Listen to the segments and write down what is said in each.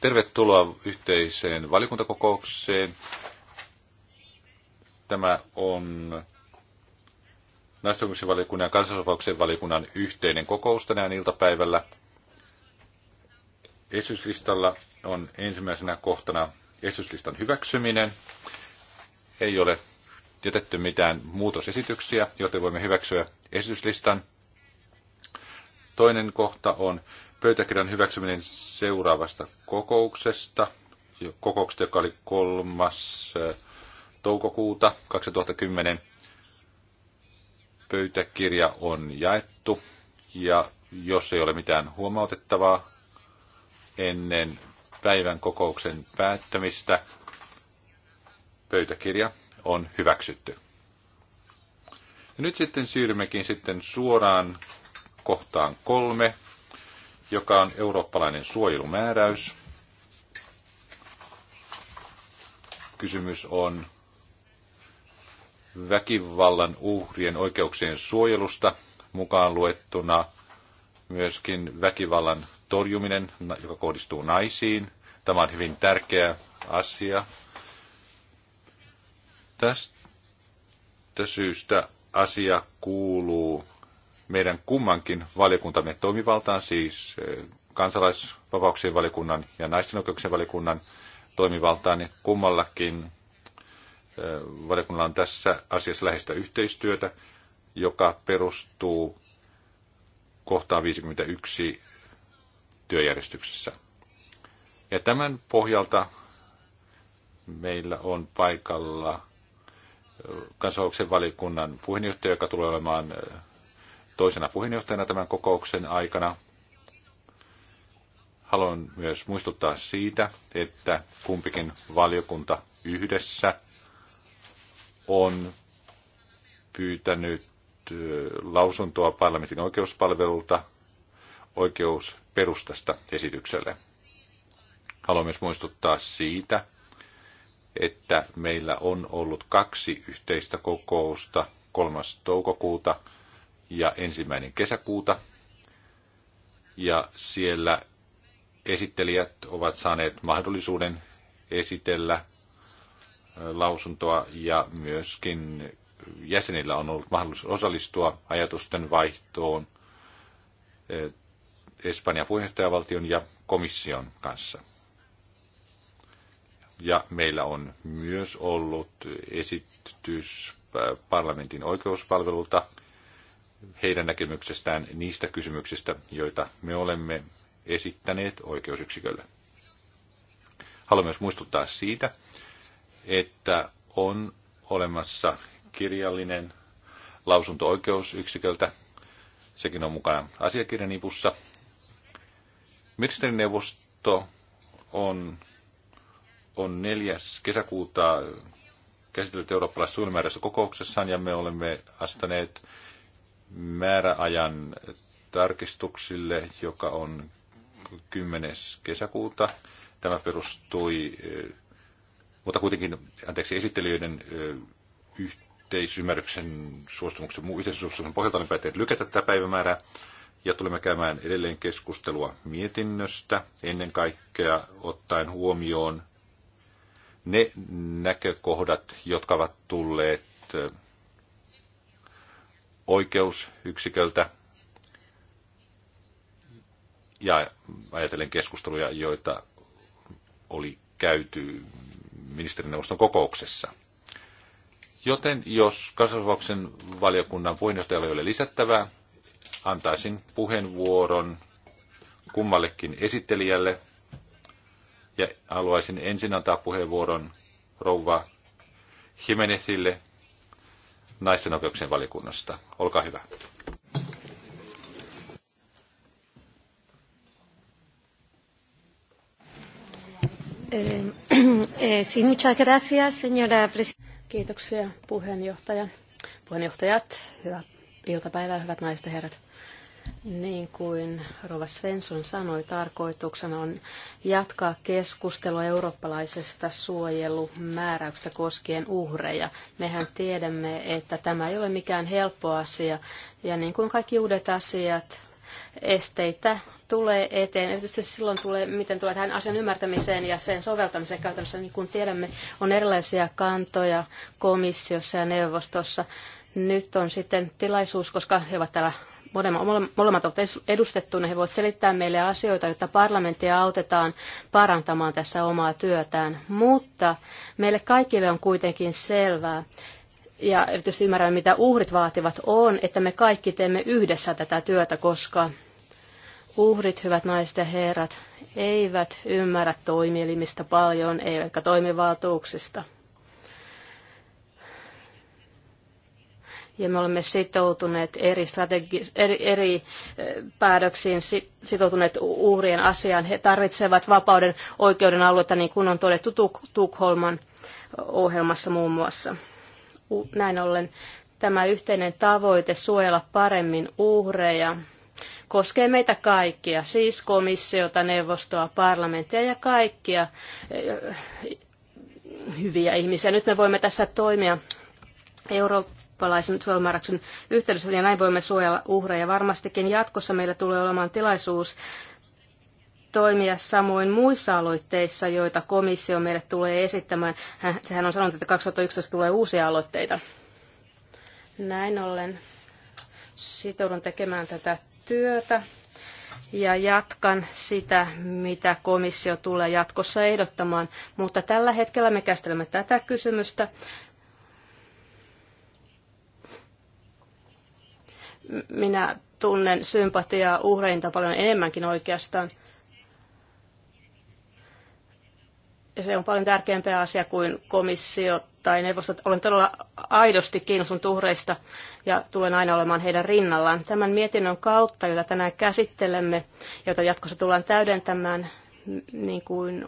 Tervetuloa yhteiseen valikuntakokoukseen. Tämä on naistenkokouksen valiokunnan ja kansallisvapauksen valiokunnan yhteinen kokous tänään iltapäivällä. Esityslistalla on ensimmäisenä kohtana esityslistan hyväksyminen. Ei ole jätetty mitään muutosesityksiä, joten voimme hyväksyä esityslistan. Toinen kohta on pöytäkirjan hyväksyminen seuraavasta kokouksesta, kokouksesta, joka oli kolmas toukokuuta 2010. Pöytäkirja on jaettu ja jos ei ole mitään huomautettavaa ennen päivän kokouksen päättämistä, pöytäkirja on hyväksytty. Ja nyt sitten siirrymmekin sitten suoraan kohtaan kolme, joka on eurooppalainen suojelumääräys. Kysymys on väkivallan uhrien oikeuksien suojelusta mukaan luettuna myöskin väkivallan torjuminen, joka kohdistuu naisiin. Tämä on hyvin tärkeä asia. Tästä syystä asia kuuluu meidän kummankin valiokuntamme toimivaltaan, siis eh, kansalaisvapauksien valikunnan ja naisten oikeuksien valikunnan toimivaltaan, niin kummallakin eh, valiokunnalla on tässä asiassa läheistä yhteistyötä, joka perustuu kohtaan 51 työjärjestyksessä. Ja tämän pohjalta meillä on paikalla eh, kansalaisvapauksien valiokunnan puheenjohtaja, joka tulee olemaan toisena puheenjohtajana tämän kokouksen aikana. Haluan myös muistuttaa siitä, että kumpikin valiokunta yhdessä on pyytänyt lausuntoa parlamentin oikeuspalvelulta oikeusperustasta esitykselle. Haluan myös muistuttaa siitä, että meillä on ollut kaksi yhteistä kokousta 3. toukokuuta – ja ensimmäinen kesäkuuta. Ja siellä esittelijät ovat saaneet mahdollisuuden esitellä lausuntoa ja myöskin jäsenillä on ollut mahdollisuus osallistua ajatusten vaihtoon Espanjan puheenjohtajavaltion ja komission kanssa. Ja meillä on myös ollut esitys parlamentin oikeuspalvelulta heidän näkemyksestään niistä kysymyksistä, joita me olemme esittäneet oikeusyksikölle. Haluan myös muistuttaa siitä, että on olemassa kirjallinen lausunto oikeusyksiköltä. Sekin on mukana asiakirjanipussa. Ministerineuvosto on, on 4. kesäkuuta käsitellyt eurooppalaisessa suunnilmääräisessä kokouksessaan ja me olemme asettaneet määräajan tarkistuksille, joka on 10. kesäkuuta. Tämä perustui, eh, mutta kuitenkin, anteeksi, esittelijöiden eh, yhteisymmärryksen suostumuksen, yhteisymmärryksen pohjalta niin päättäneet lykätä tätä päivämäärää. Ja tulemme käymään edelleen keskustelua mietinnöstä, ennen kaikkea ottaen huomioon ne näkökohdat, jotka ovat tulleet eh, oikeusyksiköltä ja ajatellen keskusteluja, joita oli käyty ministerineuvoston kokouksessa. Joten jos kansallisvauksen valiokunnan puheenjohtajalle ei ole lisättävää, antaisin puheenvuoron kummallekin esittelijälle. Ja haluaisin ensin antaa puheenvuoron rouva Jimenezille, naisten oikeuksien valikunnasta. Olkaa hyvä. Eh, eh, Kiitoksia puheenjohtaja. Puheenjohtajat, hyvää iltapäivää, hyvät naiset ja herrat. Niin kuin Rova Svensson sanoi, tarkoituksena on jatkaa keskustelua eurooppalaisesta suojelumääräyksestä koskien uhreja. Mehän tiedämme, että tämä ei ole mikään helppo asia, ja niin kuin kaikki uudet asiat, esteitä tulee eteen. Erityisesti silloin tulee, miten tulee tähän asian ymmärtämiseen ja sen soveltamiseen käytännössä, niin kuin tiedämme, on erilaisia kantoja komissiossa ja neuvostossa. Nyt on sitten tilaisuus, koska he ovat täällä molemmat ovat edustettuina, he voivat selittää meille asioita, jotta parlamenttia autetaan parantamaan tässä omaa työtään. Mutta meille kaikille on kuitenkin selvää, ja erityisesti ymmärrän, mitä uhrit vaativat, on, että me kaikki teemme yhdessä tätä työtä, koska uhrit, hyvät naiset ja herrat, eivät ymmärrä toimielimistä paljon, eivätkä toimivaltuuksista – ja me olemme sitoutuneet eri, strategi- eri, eri eh, päätöksiin, sitoutuneet uhrien asiaan. He tarvitsevat vapauden oikeuden aluetta, niin kuin on todettu Tuk- Tukholman ohjelmassa muun muassa. Näin ollen tämä yhteinen tavoite suojella paremmin uhreja koskee meitä kaikkia, siis komissiota, neuvostoa, parlamenttia ja kaikkia eh, hyviä ihmisiä. Nyt me voimme tässä toimia Euroopan eurooppalaisen suojelumääräyksen yhteydessä, ja näin voimme suojella uhreja. Varmastikin jatkossa meillä tulee olemaan tilaisuus toimia samoin muissa aloitteissa, joita komissio meille tulee esittämään. Sehän on sanonut, että 2011 tulee uusia aloitteita. Näin ollen sitoudun tekemään tätä työtä ja jatkan sitä, mitä komissio tulee jatkossa ehdottamaan. Mutta tällä hetkellä me käsittelemme tätä kysymystä minä tunnen sympatiaa uhreinta paljon enemmänkin oikeastaan. Ja se on paljon tärkeämpi asia kuin komissio tai neuvostot. Olen todella aidosti kiinnostunut uhreista ja tulen aina olemaan heidän rinnallaan. Tämän mietinnön kautta, jota tänään käsittelemme, jota jatkossa tullaan täydentämään, niin kuin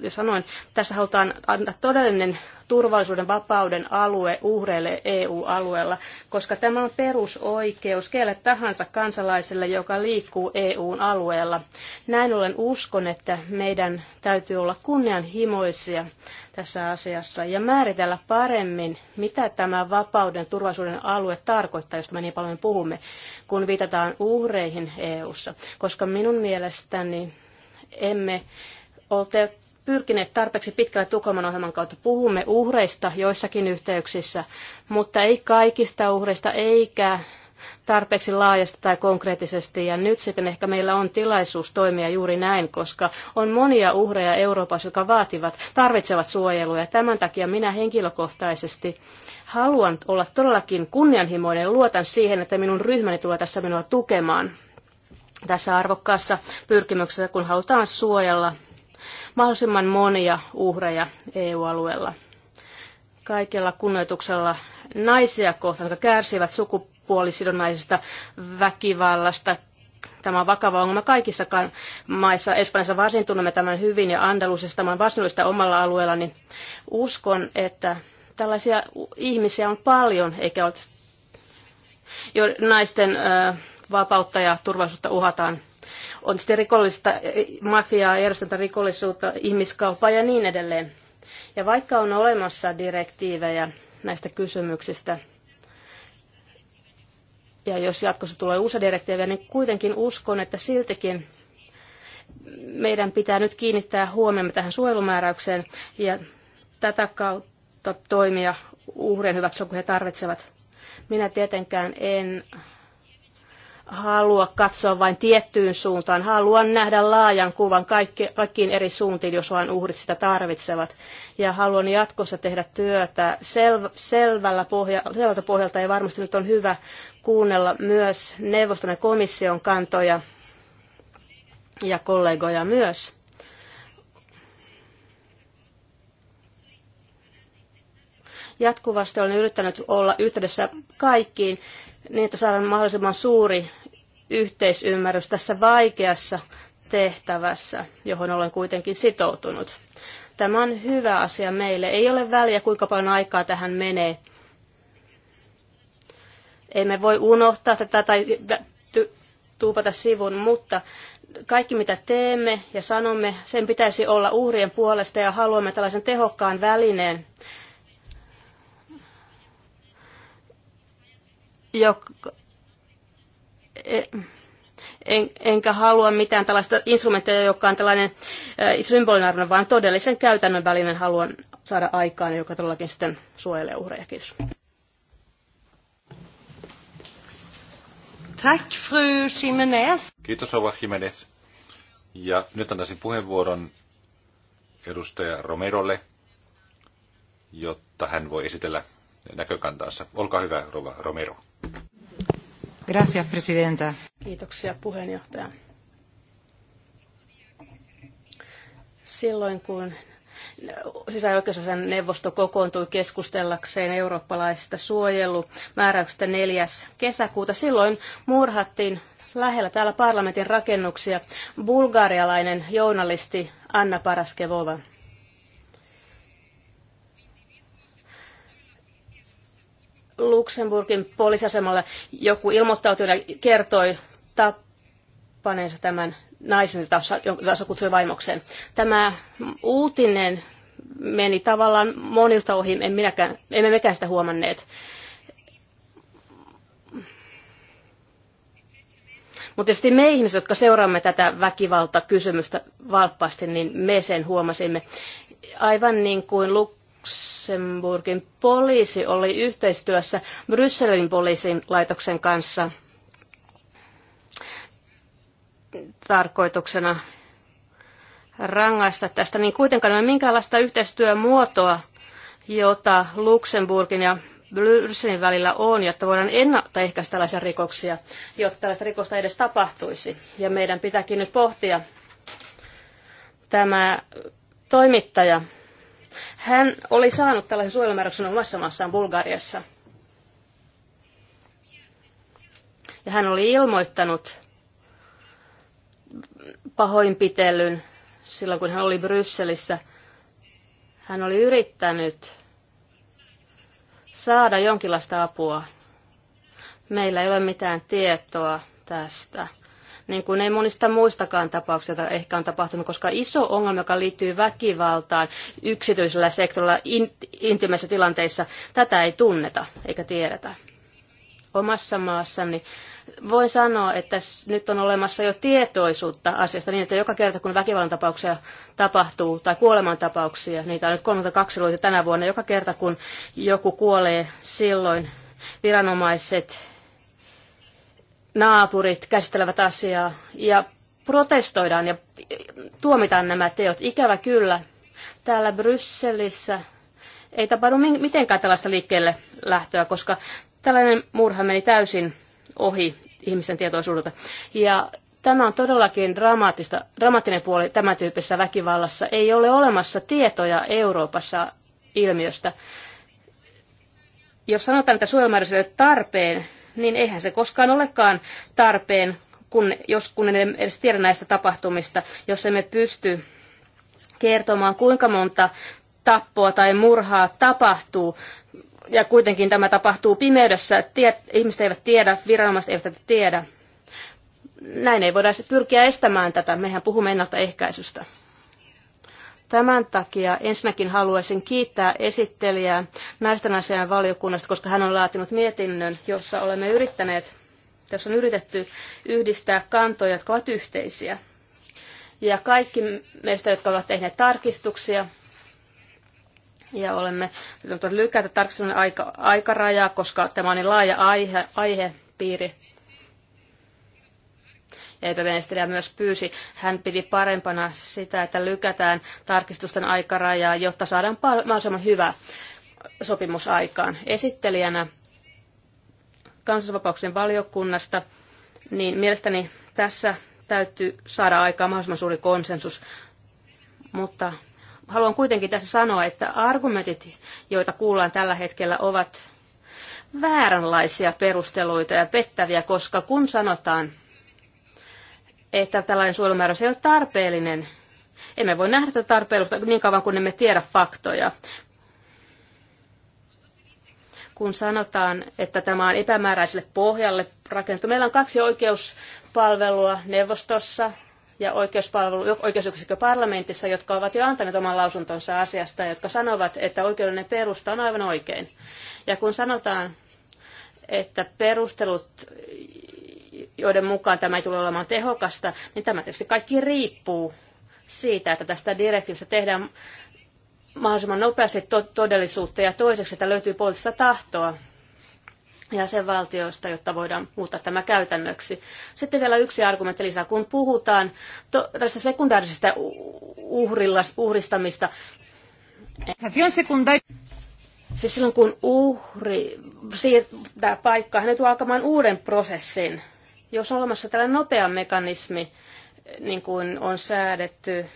jo sanoin, tässä halutaan antaa todellinen turvallisuuden vapauden alue uhreille EU-alueella, koska tämä on perusoikeus kelle tahansa kansalaiselle, joka liikkuu EUn alueella. Näin ollen uskon, että meidän täytyy olla kunnianhimoisia tässä asiassa ja määritellä paremmin, mitä tämä vapauden turvallisuuden alue tarkoittaa, josta me niin paljon puhumme, kun viitataan uhreihin EUssa. Koska minun mielestäni emme ole pyrkineet tarpeeksi pitkälle Tukholman ohjelman kautta. Puhumme uhreista joissakin yhteyksissä, mutta ei kaikista uhreista eikä tarpeeksi laajasti tai konkreettisesti. Ja nyt sitten ehkä meillä on tilaisuus toimia juuri näin, koska on monia uhreja Euroopassa, jotka vaativat, tarvitsevat suojelua. Ja tämän takia minä henkilökohtaisesti haluan olla todellakin kunnianhimoinen ja luotan siihen, että minun ryhmäni tulee tässä minua tukemaan tässä arvokkaassa pyrkimyksessä, kun halutaan suojella mahdollisimman monia uhreja EU-alueella. Kaikella kunnioituksella naisia kohtaan, jotka kärsivät sukupuolisidonnaisesta väkivallasta, tämä on vakava ongelma kaikissa maissa. Espanjassa varsin tunnemme tämän hyvin ja Andalusissa tämä on vastuullista omalla alueella, niin uskon, että tällaisia ihmisiä on paljon, eikä ole jo naisten vapautta ja turvallisuutta uhataan on sitten rikollista e, e, mafiaa, järjestäntä rikollisuutta, ihmiskauppaa ja niin edelleen. Ja vaikka on olemassa direktiivejä näistä kysymyksistä, ja jos jatkossa tulee uusia direktiivejä, niin kuitenkin uskon, että siltikin meidän pitää nyt kiinnittää huomiomme tähän suojelumääräykseen ja tätä kautta toimia uhrien hyväksi, kun he tarvitsevat. Minä tietenkään en halua katsoa vain tiettyyn suuntaan. Haluan nähdä laajan kuvan kaikki, kaikkiin eri suuntiin, jos vain uhrit sitä tarvitsevat. Ja haluan jatkossa tehdä työtä sel, selvällä pohja, selvältä pohjalta. Ja varmasti nyt on hyvä kuunnella myös neuvoston ja komission kantoja ja kollegoja myös. Jatkuvasti olen yrittänyt olla yhteydessä kaikkiin niin että saadaan mahdollisimman suuri yhteisymmärrys tässä vaikeassa tehtävässä, johon olen kuitenkin sitoutunut. Tämä on hyvä asia meille. Ei ole väliä, kuinka paljon aikaa tähän menee. Emme voi unohtaa tätä tai tuupata sivun, mutta kaikki mitä teemme ja sanomme, sen pitäisi olla uhrien puolesta ja haluamme tällaisen tehokkaan välineen, joka, e- en, enkä halua mitään tällaista instrumenttia, joka on tällainen e, symbolinarvoinen, vaan todellisen käytännön välinen haluan saada aikaan, joka todellakin sitten suojelee uhreja. Kiitos. Tack, fru Jimenez. Kiitos, Ova Jimenez. Ja nyt antaisin puheenvuoron edustaja Romerolle, jotta hän voi esitellä näkökantaansa. Olkaa hyvä, rouva Romero. Gracias, presidenta. Kiitoksia puheenjohtaja. Silloin kun sisäoikeusasian neuvosto kokoontui keskustellakseen eurooppalaisista suojelumääräyksistä 4. kesäkuuta, silloin murhattiin lähellä täällä parlamentin rakennuksia bulgarialainen journalisti Anna Paraskevova. Luxemburgin poliisasemalla joku ilmoittautui ja kertoi tappaneensa tämän naisen, jota se kutsui vaimokseen. Tämä uutinen meni tavallaan monilta ohi, en minäkään, emme mekään sitä huomanneet. Mutta tietysti me ihmiset, jotka seuraamme tätä väkivaltakysymystä valppaasti, niin me sen huomasimme. Aivan niin kuin Lu- Luxemburgin poliisi oli yhteistyössä Brysselin poliisin laitoksen kanssa tarkoituksena rangaista tästä, niin kuitenkaan ei ole minkäänlaista yhteistyömuotoa, jota Luxemburgin ja Brysselin välillä on, jotta voidaan ennaltaehkäistä tällaisia rikoksia, jotta tällaista rikosta edes tapahtuisi. Ja meidän pitääkin nyt pohtia tämä toimittaja, hän oli saanut tällaisen suojelumääräyksen omassa maassaan Bulgariassa. Ja hän oli ilmoittanut pahoinpitelyn silloin, kun hän oli Brysselissä. Hän oli yrittänyt saada jonkinlaista apua. Meillä ei ole mitään tietoa tästä niin kuin ei monista muistakaan tapauksista, joita ehkä on tapahtunut, koska iso ongelma, joka liittyy väkivaltaan yksityisellä sektorilla in, intiimeissä tilanteissa, tätä ei tunneta eikä tiedetä. Omassa maassani voi sanoa, että nyt on olemassa jo tietoisuutta asiasta niin, että joka kerta kun väkivallan tapauksia tapahtuu tai kuolemantapauksia, niitä on nyt 32 luita tänä vuonna, joka kerta kun joku kuolee, silloin viranomaiset naapurit käsittelevät asiaa ja protestoidaan ja tuomitaan nämä teot. Ikävä kyllä, täällä Brysselissä ei tapahdu mitenkään tällaista liikkeelle lähtöä, koska tällainen murha meni täysin ohi ihmisen tietoisuudelta. Ja tämä on todellakin dramaattista, dramaattinen puoli tämän tyyppisessä väkivallassa. Ei ole olemassa tietoja Euroopassa ilmiöstä. Jos sanotaan, että suojelumääräys ei ole tarpeen, niin eihän se koskaan olekaan tarpeen, kun, jos kun en edes tiedä näistä tapahtumista, jos emme pysty kertomaan, kuinka monta tappoa tai murhaa tapahtuu, ja kuitenkin tämä tapahtuu pimeydessä, tie, ihmiset eivät tiedä, viranomaiset eivät tätä tiedä. Näin ei voida pyrkiä estämään tätä, mehän puhumme ennaltaehkäisystä. Tämän takia ensinnäkin haluaisin kiittää esittelijää naisten asian valiokunnasta, koska hän on laatinut mietinnön, jossa olemme yrittäneet, tässä on yritetty yhdistää kantoja, jotka ovat yhteisiä. Ja kaikki meistä, jotka ovat tehneet tarkistuksia, ja olemme lykätä tarkistuksen aika, aikarajaa, koska tämä on niin laaja aihe, aihepiiri ja epp myös pyysi. Hän piti parempana sitä, että lykätään tarkistusten aikarajaa, jotta saadaan mahdollisimman hyvä sopimus aikaan. Esittelijänä kansanvapauksien valiokunnasta, niin mielestäni tässä täytyy saada aikaan mahdollisimman suuri konsensus. Mutta haluan kuitenkin tässä sanoa, että argumentit, joita kuullaan tällä hetkellä, ovat vääränlaisia perusteluita ja pettäviä, koska kun sanotaan, että tällainen suojelumääräys ei ole tarpeellinen. Emme voi nähdä tätä tarpeellista niin kauan kuin emme tiedä faktoja. Kun sanotaan, että tämä on epämääräiselle pohjalle rakennettu. Meillä on kaksi oikeuspalvelua neuvostossa ja oikeuspalvelu, oikeusyksikkö parlamentissa, jotka ovat jo antaneet oman lausuntonsa asiasta, jotka sanovat, että oikeudellinen perusta on aivan oikein. Ja kun sanotaan, että perustelut joiden mukaan tämä ei tule olemaan tehokasta, niin tämä tietysti kaikki riippuu siitä, että tästä direktiivistä tehdään mahdollisimman nopeasti to- todellisuutta ja toiseksi, että löytyy poliittista tahtoa jäsenvaltioista, jotta voidaan muuttaa tämä käytännöksi. Sitten vielä yksi argumentti lisää. Kun puhutaan to- tästä sekundaarisesta uhrilla- uhristamista, Siis silloin kun uhri siirtää paikkaa, hän joutuu alkamaan uuden prosessin jos on olemassa tällainen nopea mekanismi, niin kuin on säädetty,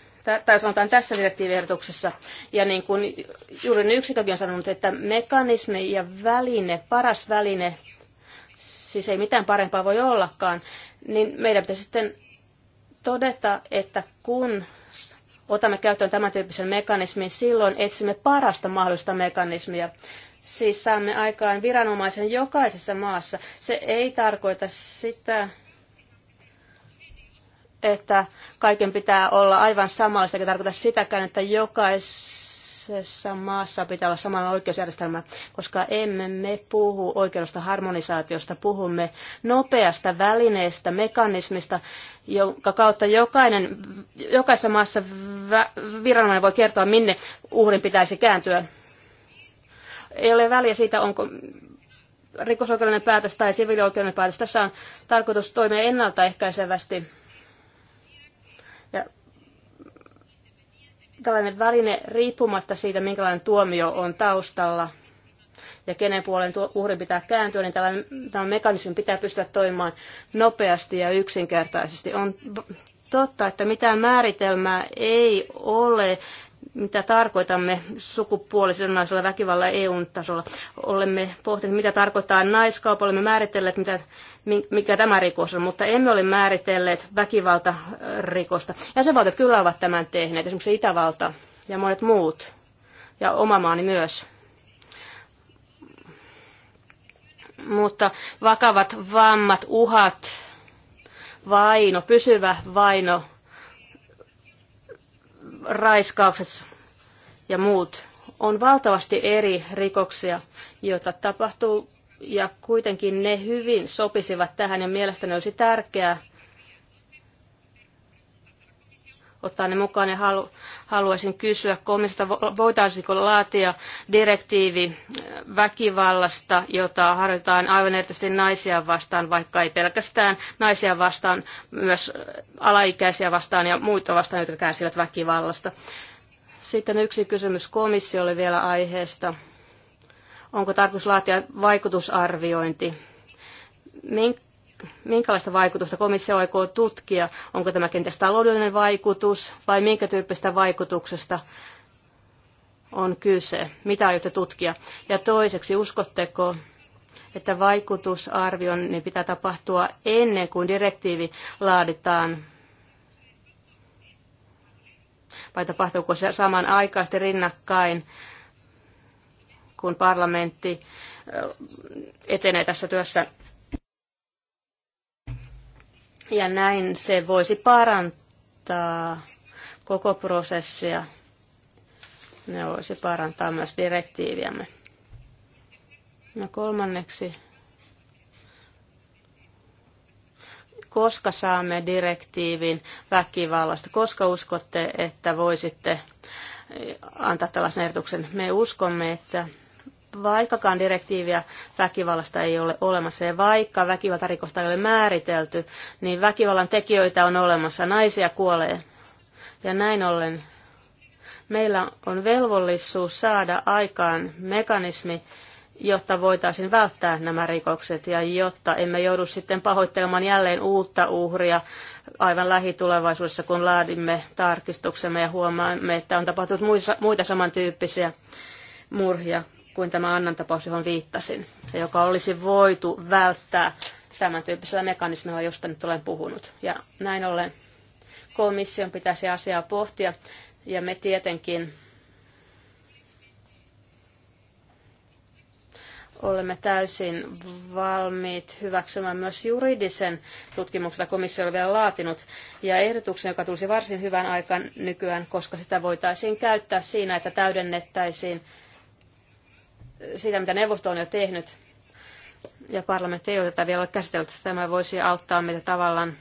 tai sanotaan tässä direktiiviehdotuksessa, ja niin kuin juuri yksikökin on sanonut, että mekanismi ja väline, paras väline, siis ei mitään parempaa voi ollakaan, niin meidän pitäisi sitten todeta, että kun otamme käyttöön tämän tyyppisen mekanismin, silloin etsimme parasta mahdollista mekanismia. Siis saamme aikaan viranomaisen jokaisessa maassa. Se ei tarkoita sitä, että kaiken pitää olla aivan samanlaista, eikä tarkoita sitäkään, että jokaisessa maassa pitää olla sama oikeusjärjestelmä, koska emme me puhu oikeudesta harmonisaatiosta, puhumme nopeasta välineestä, mekanismista, jonka kautta jokainen, jokaisessa maassa viranomainen voi kertoa, minne uhrin pitäisi kääntyä ei ole väliä siitä, onko rikosoikeudellinen päätös tai sivilioikeudellinen päätös. Tässä on tarkoitus toimia ennaltaehkäisevästi. Ja tällainen väline riippumatta siitä, minkälainen tuomio on taustalla ja kenen puolen uhrin pitää kääntyä, niin tällainen, tämä mekanismi pitää pystyä toimimaan nopeasti ja yksinkertaisesti. On totta, että mitään määritelmää ei ole mitä tarkoitamme sukupuolisidonnaisella väkivalla EUn tasolla. Olemme pohtineet, mitä tarkoittaa naiskaupalla. olemme määritelleet, mitä, mikä tämä rikos on, mutta emme ole määritelleet väkivaltarikosta. Äh, valtiot kyllä ovat tämän tehneet, esimerkiksi Itävalta ja monet muut, ja oma maani myös. Mutta vakavat vammat, uhat, vaino, pysyvä vaino, raiskaukset ja muut. On valtavasti eri rikoksia, joita tapahtuu, ja kuitenkin ne hyvin sopisivat tähän, ja mielestäni olisi tärkeää, ottaa ne mukaan ja halu, haluaisin kysyä komissiota, voitaisiinko laatia direktiivi äh, väkivallasta, jota harjoitetaan aivan erityisesti naisia vastaan, vaikka ei pelkästään naisia vastaan, myös äh, alaikäisiä vastaan ja muita vastaan, jotka kärsivät väkivallasta. Sitten yksi kysymys komissiolle vielä aiheesta. Onko tarkoitus laatia vaikutusarviointi? Minkä minkälaista vaikutusta komissio aikoo tutkia? Onko tämä kenties taloudellinen vaikutus vai minkä tyyppistä vaikutuksesta on kyse? Mitä aiotte tutkia? Ja toiseksi, uskotteko, että vaikutusarvion niin pitää tapahtua ennen kuin direktiivi laaditaan? Vai tapahtuuko se samanaikaisesti rinnakkain, kun parlamentti etenee tässä työssä? Ja näin se voisi parantaa koko prosessia. Ne voisi parantaa myös direktiiviämme. No kolmanneksi, koska saamme direktiivin väkivallasta? Koska uskotte, että voisitte antaa tällaisen ehdotuksen? Me uskomme, että vaikkakaan direktiiviä väkivallasta ei ole olemassa ja vaikka väkivaltarikosta ei ole määritelty, niin väkivallan tekijöitä on olemassa, naisia kuolee. Ja näin ollen meillä on velvollisuus saada aikaan mekanismi, jotta voitaisiin välttää nämä rikokset ja jotta emme joudu sitten pahoittelemaan jälleen uutta uhria aivan lähitulevaisuudessa, kun laadimme tarkistuksemme ja huomaamme, että on tapahtunut muita samantyyppisiä murhia kuin tämä Annan tapaus, johon viittasin, ja joka olisi voitu välttää tämän tyyppisellä mekanismilla, josta nyt olen puhunut. Ja näin ollen komission pitäisi asiaa pohtia, ja me tietenkin olemme täysin valmiit hyväksymään myös juridisen tutkimuksen, jota komissio on vielä laatinut, ja ehdotuksen, joka tulisi varsin hyvän aikaan nykyään, koska sitä voitaisiin käyttää siinä, että täydennettäisiin siitä, mitä neuvosto on jo tehnyt, ja parlamentti ei ole tätä vielä käsitelty. Tämä voisi auttaa meitä tavallaan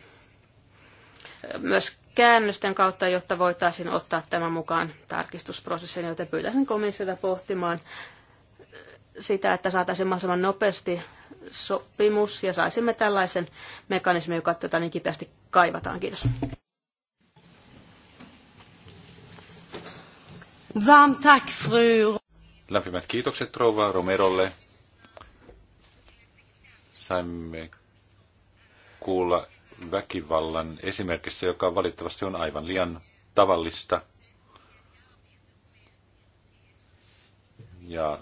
myös käännösten kautta, jotta voitaisiin ottaa tämän mukaan tarkistusprosessiin, joten pyytäisin komissiota pohtimaan sitä, että saataisiin mahdollisimman nopeasti sopimus ja saisimme tällaisen mekanismin, joka tätä niin kipeästi kaivataan. Kiitos. Varmt tack fru Lämpimät kiitokset Rouva Romerolle. Saimme kuulla väkivallan esimerkistä, joka valitettavasti on aivan liian tavallista. Ja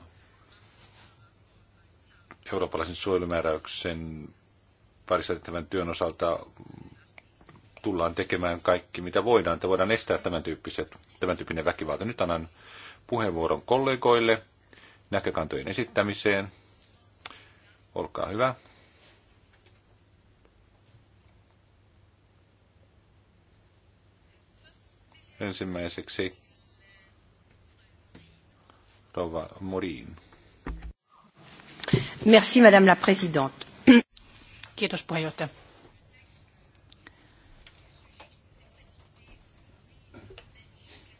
eurooppalaisen suojelumääräyksen parissa työn osalta tullaan tekemään kaikki, mitä voidaan, että voidaan estää tämän, tyyppiset, tämän tyyppinen väkivalta. Nyt annan puheenvuoron kollegoille näkökantojen esittämiseen. Olkaa hyvä. Ensimmäiseksi Rova Morin. Merci, Madame la Présidente. Kiitos puheenjohtaja.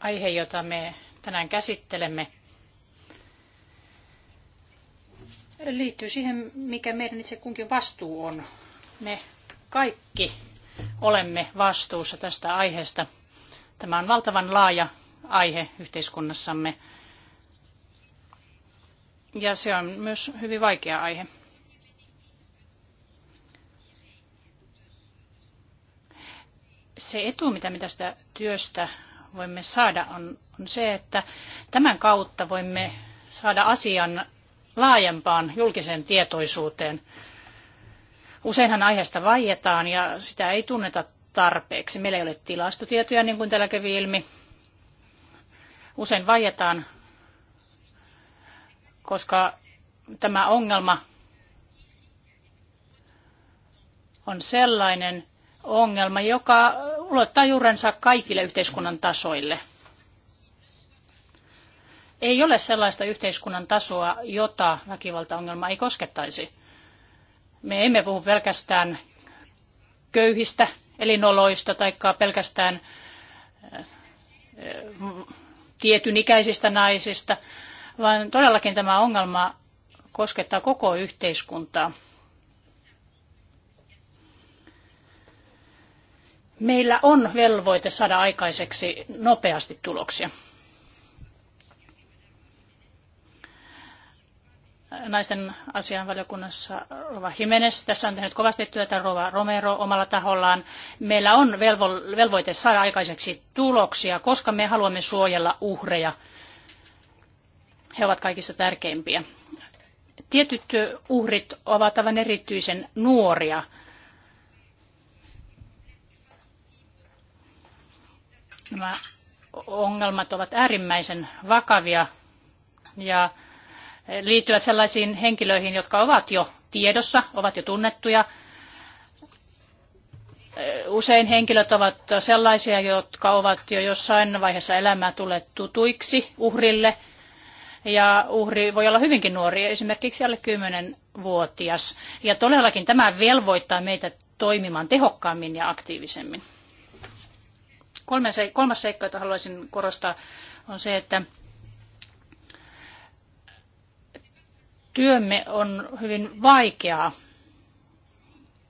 Aihe, jota me tänään käsittelemme, liittyy siihen, mikä meidän itse kunkin vastuu on. Me kaikki olemme vastuussa tästä aiheesta. Tämä on valtavan laaja aihe yhteiskunnassamme. Ja se on myös hyvin vaikea aihe. Se etu, mitä me tästä työstä voimme saada, on on se, että tämän kautta voimme saada asian laajempaan julkiseen tietoisuuteen. Useinhan aiheesta vaietaan ja sitä ei tunneta tarpeeksi. Meillä ei ole tilastotietoja, niin kuin täällä kävi ilmi. Usein vaietaan, koska tämä ongelma on sellainen ongelma, joka ulottaa juurensa kaikille yhteiskunnan tasoille – ei ole sellaista yhteiskunnan tasoa, jota väkivaltaongelma ei koskettaisi. Me emme puhu pelkästään köyhistä elinoloista tai pelkästään eh, tietyn ikäisistä naisista, vaan todellakin tämä ongelma koskettaa koko yhteiskuntaa. Meillä on velvoite saada aikaiseksi nopeasti tuloksia. naisten asian valiokunnassa Rova Jimenez. Tässä on tehnyt kovasti työtä Rova Romero omalla tahollaan. Meillä on velvo- velvoite saada aikaiseksi tuloksia, koska me haluamme suojella uhreja. He ovat kaikista tärkeimpiä. Tietyt uhrit ovat aivan erityisen nuoria. Nämä ongelmat ovat äärimmäisen vakavia ja liittyvät sellaisiin henkilöihin, jotka ovat jo tiedossa, ovat jo tunnettuja. Usein henkilöt ovat sellaisia, jotka ovat jo jossain vaiheessa elämää tulleet tutuiksi uhrille. Ja uhri voi olla hyvinkin nuori, esimerkiksi alle 10-vuotias. Ja todellakin tämä velvoittaa meitä toimimaan tehokkaammin ja aktiivisemmin. Kolmas seikka, jota haluaisin korostaa, on se, että Työmme on hyvin vaikeaa.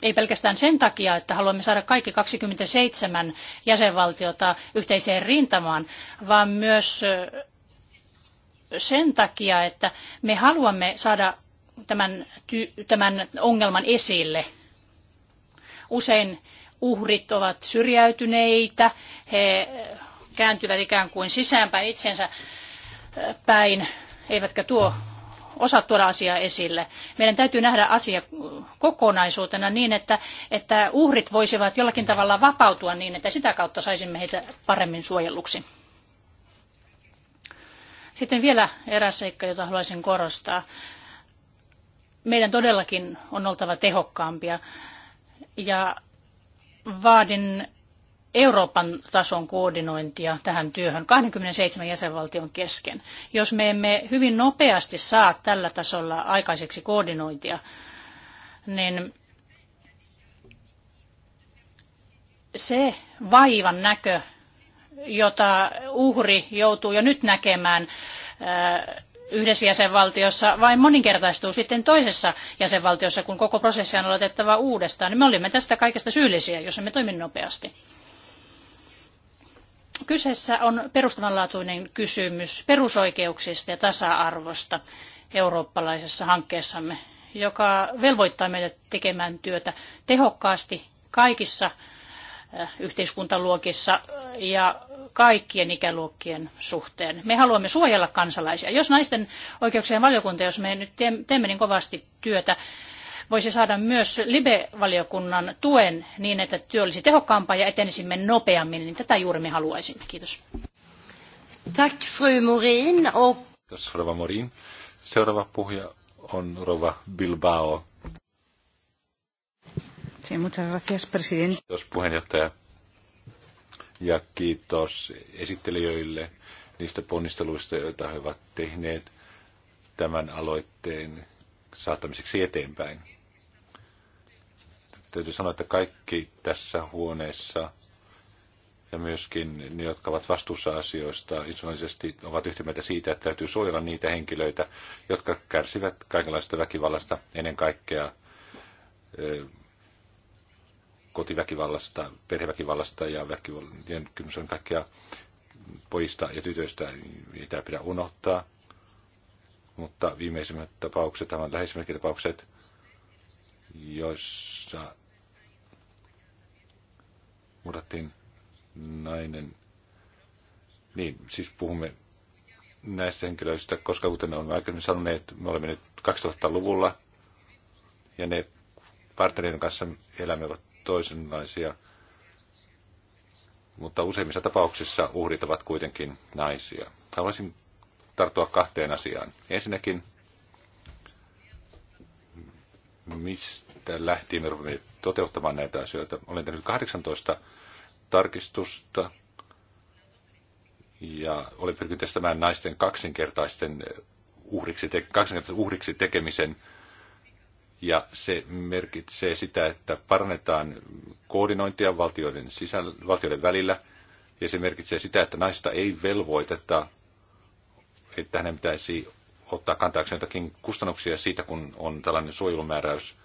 Ei pelkästään sen takia, että haluamme saada kaikki 27 jäsenvaltiota yhteiseen rintamaan, vaan myös sen takia, että me haluamme saada tämän, tämän ongelman esille. Usein uhrit ovat syrjäytyneitä, he kääntyvät ikään kuin sisäänpäin itsensä päin, eivätkä tuo osaa tuoda asiaa esille. Meidän täytyy nähdä asia kokonaisuutena niin, että, että uhrit voisivat jollakin tavalla vapautua niin, että sitä kautta saisimme heitä paremmin suojelluksi. Sitten vielä eräs seikka, jota haluaisin korostaa. Meidän todellakin on oltava tehokkaampia ja vaadin Euroopan tason koordinointia tähän työhön 27 jäsenvaltion kesken. Jos me emme hyvin nopeasti saa tällä tasolla aikaiseksi koordinointia, niin se vaivan näkö, jota uhri joutuu jo nyt näkemään äh, yhdessä jäsenvaltiossa, vain moninkertaistuu sitten toisessa jäsenvaltiossa, kun koko prosessi on aloitettava uudestaan. niin Me olimme tästä kaikesta syyllisiä, jos emme toimi nopeasti. Kyseessä on perustavanlaatuinen kysymys perusoikeuksista ja tasa-arvosta eurooppalaisessa hankkeessamme, joka velvoittaa meidät tekemään työtä tehokkaasti kaikissa eh, yhteiskuntaluokissa ja kaikkien ikäluokkien suhteen. Me haluamme suojella kansalaisia. Jos naisten oikeuksien valiokunta, jos me nyt teemme niin kovasti työtä, voisi saada myös Libe-valiokunnan tuen niin, että työ olisi tehokkaampaa ja etenisimme nopeammin, niin tätä juuri me haluaisimme. Kiitos. Tack fru Morin. Och... Kiitos rouva Morin. Seuraava puhuja on rouva Bilbao. Sí, muchas gracias, presidente. Kiitos puheenjohtaja ja kiitos esittelijöille niistä ponnisteluista, joita he ovat tehneet tämän aloitteen saattamiseksi eteenpäin. Täytyy sanoa, että kaikki tässä huoneessa ja myöskin ne, jotka ovat vastuussa asioista, itsenäisesti ovat yhtä mieltä siitä, että täytyy suojella niitä henkilöitä, jotka kärsivät kaikenlaista väkivallasta, ennen kaikkea kotiväkivallasta, perheväkivallasta ja väkivallasta. Kysymys on kaikkia poista ja tytöistä, ei pidä unohtaa. Mutta viimeisimmät tapaukset, tämän läheisimmät tapaukset, joissa murattiin nainen. Niin, siis puhumme näistä henkilöistä, koska kuten olemme aikaisemmin sanoneet, me olemme nyt 2000-luvulla ja ne partnerien kanssa elämme ovat toisenlaisia. Mutta useimmissa tapauksissa uhrit ovat kuitenkin naisia. Haluaisin tarttua kahteen asiaan. Ensinnäkin, mistä lähtien me rupimme toteuttamaan näitä asioita. Olen tehnyt 18 tarkistusta ja olen pyrkinyt estämään naisten kaksinkertaisten uhriksi, te, kaksinkertaisen uhriksi tekemisen. Ja se merkitsee sitä, että parannetaan koordinointia valtioiden, sisällä, valtioiden välillä. Ja se merkitsee sitä, että naista ei velvoiteta, että hänen pitäisi ottaa kantaakseen jotakin kustannuksia siitä, kun on tällainen suojelumääräys –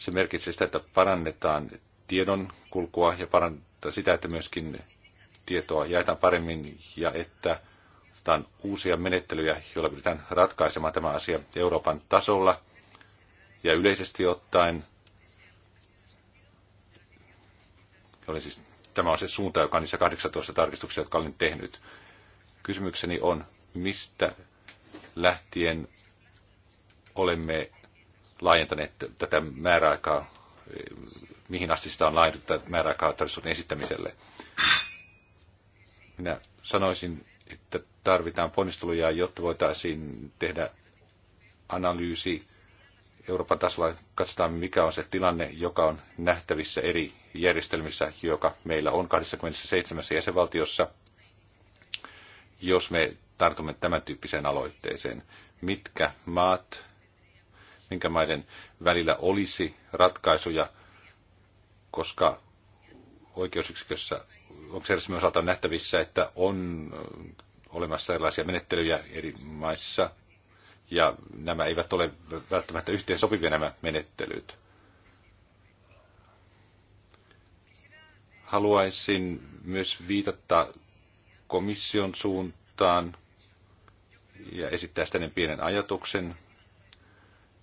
se merkitsee sitä, että parannetaan tiedon kulkua ja parantaa sitä, että myöskin tietoa jaetaan paremmin ja että otetaan uusia menettelyjä, joilla pyritään ratkaisemaan tämä asia Euroopan tasolla ja yleisesti ottaen. Oli siis, tämä on se suunta, joka on niissä 18 tarkistuksissa, jotka olen tehnyt. Kysymykseni on, mistä lähtien olemme laajentaneet tätä määräaikaa, mihin asti sitä on laajentunut tätä määräaikaa tarkistuksen esittämiselle. Minä sanoisin, että tarvitaan ponnisteluja, jotta voitaisiin tehdä analyysi Euroopan tasolla. Katsotaan, mikä on se tilanne, joka on nähtävissä eri järjestelmissä, joka meillä on 27 jäsenvaltiossa, jos me tartumme tämän tyyppiseen aloitteeseen. Mitkä maat minkä maiden välillä olisi ratkaisuja, koska oikeusyksikössä on osalta on nähtävissä, että on äh, olemassa erilaisia menettelyjä eri maissa, ja nämä eivät ole välttämättä yhteen sopivia nämä menettelyt. Haluaisin myös viitata komission suuntaan ja esittää sitten pienen ajatuksen.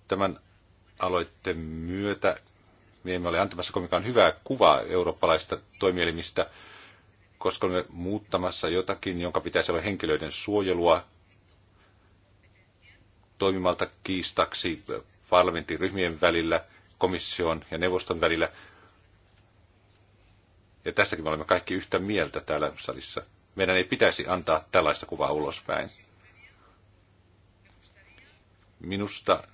Tämän aloitteen myötä me emme ole antamassa kovinkaan hyvää kuvaa eurooppalaista toimielimistä, koska olemme muuttamassa jotakin, jonka pitäisi olla henkilöiden suojelua toimimalta kiistaksi parlamentin ryhmien välillä, komission ja neuvoston välillä. Ja tästäkin me olemme kaikki yhtä mieltä täällä salissa. Meidän ei pitäisi antaa tällaista kuvaa ulospäin. Minusta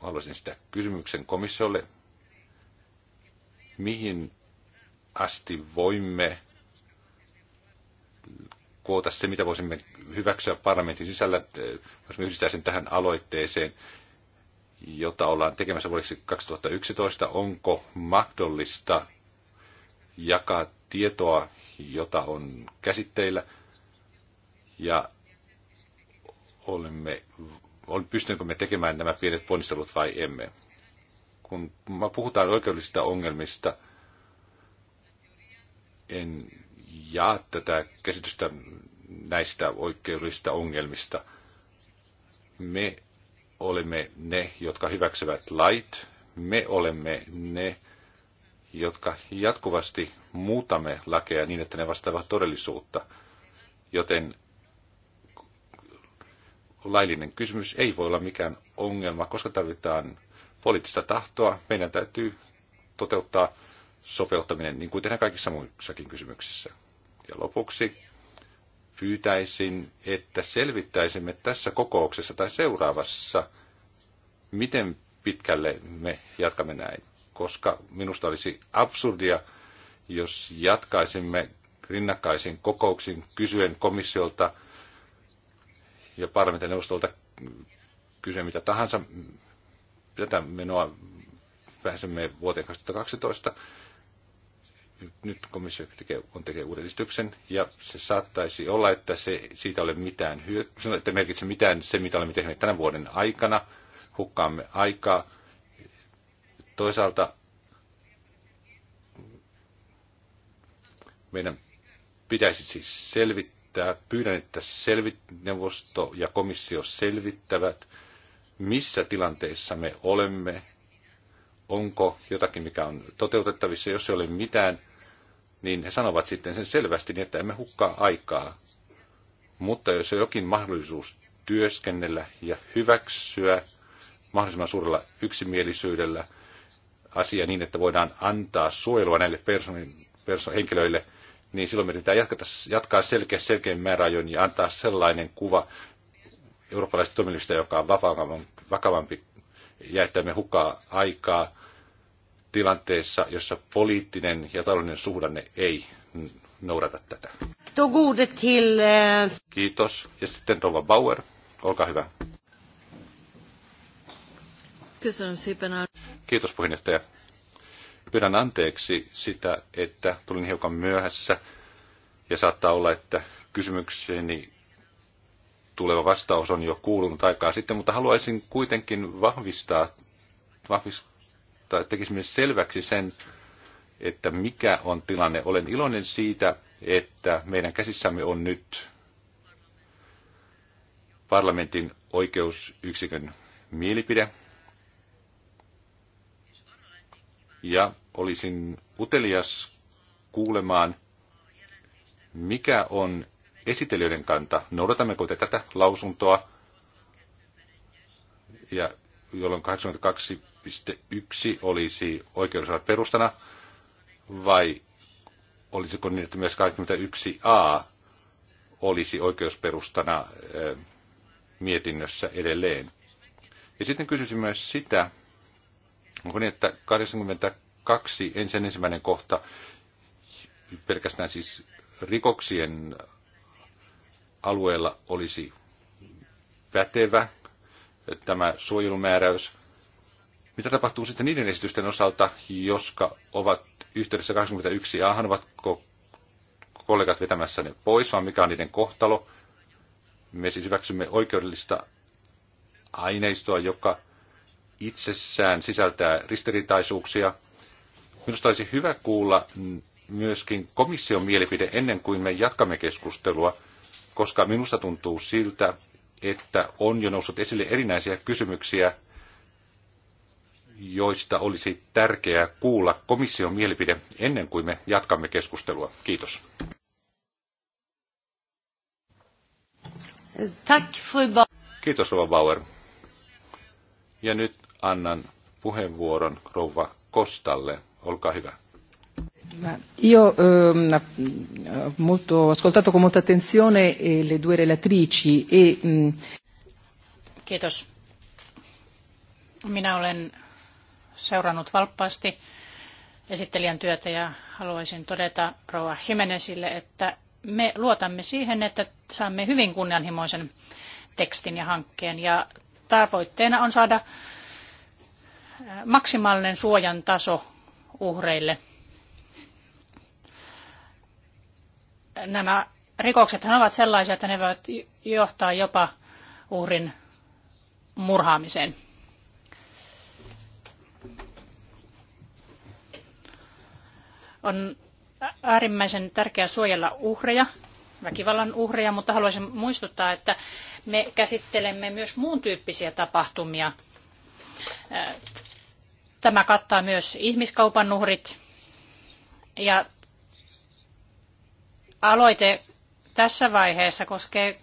haluaisin sitä kysymyksen komissiolle. Mihin asti voimme koota se, mitä voisimme hyväksyä parlamentin sisällä, jos me yhdistää sen tähän aloitteeseen, jota ollaan tekemässä vuodeksi 2011. Onko mahdollista jakaa tietoa, jota on käsitteillä, ja olemme pystynkö me tekemään nämä pienet ponnistelut vai emme. Kun puhutaan oikeudellisista ongelmista, en jaa tätä käsitystä näistä oikeudellisista ongelmista. Me olemme ne, jotka hyväksyvät lait. Me olemme ne, jotka jatkuvasti muutamme lakeja niin, että ne vastaavat todellisuutta. Joten laillinen kysymys ei voi olla mikään ongelma, koska tarvitaan poliittista tahtoa. Meidän täytyy toteuttaa sopeuttaminen, niin kuin tehdään kaikissa muissakin kysymyksissä. Ja lopuksi pyytäisin, että selvittäisimme tässä kokouksessa tai seuraavassa, miten pitkälle me jatkamme näin. Koska minusta olisi absurdia, jos jatkaisimme rinnakkaisin kokouksiin kysyen komissiolta – ja parlamentin neuvostolta kysyä mitä tahansa. Tätä menoa pääsemme vuoteen 2012. Nyt komissio tekee, on tekee uuden esityksen, ja se saattaisi olla, että se, siitä ole mitään hyötyä, että merkitse mitään se, mitä olemme tehneet tämän vuoden aikana, hukkaamme aikaa. Toisaalta meidän pitäisi siis selvittää, että pyydän, että neuvosto ja komissio selvittävät, missä tilanteissa me olemme, onko jotakin, mikä on toteutettavissa, jos ei ole mitään, niin he sanovat sitten sen selvästi, niin että emme hukkaa aikaa. Mutta jos on jokin mahdollisuus työskennellä ja hyväksyä mahdollisimman suurella yksimielisyydellä asia niin, että voidaan antaa suojelua näille perso- henkilöille – niin silloin meidän pitää jatkata, jatkaa selkeä, selkein määräajoin ja antaa sellainen kuva eurooppalaisesta toimilista, joka on vakavampi ja että me hukkaa aikaa tilanteessa, jossa poliittinen ja taloudellinen suhdanne ei noudata tätä. Kiitos. Ja sitten Rova Bauer, olkaa hyvä. Kiitos puheenjohtaja. Pyydän anteeksi sitä, että tulin hiukan myöhässä ja saattaa olla, että kysymykseni tuleva vastaus on jo kuulunut aikaa sitten, mutta haluaisin kuitenkin vahvistaa, vahvistaa tekisimme selväksi sen, että mikä on tilanne. Olen iloinen siitä, että meidän käsissämme on nyt parlamentin oikeusyksikön mielipide ja olisin utelias kuulemaan, mikä on esitelijöiden kanta. Noudatammeko te tätä lausuntoa, ja jolloin 82.1 olisi oikeudellisena perustana, vai olisiko niin, että myös 21a olisi oikeusperustana eh, mietinnössä edelleen. Ja sitten kysyisin myös sitä, Onko niin, että 82 ensin ensimmäinen kohta, pelkästään siis rikoksien alueella olisi pätevä tämä suojelumääräys. Mitä tapahtuu sitten niiden esitysten osalta, jotka ovat yhteydessä 21 a ovatko kollegat vetämässä ne pois, vaan mikä on niiden kohtalo? Me siis hyväksymme oikeudellista aineistoa, joka itsessään sisältää ristiriitaisuuksia. Minusta olisi hyvä kuulla myöskin komission mielipide ennen kuin me jatkamme keskustelua, koska minusta tuntuu siltä, että on jo noussut esille erinäisiä kysymyksiä, joista olisi tärkeää kuulla komission mielipide ennen kuin me jatkamme keskustelua. Kiitos. Kiitos, Rova Bauer. Ja nyt annan puheenvuoron rouva Kostalle. Olkaa hyvä. Io eh, molto, ho ascoltato con molta attenzione eh, le due relatrici e... Mm, Kiitos. Minä olen seurannut valppaasti esittelijän työtä ja haluaisin todeta Rouva Jimenezille, että me luotamme siihen, että saamme hyvin kunnianhimoisen tekstin ja hankkeen ja tavoitteena on saada maksimaalinen suojan taso uhreille. Nämä rikoksethan ovat sellaisia, että ne voivat johtaa jopa uhrin murhaamiseen. On äärimmäisen tärkeää suojella uhreja, väkivallan uhreja, mutta haluaisin muistuttaa, että me käsittelemme myös muun tyyppisiä tapahtumia. Tämä kattaa myös ihmiskaupan uhrit. Ja aloite tässä vaiheessa koskee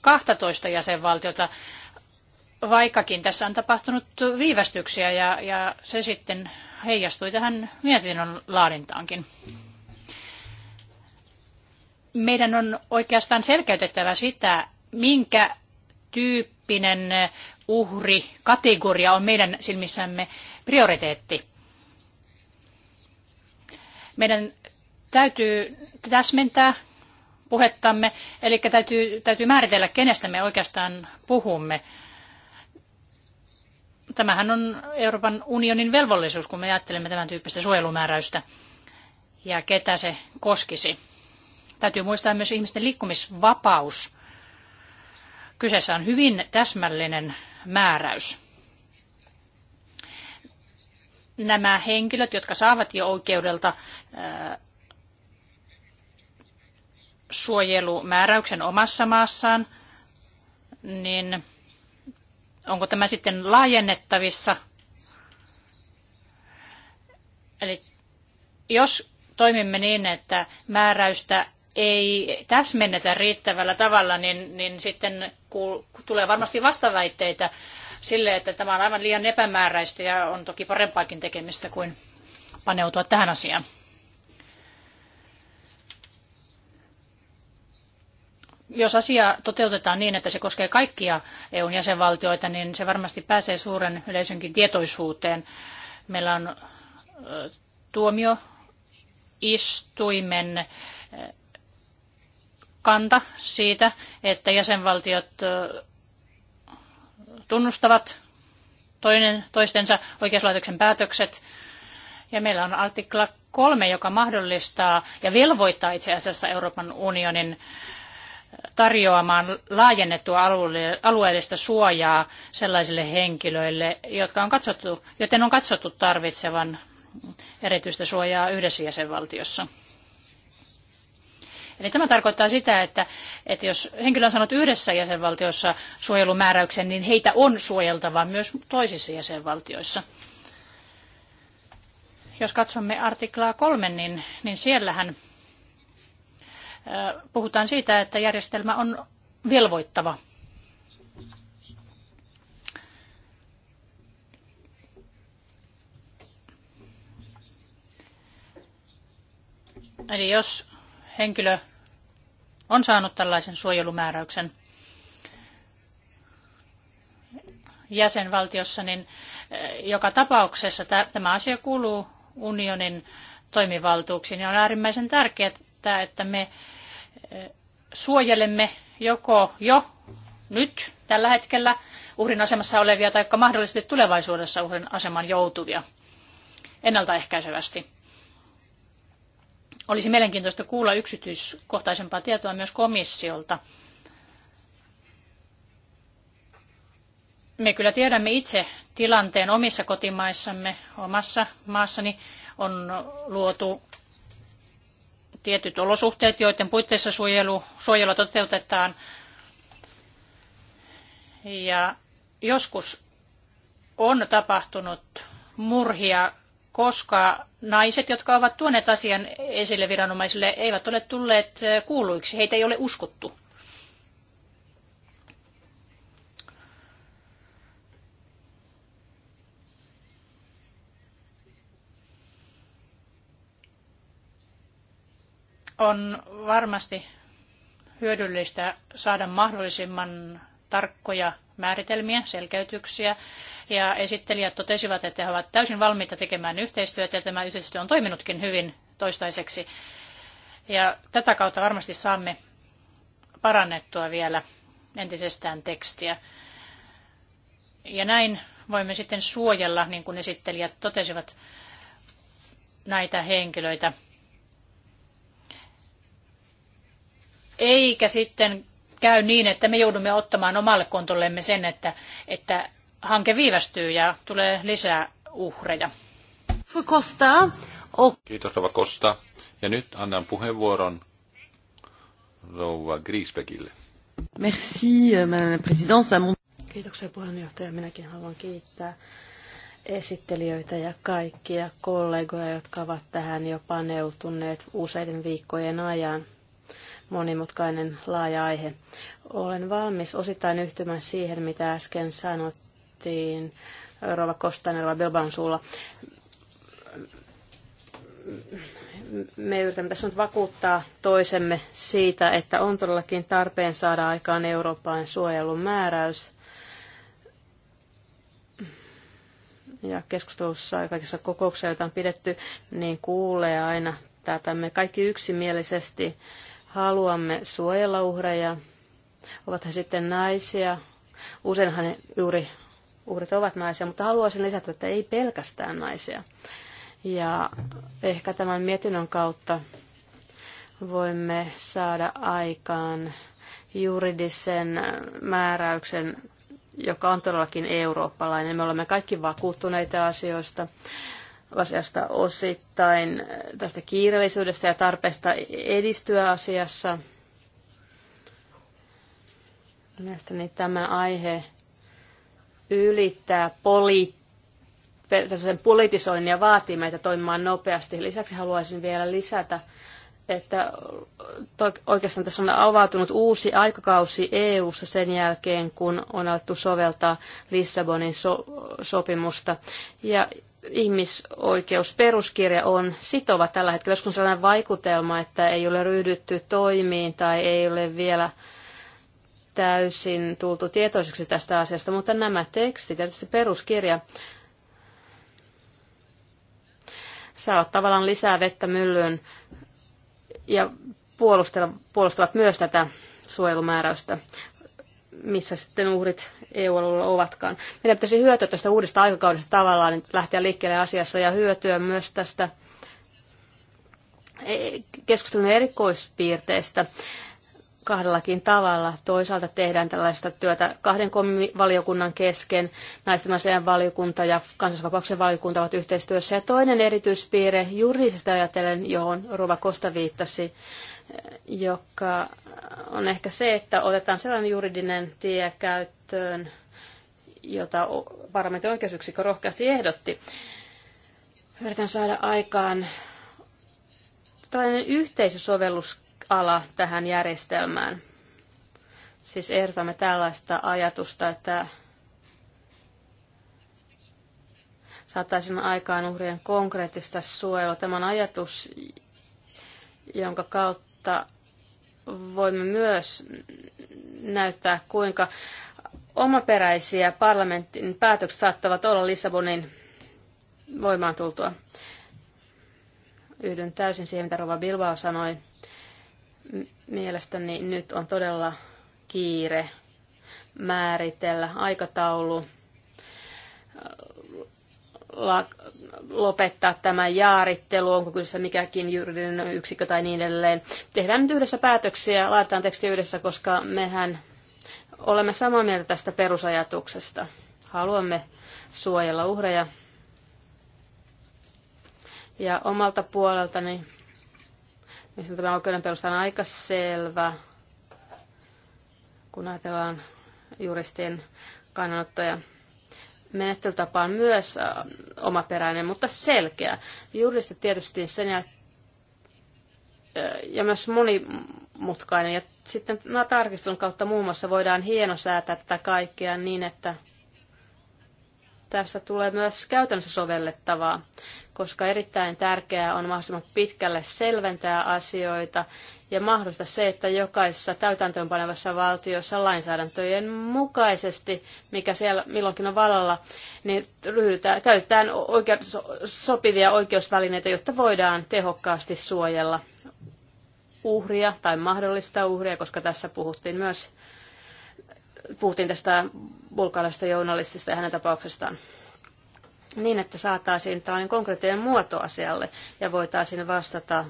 12 jäsenvaltiota, vaikkakin tässä on tapahtunut viivästyksiä ja, ja se sitten heijastui tähän mietinnön laadintaankin. Meidän on oikeastaan selkeytettävä sitä, minkä tyyppinen uhri, kategoria on meidän silmissämme prioriteetti. Meidän täytyy täsmentää puhettamme, eli täytyy, täytyy määritellä, kenestä me oikeastaan puhumme. Tämähän on Euroopan unionin velvollisuus, kun me ajattelemme tämän tyyppistä suojelumääräystä ja ketä se koskisi. Täytyy muistaa myös ihmisten liikkumisvapaus. Kyseessä on hyvin täsmällinen määräys nämä henkilöt, jotka saavat jo oikeudelta suojelumääräyksen omassa maassaan, niin onko tämä sitten laajennettavissa? Eli jos toimimme niin, että määräystä ei täsmennetä riittävällä tavalla, niin, niin sitten kuul- tulee varmasti vastaväitteitä sille, että tämä on aivan liian epämääräistä ja on toki parempaakin tekemistä kuin paneutua tähän asiaan. Jos asia toteutetaan niin, että se koskee kaikkia EUn jäsenvaltioita, niin se varmasti pääsee suuren yleisönkin tietoisuuteen. Meillä on tuomioistuimen kanta siitä, että jäsenvaltiot tunnustavat toinen, toistensa oikeuslaitoksen päätökset. Ja meillä on artikla kolme, joka mahdollistaa ja velvoittaa itse asiassa Euroopan unionin tarjoamaan laajennettua alueellista suojaa sellaisille henkilöille, jotka on katsottu, joten on katsottu tarvitsevan erityistä suojaa yhdessä jäsenvaltiossa. Eli tämä tarkoittaa sitä, että, että jos henkilö on saanut yhdessä jäsenvaltiossa suojelumääräyksen, niin heitä on suojeltava myös toisissa jäsenvaltioissa. Jos katsomme artiklaa kolme, niin, niin siellähän puhutaan siitä, että järjestelmä on velvoittava. Eli jos henkilö on saanut tällaisen suojelumääräyksen jäsenvaltiossa, niin eh, joka tapauksessa tämä asia kuuluu unionin toimivaltuuksiin. Ja on äärimmäisen tärkeää, että me eh, suojelemme joko jo nyt tällä hetkellä uhrin asemassa olevia tai mahdollisesti tulevaisuudessa uhrin aseman joutuvia ennaltaehkäisevästi. Olisi mielenkiintoista kuulla yksityiskohtaisempaa tietoa myös komissiolta. Me kyllä tiedämme itse tilanteen omissa kotimaissamme, omassa maassani on luotu tietyt olosuhteet, joiden puitteissa suojelu, suojelua toteutetaan. Ja joskus on tapahtunut murhia koska naiset, jotka ovat tuoneet asian esille viranomaisille, eivät ole tulleet eh, kuuluiksi. Heitä ei ole uskottu. On varmasti hyödyllistä saada mahdollisimman tarkkoja määritelmiä, selkeytyksiä. Ja esittelijät totesivat, että he ovat täysin valmiita tekemään yhteistyötä ja tämä yhteistyö on toiminutkin hyvin toistaiseksi. Ja tätä kautta varmasti saamme parannettua vielä entisestään tekstiä. Ja näin voimme sitten suojella, niin kuin esittelijät totesivat, näitä henkilöitä. Eikä sitten käy niin, että me joudumme ottamaan omalle kontollemme sen, että, että hanke viivästyy ja tulee lisää uhreja. Kiitos Rova Kosta. Ja nyt annan puheenvuoron Rouva Griesbeckille. Merci, euh, Madame la Présidente. Kiitoksia puheenjohtaja. Minäkin haluan kiittää esittelijöitä ja kaikkia kollegoja, jotka ovat tähän jo paneutuneet useiden viikkojen ajan monimutkainen laaja aihe. Olen valmis osittain yhtymään siihen, mitä äsken sanottiin Rova Kostanerva Bilbaon suulla. Me yritämme tässä nyt vakuuttaa toisemme siitä, että on todellakin tarpeen saada aikaan Euroopan suojelun määräys. Ja keskustelussa ja kaikissa kokouksissa, joita on pidetty, niin kuulee aina tätä. Me kaikki yksimielisesti Haluamme suojella uhreja, ovat he sitten naisia. Useinhan juuri uhrit ovat naisia, mutta haluaisin lisätä, että ei pelkästään naisia. Ja ehkä tämän mietinnön kautta voimme saada aikaan juridisen määräyksen, joka on todellakin eurooppalainen. Me olemme kaikki vakuuttuneita asioista asiasta osittain tästä kiireellisyydestä ja tarpeesta edistyä asiassa. Mielestäni tämä aihe ylittää poli, politisoinnin ja vaatii meitä toimimaan nopeasti. Lisäksi haluaisin vielä lisätä, että to, oikeastaan tässä on avautunut uusi aikakausi EU-ssa sen jälkeen, kun on alettu soveltaa Lissabonin so, sopimusta. Ja ihmisoikeusperuskirja on sitova tällä hetkellä. Joskus on sellainen vaikutelma, että ei ole ryhdytty toimiin tai ei ole vielä täysin tultu tietoiseksi tästä asiasta, mutta nämä tekstit, tietysti peruskirja, saavat tavallaan lisää vettä myllyyn ja puolustavat myös tätä suojelumääräystä missä sitten uhrit EU-alueella ovatkaan. Meidän pitäisi hyötyä tästä uudesta aikakaudesta tavallaan, niin lähteä liikkeelle asiassa ja hyötyä myös tästä e, keskustelun erikoispiirteestä. kahdellakin tavalla. Toisaalta tehdään tällaista työtä kahden valiokunnan kesken. Naisten asian valiokunta ja kansallisvapauksen valiokunta ovat yhteistyössä. Ja toinen erityispiirre juridisesti ajatellen, johon Rova Kosta viittasi, joka on ehkä se, että otetaan sellainen juridinen tie käyttöön, jota parlamentin oikeusyksikkö rohkeasti ehdotti. Yritän saada aikaan tällainen yhteisösovellusala tähän järjestelmään. Siis ehdotamme tällaista ajatusta, että saataisiin aikaan uhrien konkreettista suojelua. Tämä on ajatus, jonka kautta mutta voimme myös näyttää, kuinka omaperäisiä parlamentin päätökset saattavat olla Lissabonin voimaan tultua. Yhdyn täysin siihen, mitä Rova Bilbao sanoi. Mielestäni nyt on todella kiire määritellä aikataulu lopettaa tämä jaarittelu, onko kyseessä mikäkin juridinen yksikkö tai niin edelleen. Tehdään nyt yhdessä päätöksiä, laitetaan teksti yhdessä, koska mehän olemme samaa mieltä tästä perusajatuksesta. Haluamme suojella uhreja. Ja omalta puoleltani, mistä tämä oikeuden perusta on aika selvä, kun ajatellaan juristien kannanottoja menettelytapa on myös omaperäinen, mutta selkeä. Juristit tietysti sen ja, ja myös monimutkainen. Ja sitten no, tarkistun kautta muun muassa voidaan hienosäätää tätä kaikkea niin, että tästä tulee myös käytännössä sovellettavaa, koska erittäin tärkeää on mahdollisimman pitkälle selventää asioita ja mahdollista se, että jokaisessa täytäntöönpanevassa valtiossa lainsäädäntöjen mukaisesti, mikä siellä milloinkin on vallalla, niin ryhdytään, käytetään oikea, sopivia oikeusvälineitä, jotta voidaan tehokkaasti suojella uhria tai mahdollista uhria, koska tässä puhuttiin myös puhuttiin tästä bulgaalaisesta journalistista ja hänen tapauksestaan niin, että saataisiin tällainen konkreettinen muoto asialle ja voitaisiin vastata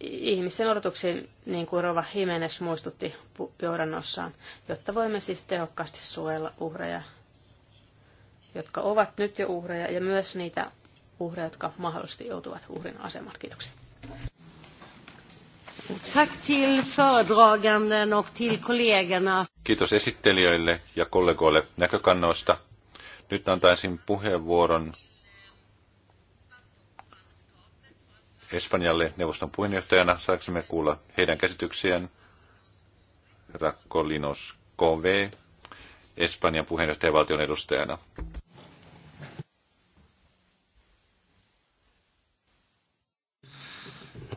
ihmisten odotuksiin, niin kuin Rova Jimenez muistutti johdannossaan, jotta voimme siis tehokkaasti suojella uhreja, jotka ovat nyt jo uhreja, ja myös niitä uhreja, jotka mahdollisesti joutuvat uhrin asemaan. Kiitoksia. Tack till föredraganden och till kollegorna. Kiitos esittelijöille ja kollegoille näkökannoista. Nyt antaisin puheenvuoron Espanjalle neuvoston puheenjohtajana. Saaksemme kuulla heidän käsityksiään. Rakkolinos KV, Espanjan valtion edustajana.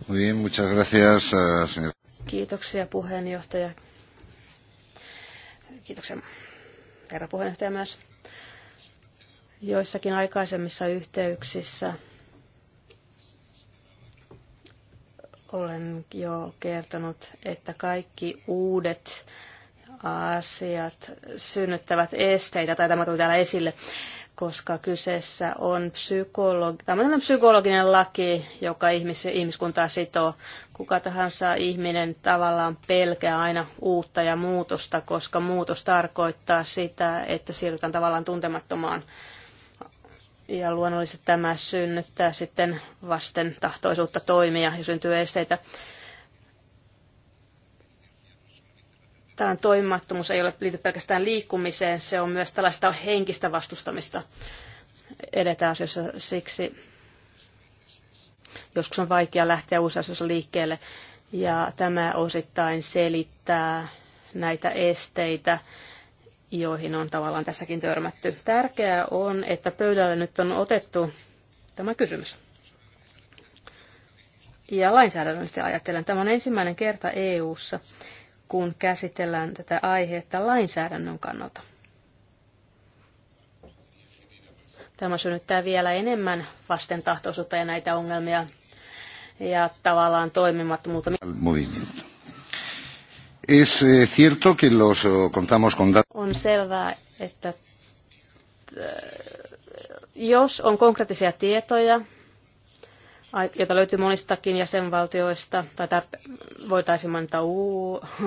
Eh, Kiitoksia puheenjohtaja. Kiitoksia herra puheenjohtaja myös. Joissakin aikaisemmissa yhteyksissä Olen jo kertonut, että kaikki uudet asiat synnyttävät esteitä, tai tämä tuli täällä esille, koska kyseessä on psykologi- psykologinen laki, joka ihmis- ihmiskuntaa sitoo. Kuka tahansa ihminen tavallaan pelkää aina uutta ja muutosta, koska muutos tarkoittaa sitä, että siirrytään tavallaan tuntemattomaan ja luonnollisesti tämä synnyttää sitten vasten tahtoisuutta toimia ja syntyy esteitä. Tällainen toimimattomuus ei ole liity pelkästään liikkumiseen, se on myös tällaista henkistä vastustamista edetä asioissa. Siksi joskus on vaikea lähteä uusissa liikkeelle. Ja tämä osittain selittää näitä esteitä joihin on tavallaan tässäkin törmätty. Tärkeää on, että pöydälle nyt on otettu tämä kysymys. Ja lainsäädännöllisesti ajattelen, tämä on ensimmäinen kerta EU:ssa, kun käsitellään tätä aihetta lainsäädännön kannalta. Tämä synnyttää vielä enemmän vastentahtoisuutta ja näitä ongelmia ja tavallaan toimimattomuutta. Es eh, cierto que los eh, contamos con datos. On selvää, että eh, jos on konkreettisia tietoja, joita löytyy monistakin jäsenvaltioista, tai voitaisiin mainita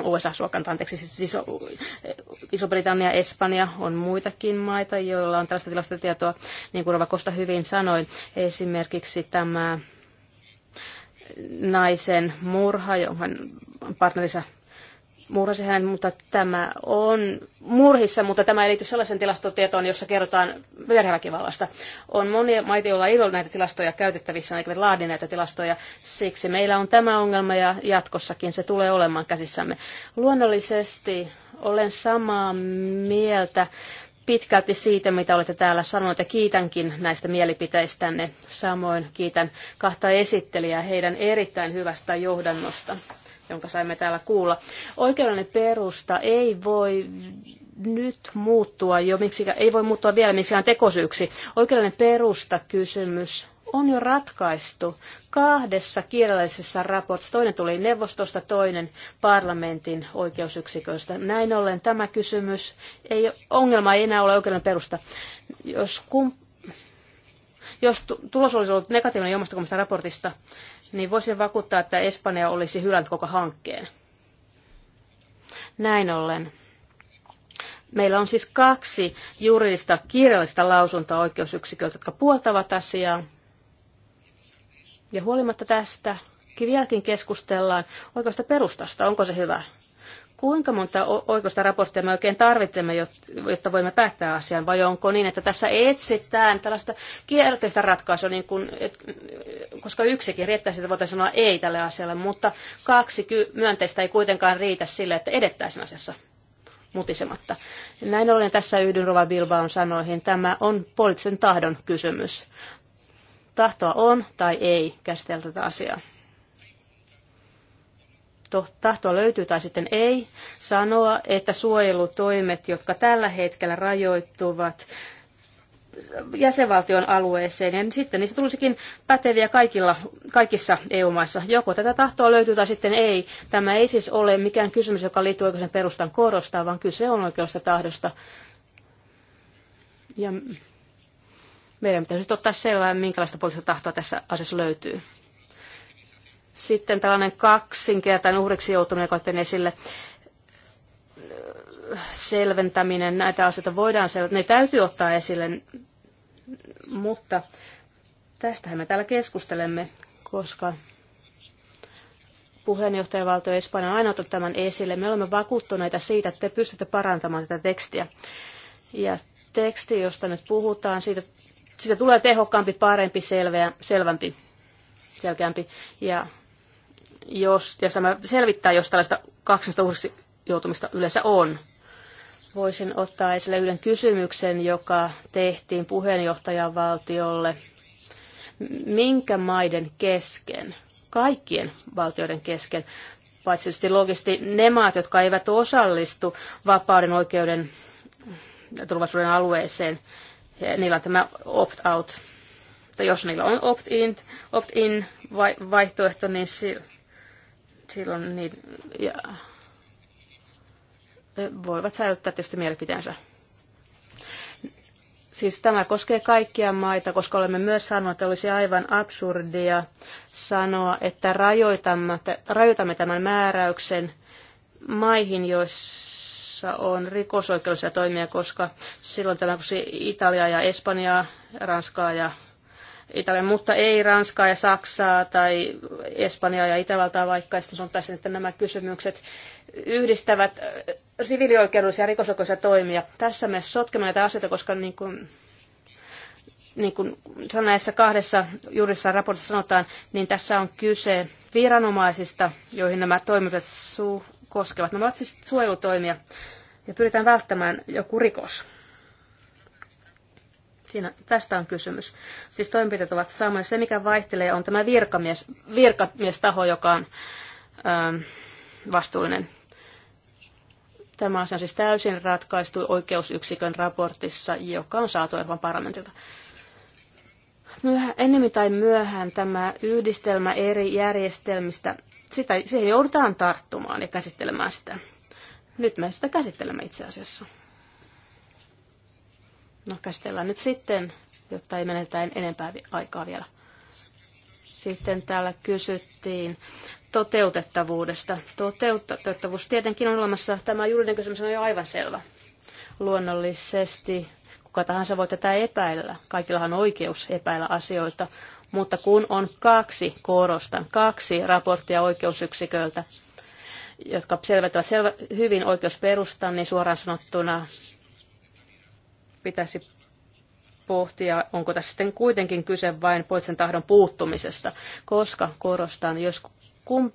USA, suokan, anteeksi, siis iso, Iso-Britannia, Espanja, on muitakin maita, joilla on tällaista tilastotietoa, niin kuin Rova Kosta hyvin sanoi, esimerkiksi tämä naisen murha, jonka partnerinsa murhasi hänen, mutta tämä on murhissa, mutta tämä ei liity sellaisen tilastotietoon, jossa kerrotaan perheväkivallasta. On monia maita, joilla ei ole näitä tilastoja käytettävissä, eikä laadi näitä tilastoja. Siksi meillä on tämä ongelma ja jatkossakin se tulee olemaan käsissämme. Luonnollisesti olen samaa mieltä pitkälti siitä, mitä olette täällä sanoneet ja kiitänkin näistä mielipiteistänne. Samoin kiitän kahta esittelijää heidän erittäin hyvästä johdannosta jonka saimme täällä kuulla. Oikeudellinen perusta ei voi nyt muuttua jo, miksi, ei voi muuttua vielä miksikään tekosyyksi. Oikeudellinen perusta kysymys on jo ratkaistu kahdessa kirjallisessa raportissa. Toinen tuli neuvostosta, toinen parlamentin oikeusyksiköstä. Näin ollen tämä kysymys, ei, ongelma ei enää ole oikeuden perusta. Jos, kun, jos tulos olisi ollut negatiivinen ilmastokomista raportista, niin voisin vakuuttaa, että Espanja olisi hylännyt koko hankkeen. Näin ollen. Meillä on siis kaksi juridista kirjallista lausuntoa oikeusyksiköltä, jotka puoltavat asiaa. Ja huolimatta tästä vieläkin keskustellaan oikeasta perustasta, onko se hyvä kuinka monta oikeusta raporttia me oikein tarvitsemme, jotta voimme päättää asian, vai onko niin, että tässä etsitään tällaista kielteistä ratkaisua, niin kun, et, koska yksikin riittäisi, että voitaisiin sanoa ei tälle asialle, mutta kaksi myönteistä ei kuitenkaan riitä sille, että edettäisiin asiassa mutisematta. Näin ollen tässä yhdyn Rova Bilbaon sanoihin, tämä on poliittisen tahdon kysymys. Tahtoa on tai ei käsitellä tätä asiaa tahto, tahto löytyy tai sitten ei, sanoa, että suojelutoimet, jotka tällä hetkellä rajoittuvat jäsenvaltion alueeseen, niin sitten niistä tulisikin päteviä kaikilla, kaikissa EU-maissa. Joko tätä tahtoa löytyy tai sitten ei. Tämä ei siis ole mikään kysymys, joka liittyy oikeuden perustan korostaa, vaan kyse on oikeasta tahdosta. Ja meidän pitäisi siis ottaa selvää, minkälaista poliittista tahtoa tässä asiassa löytyy. Sitten tällainen kaksinkertainen uhriksi joutuminen, joka esille, selventäminen, näitä asioita voidaan selventää, ne täytyy ottaa esille, mutta tästähän me täällä keskustelemme, koska puheenjohtajavaltio Espanja on aina ottanut tämän esille. Me olemme vakuuttuneita siitä, että te pystytte parantamaan tätä tekstiä. Ja teksti, josta nyt puhutaan, siitä, siitä tulee tehokkaampi, parempi, selveä, selvämpi, selkeämpi. Ja jos, ja tämä selvittää, jos tällaista kaksista uhriksi joutumista yleensä on. Voisin ottaa esille yhden kysymyksen, joka tehtiin puheenjohtajan valtiolle. Minkä maiden kesken, kaikkien valtioiden kesken, paitsi tietysti logisti ne maat, jotka eivät osallistu vapauden, oikeuden ja turvallisuuden alueeseen, niillä on tämä opt-out. Tai jos niillä on opt-in, opt-in vaihtoehto, niin silloin niin, ja, voivat säilyttää tietysti mielipiteensä. Siis tämä koskee kaikkia maita, koska olemme myös sanoneet, että olisi aivan absurdia sanoa, että rajoitamme, rajoitamme tämän määräyksen maihin, joissa on rikosoikeudellisia toimia, koska silloin tämä koskee Italiaa ja Espanjaa, Ranskaa ja Italia, mutta ei Ranskaa ja Saksaa tai Espanjaa ja Itävaltaa vaikka. on tässä, että nämä kysymykset yhdistävät äh, sivilioikeudellisia ja rikosoikeudellisia toimia. Tässä me sotkemme näitä asioita, koska niin kuin, niin kuin näissä kahdessa juridisessa raportissa sanotaan, niin tässä on kyse viranomaisista, joihin nämä toimivat koskevat. Nämä ovat siis suojelutoimia ja pyritään välttämään joku rikos. Siinä, tästä on kysymys. Siis toimenpiteet ovat samoja. Se, mikä vaihtelee, on tämä virkamies, virkamiestaho, joka on ähm, vastuullinen. Tämä asia on siis täysin ratkaistu oikeusyksikön raportissa, joka on saatu Euroopan parlamentilta. Myöhä, ennemmin tai myöhään tämä yhdistelmä eri järjestelmistä, sitä, siihen joudutaan tarttumaan ja käsittelemään sitä. Nyt me sitä käsittelemme itse asiassa. No käsitellään nyt sitten, jotta ei menetä enempää aikaa vielä. Sitten täällä kysyttiin toteutettavuudesta. Toteutettavuus tietenkin on olemassa. Tämä juridinen kysymys on jo aivan selvä. Luonnollisesti kuka tahansa voi tätä epäillä. Kaikillahan on oikeus epäillä asioita. Mutta kun on kaksi, korostan, kaksi raporttia oikeusyksiköltä, jotka selvittävät selvä, hyvin oikeusperustan, niin suoraan sanottuna pitäisi pohtia, onko tässä sitten kuitenkin kyse vain poitsen tahdon puuttumisesta, koska korostan, jos kum,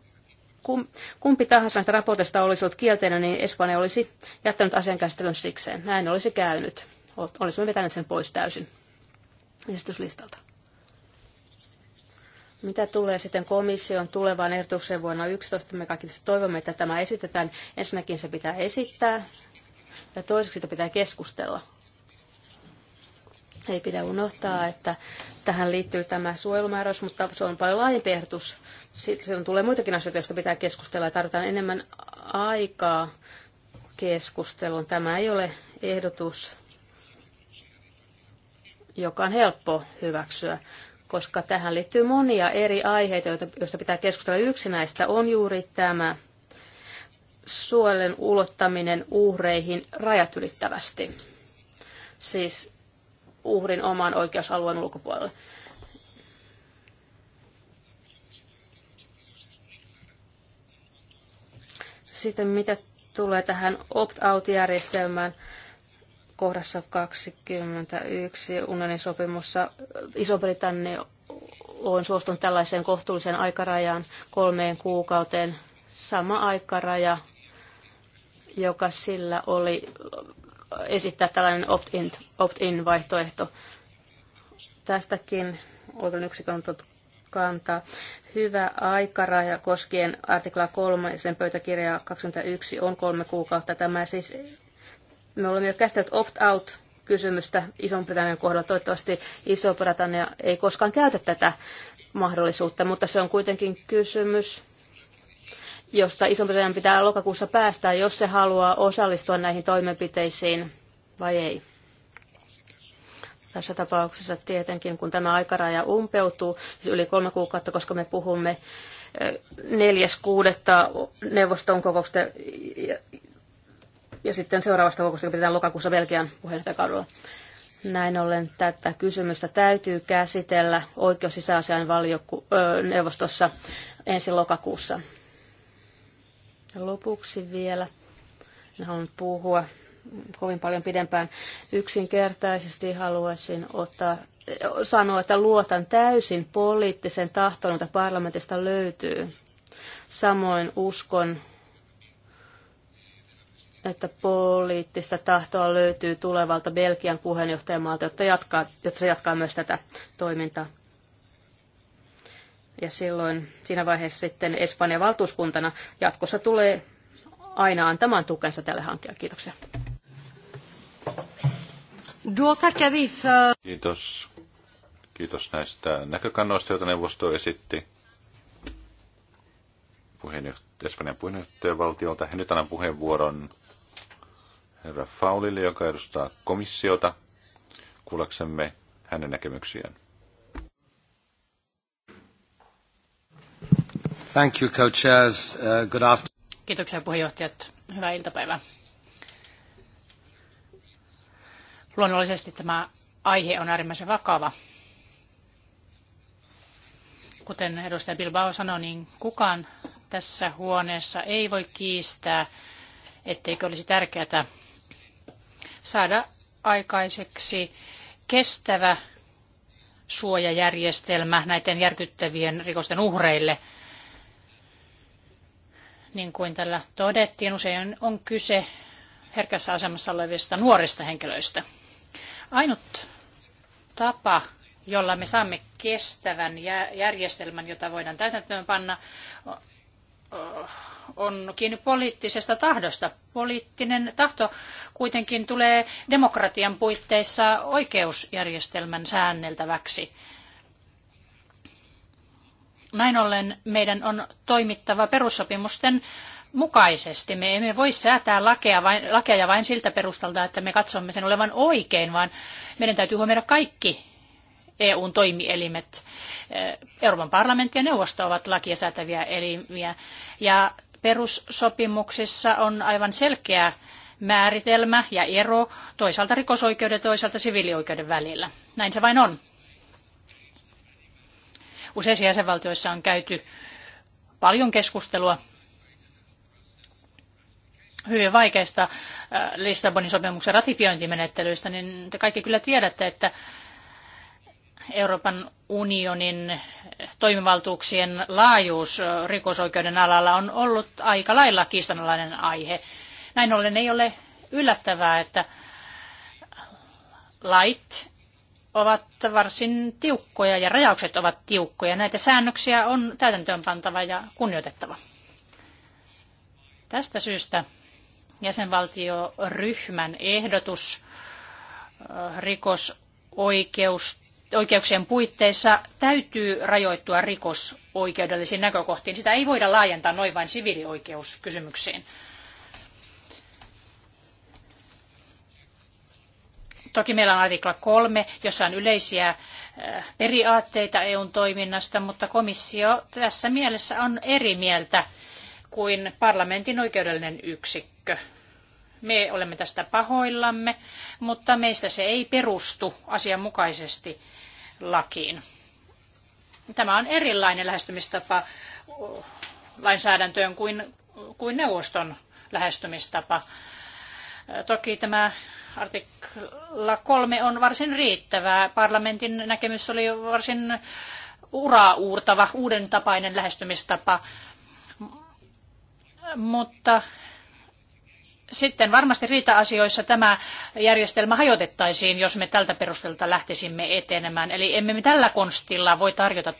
kum, kumpi tahansa näistä raportista olisi ollut kielteinen, niin Espanja olisi jättänyt asian käsittelyn sikseen. Näin olisi käynyt. Olisimme vetäneet sen pois täysin esityslistalta. Mitä tulee sitten komission tulevaan ehdotukseen vuonna 2011, me kaikki toivomme, että tämä esitetään. Ensinnäkin se pitää esittää ja toiseksi sitä pitää keskustella ei pidä unohtaa, että tähän liittyy tämä suojelumääräys, mutta se on paljon laajempi ehdotus. Sitten tulee muitakin asioita, joista pitää keskustella ja tarvitaan enemmän aikaa keskusteluun. Tämä ei ole ehdotus, joka on helppo hyväksyä, koska tähän liittyy monia eri aiheita, joista pitää keskustella. Yksi näistä on juuri tämä suojelun ulottaminen uhreihin rajat ylittävästi. Siis uhrin oman oikeusalueen ulkopuolelle. Sitten mitä tulee tähän opt-out-järjestelmään kohdassa 21 unionin sopimussa Iso-Britannia on suostunut tällaiseen kohtuulliseen aikarajaan kolmeen kuukauteen. Sama aikaraja, joka sillä oli esittää tällainen opt-in, opt-in vaihtoehto. Tästäkin Oulun yksikön kantaa. Hyvä aikaraja koskien artikla 3, sen pöytäkirjaa 21 on kolme kuukautta. Tämä siis, me olemme jo käsitelleet opt-out kysymystä iso britannian kohdalla. Toivottavasti Iso-Britannia ei koskaan käytä tätä mahdollisuutta, mutta se on kuitenkin kysymys, josta Iso-Britannian pitää lokakuussa päästä, jos se haluaa osallistua näihin toimenpiteisiin vai ei. Tässä tapauksessa tietenkin, kun tämä aikaraja umpeutuu, siis yli kolme kuukautta, koska me puhumme neljäs kuudetta neuvoston kokouksesta ja sitten seuraavasta kokouksesta pitää lokakuussa Belgian puheenjohtajakaudella. Näin ollen tätä kysymystä täytyy käsitellä oikeus- ja neuvostossa ensi lokakuussa. Lopuksi vielä, en halunnut puhua kovin paljon pidempään, yksinkertaisesti haluaisin ottaa sanoa, että luotan täysin poliittisen tahtoon, jota parlamentista löytyy. Samoin uskon, että poliittista tahtoa löytyy tulevalta Belgian puheenjohtajamaalta, jotta, jatkaa, jotta se jatkaa myös tätä toimintaa. Ja silloin siinä vaiheessa sitten Espanjan valtuuskuntana jatkossa tulee aina antamaan tukensa tälle hankkeelle. Kiitoksia. Kiitos. Kiitos näistä näkökannoista, joita neuvosto esitti puheenjohtaja, Espanjan puheenjohtajavaltiolta. Ja nyt annan puheenvuoron herra Faulille, joka edustaa komissiota, kuuleksemme hänen näkemyksiään. Thank you, co-chairs. Uh, good afternoon. Kiitoksia puheenjohtajat. Hyvää iltapäivää. Luonnollisesti tämä aihe on äärimmäisen vakava. Kuten edustaja Bilbao sanoi, niin kukaan tässä huoneessa ei voi kiistää, etteikö olisi tärkeää saada aikaiseksi kestävä suojajärjestelmä näiden järkyttävien rikosten uhreille – niin kuin tällä todettiin, usein on kyse herkässä asemassa olevista nuorista henkilöistä. Ainut tapa, jolla me saamme kestävän järjestelmän, jota voidaan täytäntöön panna, on kiinni poliittisesta tahdosta. Poliittinen tahto kuitenkin tulee demokratian puitteissa oikeusjärjestelmän säänneltäväksi. Näin ollen meidän on toimittava perussopimusten mukaisesti. Me emme voi säätää lakeja vain, lakeja vain siltä perustalta, että me katsomme sen olevan oikein, vaan meidän täytyy huomioida kaikki EUn toimielimet. Eh, Euroopan parlamentti ja neuvosto ovat lakia säätäviä elimiä. Ja perussopimuksissa on aivan selkeä määritelmä ja ero toisaalta rikosoikeuden ja toisaalta siviilioikeuden välillä. Näin se vain on. Useissa jäsenvaltioissa on käyty paljon keskustelua hyvin vaikeista äh, Lissabonin sopimuksen ratifiointimenettelyistä, niin te kaikki kyllä tiedätte, että Euroopan unionin toimivaltuuksien laajuus äh, rikosoikeuden alalla on ollut aika lailla kiistanalainen aihe. Näin ollen ei ole yllättävää, että lait ovat varsin tiukkoja ja rajaukset ovat tiukkoja. Näitä säännöksiä on täytäntöönpantava ja kunnioitettava. Tästä syystä jäsenvaltioryhmän ehdotus äh, rikosoikeuksien puitteissa täytyy rajoittua rikosoikeudellisiin näkökohtiin. Sitä ei voida laajentaa noin vain siviilioikeuskysymyksiin. Toki meillä on artikla kolme, jossa on yleisiä äh, periaatteita EUn toiminnasta, mutta komissio tässä mielessä on eri mieltä kuin parlamentin oikeudellinen yksikkö. Me olemme tästä pahoillamme, mutta meistä se ei perustu asianmukaisesti lakiin. Tämä on erilainen lähestymistapa lainsäädäntöön kuin, kuin neuvoston lähestymistapa. Toki tämä artikla kolme on varsin riittävää. Parlamentin näkemys oli varsin uraa uurtava, uuden tapainen lähestymistapa. Mutta sitten varmasti riita-asioissa tämä järjestelmä hajotettaisiin, jos me tältä perustelta lähtisimme etenemään. Eli emme me tällä konstilla voi tarjota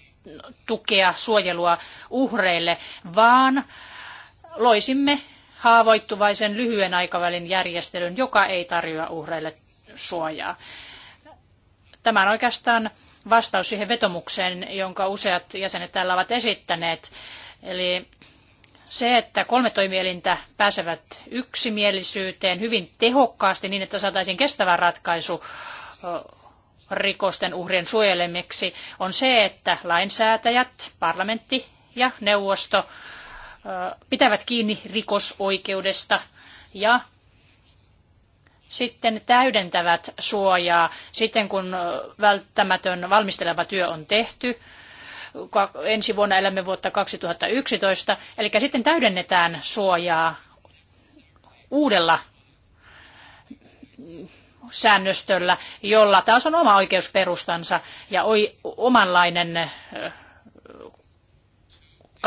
tukea, suojelua uhreille, vaan loisimme haavoittuvaisen lyhyen aikavälin järjestelyn, joka ei tarjoa uhreille suojaa. Tämä on oikeastaan vastaus siihen vetomukseen, jonka useat jäsenet täällä ovat esittäneet. Eli se, että kolme toimielintä pääsevät yksimielisyyteen hyvin tehokkaasti niin, että saataisiin kestävä ratkaisu rikosten uhrien suojelemiseksi, on se, että lainsäätäjät, parlamentti ja neuvosto pitävät kiinni rikosoikeudesta ja sitten täydentävät suojaa sitten, kun välttämätön valmisteleva työ on tehty. Ensi vuonna elämme vuotta 2011, eli sitten täydennetään suojaa uudella säännöstöllä, jolla taas on oma oikeusperustansa ja omanlainen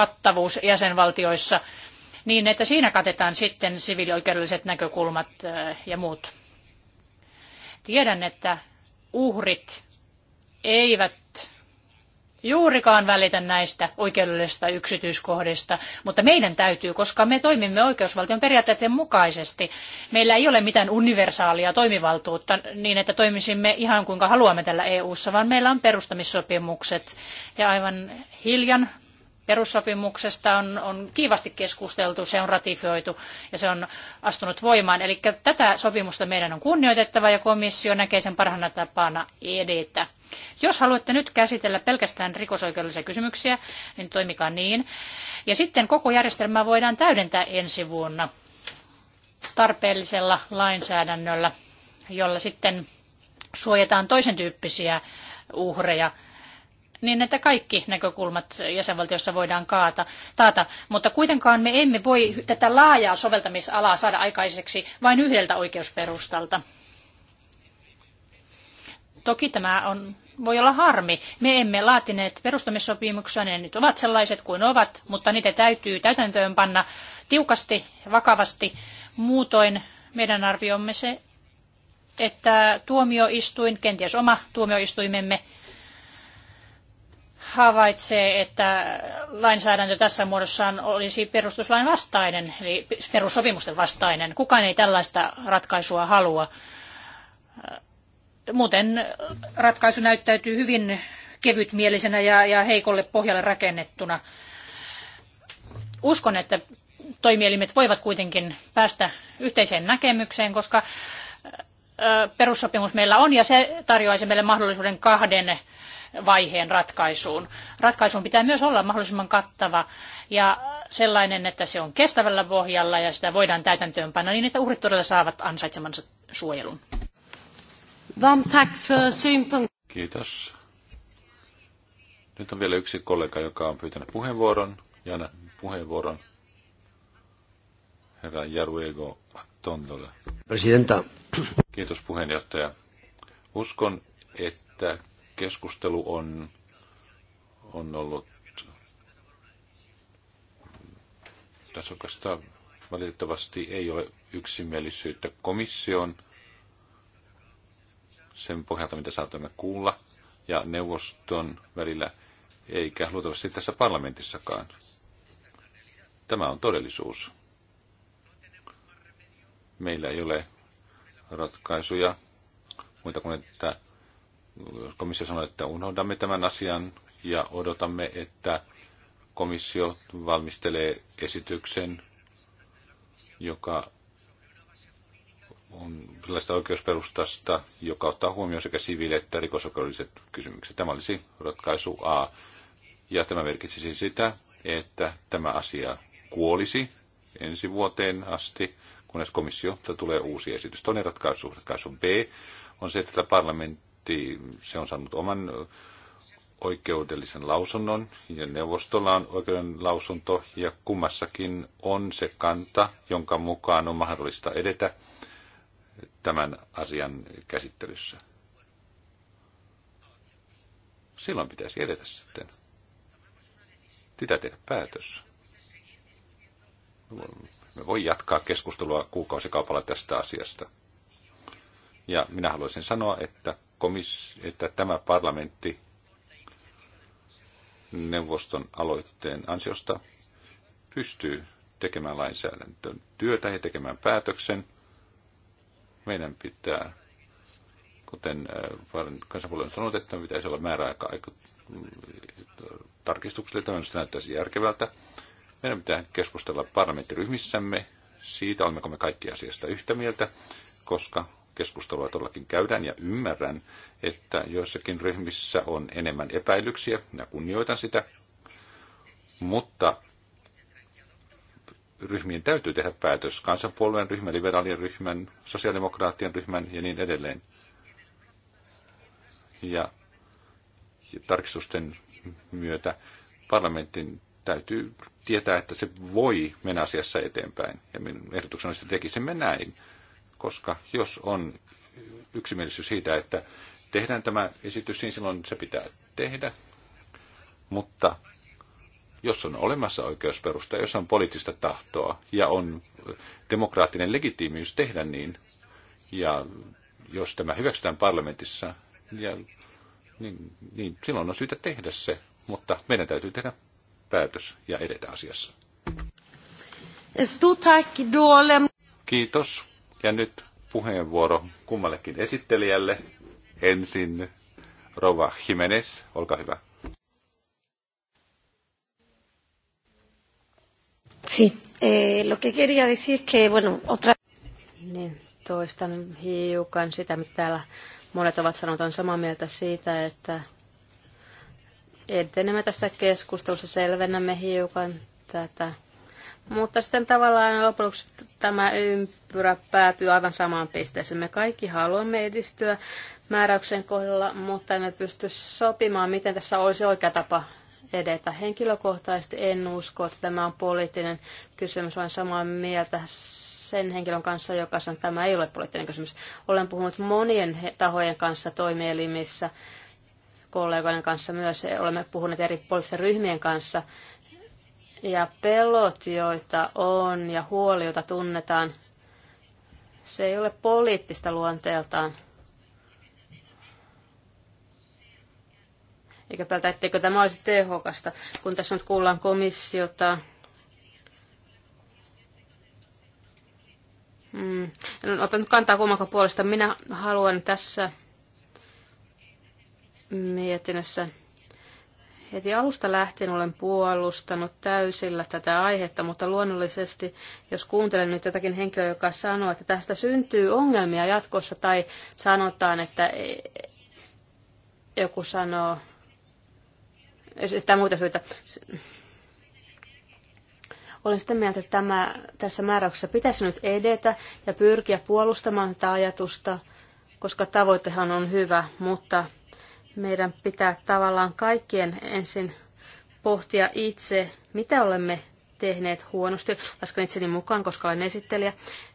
kattavuus jäsenvaltioissa niin, että siinä katetaan sitten siviilioikeudelliset näkökulmat äh, ja muut. Tiedän, että uhrit eivät juurikaan välitä näistä oikeudellisista yksityiskohdista, mutta meidän täytyy, koska me toimimme oikeusvaltion periaatteiden mukaisesti. Meillä ei ole mitään universaalia toimivaltuutta niin, että toimisimme ihan kuinka haluamme tällä EU-ssa, vaan meillä on perustamissopimukset. Ja aivan hiljan Perussopimuksesta on, on kiivasti keskusteltu, se on ratifioitu ja se on astunut voimaan. Eli tätä sopimusta meidän on kunnioitettava ja komissio näkee sen parhaana tapana edetä. Jos haluatte nyt käsitellä pelkästään rikosoikeudellisia kysymyksiä, niin toimikaa niin. Ja sitten koko järjestelmää voidaan täydentää ensi vuonna tarpeellisella lainsäädännöllä, jolla sitten suojataan toisen tyyppisiä uhreja – niin että kaikki näkökulmat jäsenvaltiossa voidaan kaata, taata, mutta kuitenkaan me emme voi tätä laajaa soveltamisalaa saada aikaiseksi vain yhdeltä oikeusperustalta. Toki tämä on, voi olla harmi. Me emme laatineet perustamissopimuksia, ne nyt ovat sellaiset kuin ovat, mutta niitä täytyy täytäntöönpanna panna tiukasti, vakavasti. Muutoin meidän arviomme se, että tuomioistuin, kenties oma tuomioistuimemme, havaitsee, että lainsäädäntö tässä muodossaan olisi perustuslain vastainen, eli perussopimusten vastainen. Kukaan ei tällaista ratkaisua halua. Muuten ratkaisu näyttäytyy hyvin kevytmielisenä ja, ja heikolle pohjalle rakennettuna. Uskon, että toimielimet voivat kuitenkin päästä yhteiseen näkemykseen, koska perussopimus meillä on ja se tarjoaisi meille mahdollisuuden kahden vaiheen ratkaisuun. Ratkaisun pitää myös olla mahdollisimman kattava ja sellainen, että se on kestävällä pohjalla ja sitä voidaan täytäntöönpanna niin, että uhrit todella saavat ansaitsemansa suojelun. Kiitos. Nyt on vielä yksi kollega, joka on pyytänyt puheenvuoron. Jana, puheenvuoron. Herra Jaruego Tondolle. Presidenta. Kiitos puheenjohtaja. Uskon, että keskustelu on, on ollut tässä oikeastaan valitettavasti ei ole yksimielisyyttä komission sen pohjalta, mitä saatamme kuulla, ja neuvoston välillä, eikä luultavasti tässä parlamentissakaan. Tämä on todellisuus. Meillä ei ole ratkaisuja muita kuin, että komissio sanoi, että unohdamme tämän asian ja odotamme, että komissio valmistelee esityksen, joka on sellaista oikeusperustasta, joka ottaa huomioon sekä siviili- että rikosoikeudelliset kysymykset. Tämä olisi ratkaisu A. Ja tämä merkitsisi sitä, että tämä asia kuolisi ensi vuoteen asti, kunnes komissiolta tulee uusi esitys. Toinen ratkaisu, ratkaisu B, on se, että parlamentti tietysti se on saanut oman oikeudellisen lausunnon ja neuvostolla on oikeuden lausunto ja kummassakin on se kanta, jonka mukaan on mahdollista edetä tämän asian käsittelyssä. Silloin pitäisi edetä sitten. Pitää tehdä päätös. Me voi jatkaa keskustelua kuukausikaupalla tästä asiasta. Ja minä haluaisin sanoa, että komis- että tämä parlamentti neuvoston aloitteen ansiosta pystyy tekemään lainsäädäntön työtä ja tekemään päätöksen. Meidän pitää, kuten äh, kansanpuolue on sanonut, että pitäisi olla määräaika mm, tarkistukselle, tämä näyttäisi järkevältä. Meidän pitää keskustella parlamenttiryhmissämme siitä, olemmeko me kaikki asiasta yhtä mieltä, koska keskustelua todellakin käydään ja ymmärrän, että joissakin ryhmissä on enemmän epäilyksiä ja kunnioitan sitä, mutta ryhmien täytyy tehdä päätös. Kansanpuolueen ryhmän, liberaalien ryhmän, sosiaalidemokraattien ryhmän ja niin edelleen. Ja, ja tarkistusten myötä parlamentin täytyy tietää, että se voi mennä asiassa eteenpäin. Ja minun ehdotukseni on, että tekisimme näin koska jos on yksimielisyys siitä, että tehdään tämä esitys, niin silloin se pitää tehdä. Mutta jos on olemassa oikeusperusta, jos on poliittista tahtoa ja on demokraattinen legitiimiys tehdä niin, ja jos tämä hyväksytään parlamentissa, ja, niin, niin silloin on syytä tehdä se, mutta meidän täytyy tehdä päätös ja edetä asiassa. Kiitos. Ja nyt puheenvuoro kummallekin esittelijälle. Ensin Rova Jimenez, olkaa hyvä. Sí, eh, lo que quería decir que, bueno, otra... Niin, toistan hiukan sitä, mitä täällä monet ovat sanoneet, on samaa mieltä siitä, että etenemme tässä keskustelussa, selvennämme hiukan tätä mutta sitten tavallaan lopuksi tämä ympyrä päätyy aivan samaan pisteeseen. Me kaikki haluamme edistyä määräyksen kohdalla, mutta emme pysty sopimaan, miten tässä olisi oikea tapa edetä. Henkilökohtaisesti en usko, että tämä on poliittinen kysymys. Olen samaa mieltä sen henkilön kanssa, joka sanoo, että tämä ei ole poliittinen kysymys. Olen puhunut monien tahojen kanssa toimielimissä, kollegoiden kanssa myös. Olemme puhuneet eri poliittisten ryhmien kanssa ja pelot, joita on ja huoli, jota tunnetaan, se ei ole poliittista luonteeltaan. Eikä päältä, etteikö tämä olisi tehokasta. Kun tässä nyt kuullaan komissiota, Mm. En otan nyt kantaa kummanko puolesta. Minä haluan tässä mietinnössä Heti alusta lähtien olen puolustanut täysillä tätä aihetta, mutta luonnollisesti, jos kuuntelen nyt jotakin henkilöä, joka sanoo, että tästä syntyy ongelmia jatkossa, tai sanotaan, että e, joku sanoo, sitä muuta syytä. Olen sitä mieltä, että tämä, tässä määräyksessä pitäisi nyt edetä ja pyrkiä puolustamaan tätä ajatusta, koska tavoitehan on hyvä, mutta meidän pitää tavallaan kaikkien ensin pohtia itse, mitä olemme tehneet huonosti, lasken itseni mukaan, koska olen esittelijä,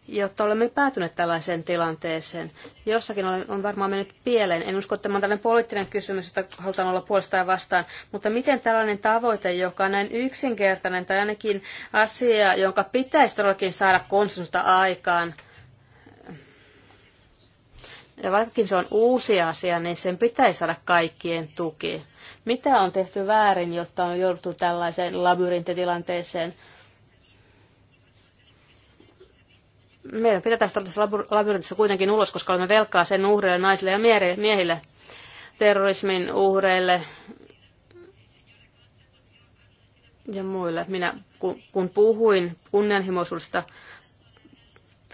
jotta olemme päätyneet tällaiseen tilanteeseen. Jossakin on varmaan mennyt pieleen. En usko, että tämä on tällainen poliittinen kysymys, että halutaan olla puolesta ja vastaan. Mutta miten tällainen tavoite, joka on näin yksinkertainen tai ainakin asia, jonka pitäisi todellakin saada konsensusta aikaan, ja vaikkakin se on uusi asia, niin sen pitäisi saada kaikkien tuki. Mitä on tehty väärin, jotta on jouduttu tällaiseen labyrintitilanteeseen? Meidän pitää tästä labyrintissä kuitenkin ulos, koska olemme velkaa sen uhreille, naisille ja miehille, terrorismin uhreille ja muille. Minä kun puhuin kunnianhimoisuudesta,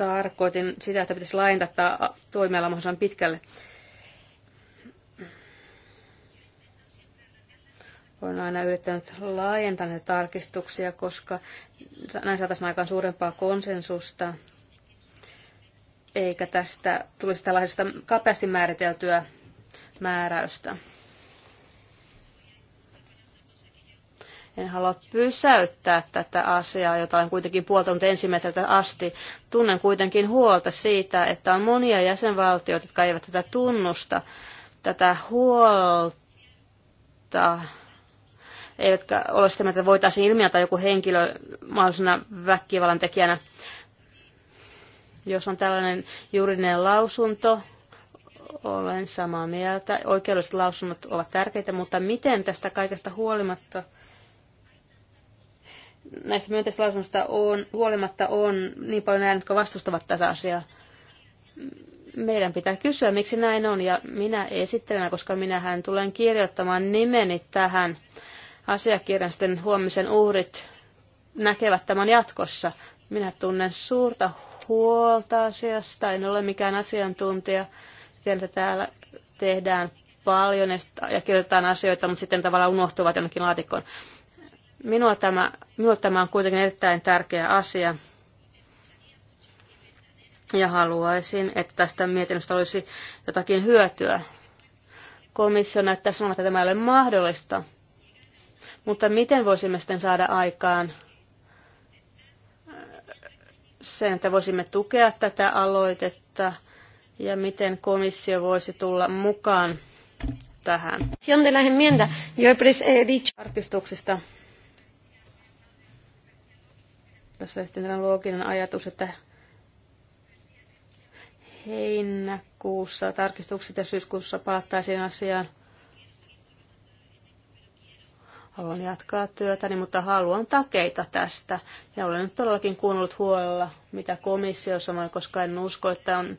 tarkoitin sitä, että pitäisi laajentaa toimiala mahdollisimman pitkälle. Olen aina yrittänyt laajentaa näitä tarkistuksia, koska näin saataisiin aikaan suurempaa konsensusta, eikä tästä tulisi tällaisesta kapeasti määriteltyä määräystä. En halua pysäyttää tätä asiaa, jota on kuitenkin puoltanut ensimmäiseltä asti. Tunnen kuitenkin huolta siitä, että on monia jäsenvaltioita, jotka eivät tätä tunnusta. Tätä huolta eivätkä ole sitä, että voitaisiin ilmiötä joku henkilö mahdollisena väkivallan tekijänä. Jos on tällainen juridinen lausunto, olen samaa mieltä. Oikeudelliset lausunnot ovat tärkeitä, mutta miten tästä kaikesta huolimatta – näistä myönteistä lausunnoista on, huolimatta on niin paljon näitä, jotka vastustavat tätä asiaa. Meidän pitää kysyä, miksi näin on, ja minä esittelen, koska minähän tulen kirjoittamaan nimeni tähän asiakirjan, sitten huomisen uhrit näkevät tämän jatkossa. Minä tunnen suurta huolta asiasta, en ole mikään asiantuntija, sieltä täällä tehdään paljon ja kirjoitetaan asioita, mutta sitten tavallaan unohtuvat jonnekin laatikkoon Minua tämä, minua tämä on kuitenkin erittäin tärkeä asia. Ja haluaisin, että tästä mietinnöstä olisi jotakin hyötyä. Komissio näyttää sanoa, että tämä ei ole mahdollista. Mutta miten voisimme sitten saada aikaan äh, sen, että voisimme tukea tätä aloitetta ja miten komissio voisi tulla mukaan tähän. Tarkistuksista jossa sitten looginen ajatus, että heinäkuussa tarkistukset ja syyskuussa palattaisiin asiaan. Haluan jatkaa työtäni, mutta haluan takeita tästä. Ja olen nyt todellakin kuunnellut huolella, mitä komissio sanoi, koska en usko, että on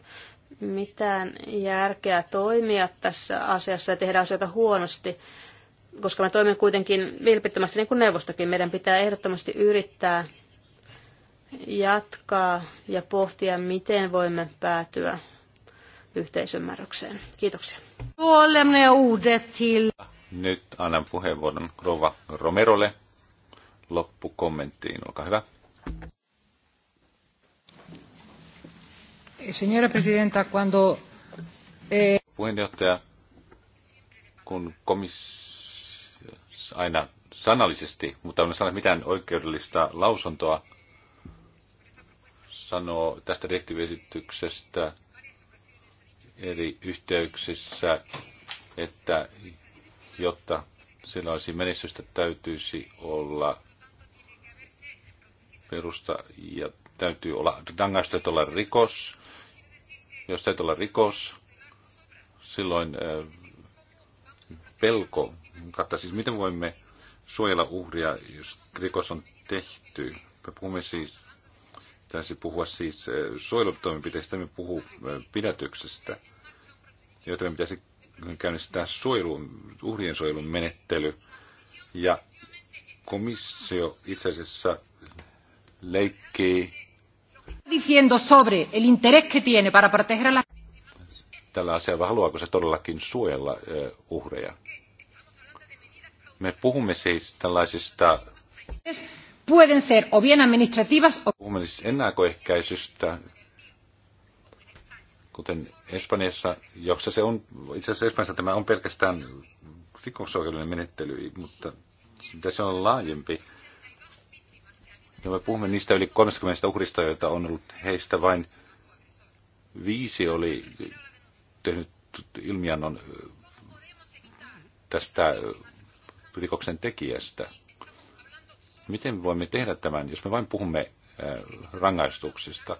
mitään järkeä toimia tässä asiassa ja tehdä asioita huonosti, koska me toimimme kuitenkin vilpittömästi niin kuin neuvostokin. Meidän pitää ehdottomasti yrittää jatkaa ja pohtia, miten voimme päätyä yhteisymmärrykseen. Kiitoksia. Nyt annan puheenvuoron Rova Romerolle kommenttiin, Olkaa hyvä. Eh, presidenta, eh, Puheenjohtaja, kun komissio aina sanallisesti, mutta on sanonut mitään oikeudellista lausuntoa, sanoo tästä direktiiviesityksestä eri yhteyksissä, että jotta sillä olisi menestystä, täytyisi olla perusta ja täytyy olla, rangaistus täytyy olla rikos. Jos täytyy olla rikos, silloin äh, pelko katta. Siis miten voimme suojella uhria, jos rikos on tehty? Me puhumme siis pitäisi puhua siis eh, suojelutoimenpiteistä, me puhuu eh, pidätyksestä, joten me pitäisi käynnistää suojelun, uhrien suojelun menettely. Ja komissio itse asiassa leikkii diciendo sobre el interés que tiene para proteger la... Tällä asialla haluaako se todellakin suojella eh, uhreja? Me puhumme siis tällaisista pueden ser o bien administrativas o... Puhumme siis ennakkoehkäisystä, kuten Espanjassa, jossa se on, itse asiassa Espanjassa tämä on pelkästään rikosoikeudellinen menettely, mutta se on laajempi. Ja me puhumme niistä yli 30 uhrista, joita on ollut heistä vain viisi oli tehnyt ilmiannon tästä rikoksen tekijästä. Miten voimme tehdä tämän, jos me vain puhumme äh, rangaistuksista?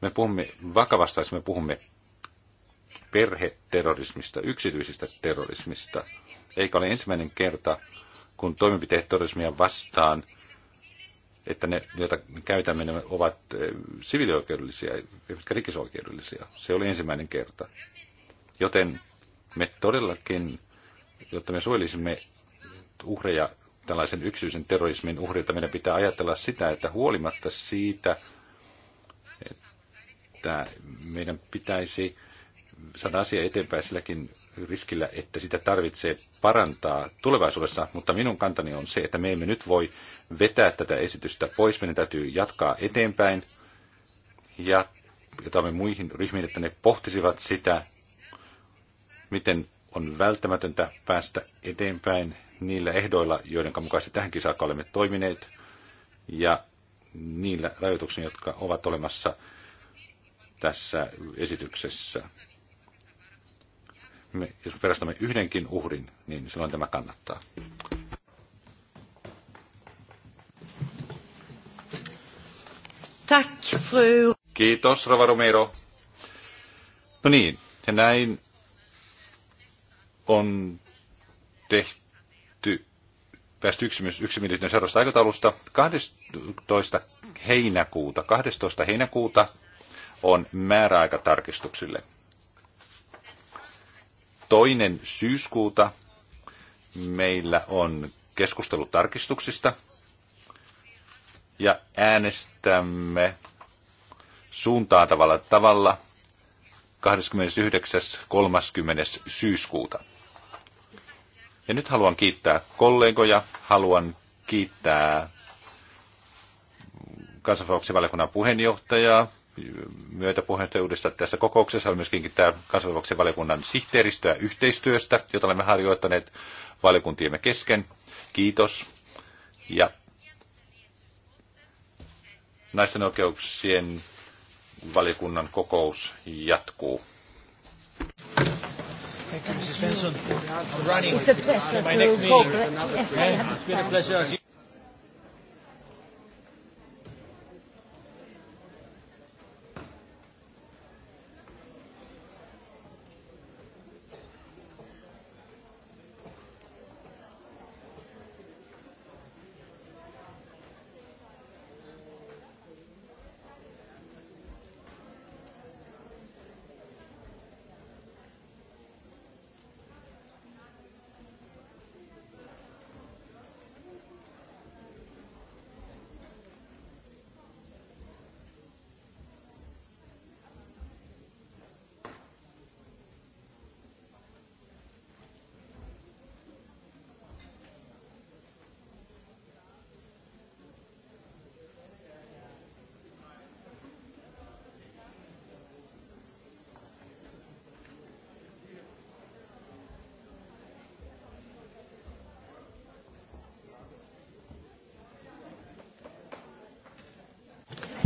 Me puhumme vakavasta, jos me puhumme perheterrorismista, yksityisistä terrorismista. Eikä ole ensimmäinen kerta, kun toimenpiteet terrorismia vastaan, että ne, joita käytämme, ne ovat äh, siviilioikeudellisia, eivätkä rikisoikeudellisia. Se oli ensimmäinen kerta. Joten me todellakin, jotta me suojelisimme uhreja tällaisen yksityisen terrorismin uhrilta, meidän pitää ajatella sitä, että huolimatta siitä, että meidän pitäisi saada asia eteenpäin silläkin riskillä, että sitä tarvitsee parantaa tulevaisuudessa, mutta minun kantani on se, että me emme nyt voi vetää tätä esitystä pois, meidän täytyy jatkaa eteenpäin ja jotamme muihin ryhmiin, että ne pohtisivat sitä, miten on välttämätöntä päästä eteenpäin niillä ehdoilla, joiden mukaisesti tähänkin saakka olemme toimineet, ja niillä rajoituksilla, jotka ovat olemassa tässä esityksessä. Me, jos perustamme yhdenkin uhrin, niin silloin tämä kannattaa. Tack, fru. Kiitos, Rova Romero. No niin, ja näin on tehty päätty, päästy yksimielisyyden seuraavasta aikataulusta 12. heinäkuuta. 12. heinäkuuta on määräaika tarkistuksille. Toinen syyskuuta meillä on keskustelu tarkistuksista ja äänestämme suuntaan tavalla tavalla 29.30. syyskuuta. Ja nyt haluan kiittää kollegoja, haluan kiittää kansanvalvoksen valiokunnan puheenjohtajaa myötä puheenjohtajuudesta tässä kokouksessa. Haluan myöskin kiittää kansanvalvoksen valiokunnan sihteeristöä yhteistyöstä, jota olemme harjoittaneet valiokuntiemme kesken. Kiitos. Ja naisten oikeuksien valiokunnan kokous jatkuu. Thank you, Mrs. Benson. I'm running. It's a pleasure. My next meeting. It's been a pleasure.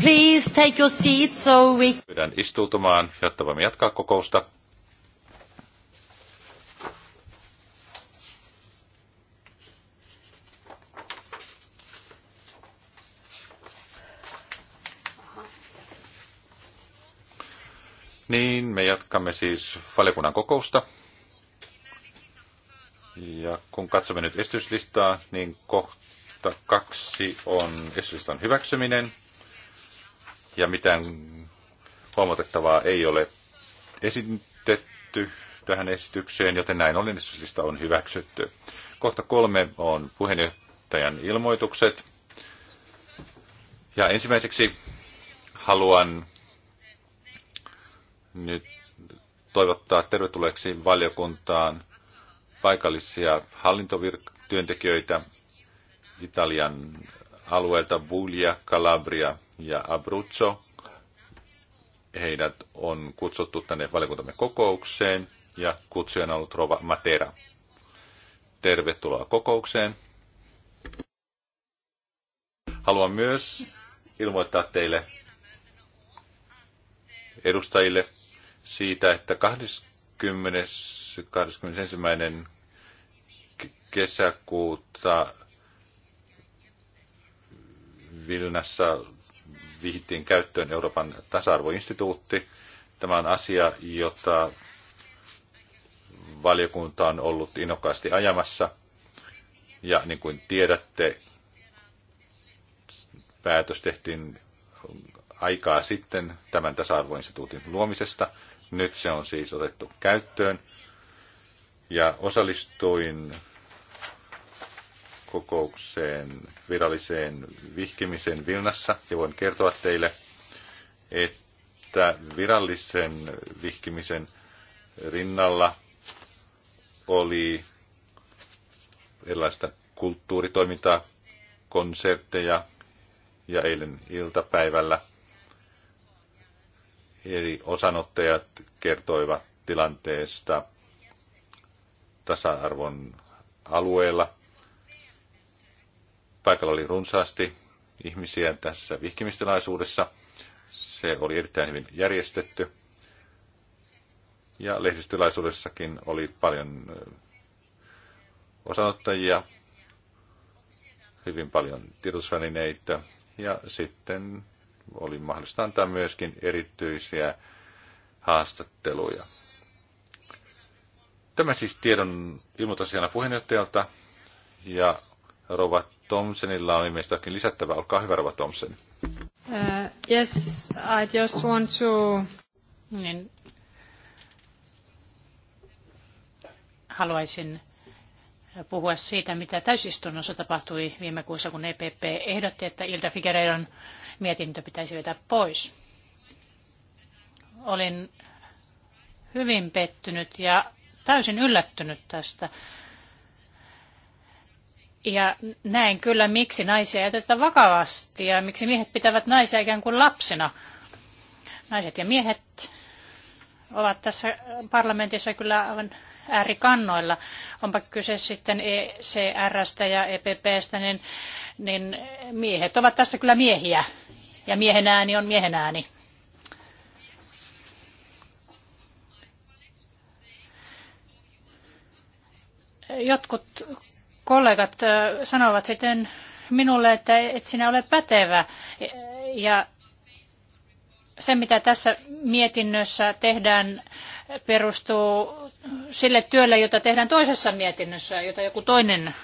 Please take your seat so we... Pyydän istuutumaan, jotta voimme jatkaa kokousta. Niin, me jatkamme siis valiokunnan kokousta. Ja kun katsomme nyt esityslistaa, niin kohta kaksi on esityslistan hyväksyminen ja mitään huomautettavaa ei ole esitetty tähän esitykseen, joten näin ollen lista on hyväksytty. Kohta kolme on puheenjohtajan ilmoitukset. Ja ensimmäiseksi haluan nyt toivottaa tervetulleeksi valiokuntaan paikallisia hallintotyöntekijöitä Italian alueelta Bulia Calabria, ja Abruzzo. Heidät on kutsuttu tänne valiokuntamme kokoukseen ja kutsujana on ollut Rova Matera. Tervetuloa kokoukseen. Haluan myös ilmoittaa teille edustajille siitä, että 20, 21. kesäkuuta Vilnassa vihittiin käyttöön Euroopan tasa-arvoinstituutti. Tämä on asia, jota valiokunta on ollut innokkaasti ajamassa. Ja niin kuin tiedätte, päätös tehtiin aikaa sitten tämän tasa-arvoinstituutin luomisesta. Nyt se on siis otettu käyttöön. Ja osallistuin kokoukseen viralliseen vihkimisen Vilnassa ja voin kertoa teille, että virallisen vihkimisen rinnalla oli erilaista kulttuuritoimintaa, konsertteja ja eilen iltapäivällä eri osanottajat kertoivat tilanteesta tasa-arvon alueella Paikalla oli runsaasti ihmisiä tässä vihkimistilaisuudessa. Se oli erittäin hyvin järjestetty. Ja lehdistilaisuudessakin oli paljon osanottajia, hyvin paljon tiedotusvälineitä ja sitten oli mahdollista antaa myöskin erityisiä haastatteluja. Tämä siis tiedon ilmoitusjana puheenjohtajalta ja rovat Thompsonilla on ilmeisesti jotakin lisättävää. Olkaa hyvä, Rova Thompson. Uh, yes, I just want to... Niin. Haluaisin puhua siitä, mitä täysistunnossa tapahtui viime kuussa, kun EPP ehdotti, että Ilta Figueiredon mietintö pitäisi vetää pois. Olin hyvin pettynyt ja täysin yllättynyt tästä. Ja näen kyllä, miksi naisia ei oteta vakavasti ja miksi miehet pitävät naisia ikään kuin lapsena. Naiset ja miehet ovat tässä parlamentissa kyllä aivan äärikannoilla. Onpa kyse sitten ECRstä ja EPPstä, niin, niin miehet ovat tässä kyllä miehiä. Ja miehen ääni on miehen ääni. Jotkut kollegat sanovat sitten minulle, että et sinä ole pätevä. Ja se, mitä tässä mietinnössä tehdään, perustuu sille työlle, jota tehdään toisessa mietinnössä, jota joku toinen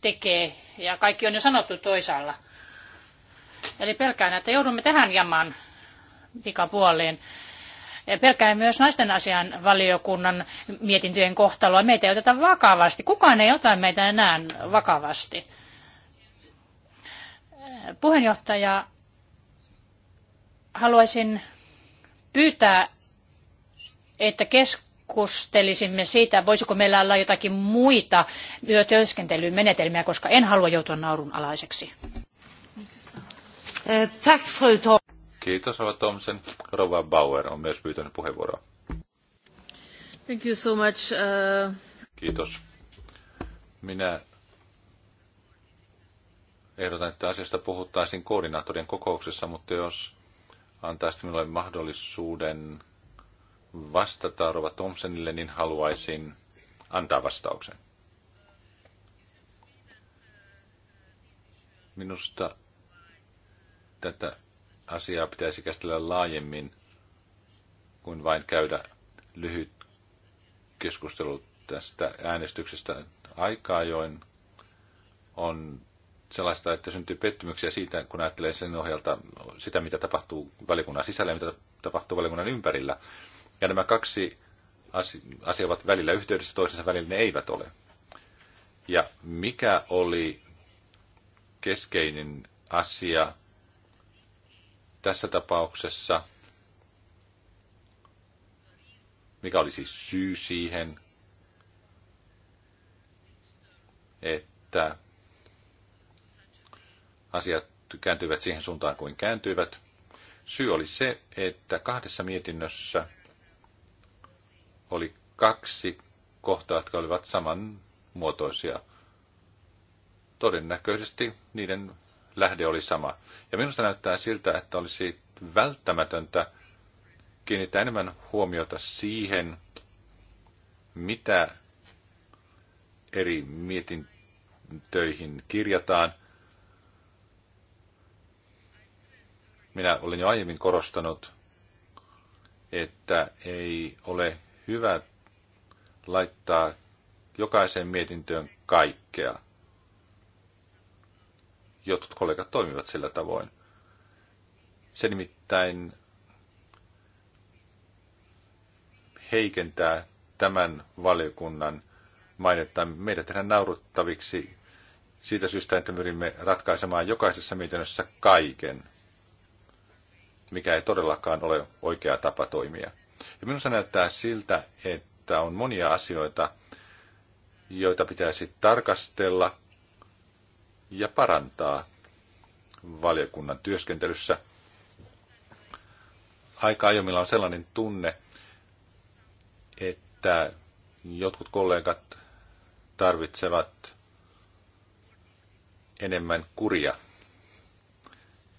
tekee. Ja kaikki on jo sanottu toisaalla. Eli pelkään, että joudumme tähän jamaan pikapuoleen. puoleen. Pelkään myös naisten asian valiokunnan mietintöjen kohtaloa. Meitä ei oteta vakavasti. Kukaan ei ota meitä enää vakavasti. Puheenjohtaja, haluaisin pyytää, että keskustelisimme siitä, voisiko meillä olla jotakin muita työskentelymenetelmiä, koska en halua joutua naurun alaiseksi. Eh, tack fru Kiitos, Rova Thompson. Rova Bauer on myös pyytänyt puheenvuoroa. Thank you so much. Uh... Kiitos. Minä ehdotan, että asiasta puhuttaisiin koordinaattorien kokouksessa, mutta jos antaisi minulle mahdollisuuden vastata Rova Thompsonille, niin haluaisin antaa vastauksen. Minusta tätä asiaa pitäisi käsitellä laajemmin kuin vain käydä lyhyt keskustelu tästä äänestyksestä aika ajoin on sellaista, että syntyy pettymyksiä siitä, kun ajattelee sen ohjelta sitä, mitä tapahtuu valikunnan sisällä ja mitä tapahtuu valikunnan ympärillä. Ja nämä kaksi asiaa ovat välillä yhteydessä, toisensa välillä ne eivät ole. Ja mikä oli keskeinen asia tässä tapauksessa, mikä oli siis syy siihen, että asiat kääntyivät siihen suuntaan kuin kääntyivät. Syy oli se, että kahdessa mietinnössä oli kaksi kohtaa, jotka olivat samanmuotoisia. Todennäköisesti niiden lähde oli sama. Ja minusta näyttää siltä, että olisi välttämätöntä kiinnittää enemmän huomiota siihen, mitä eri mietintöihin kirjataan. Minä olen jo aiemmin korostanut, että ei ole hyvä laittaa jokaiseen mietintöön kaikkea jotkut kollegat toimivat sillä tavoin. Se nimittäin heikentää tämän valiokunnan mainetta. Meidät tehdään nauruttaviksi siitä syystä, että me yrimme ratkaisemaan jokaisessa mietinnössä kaiken, mikä ei todellakaan ole oikea tapa toimia. Ja minusta näyttää siltä, että on monia asioita, joita pitäisi tarkastella ja parantaa valiokunnan työskentelyssä. Aika ajomilla on sellainen tunne, että jotkut kollegat tarvitsevat enemmän kuria,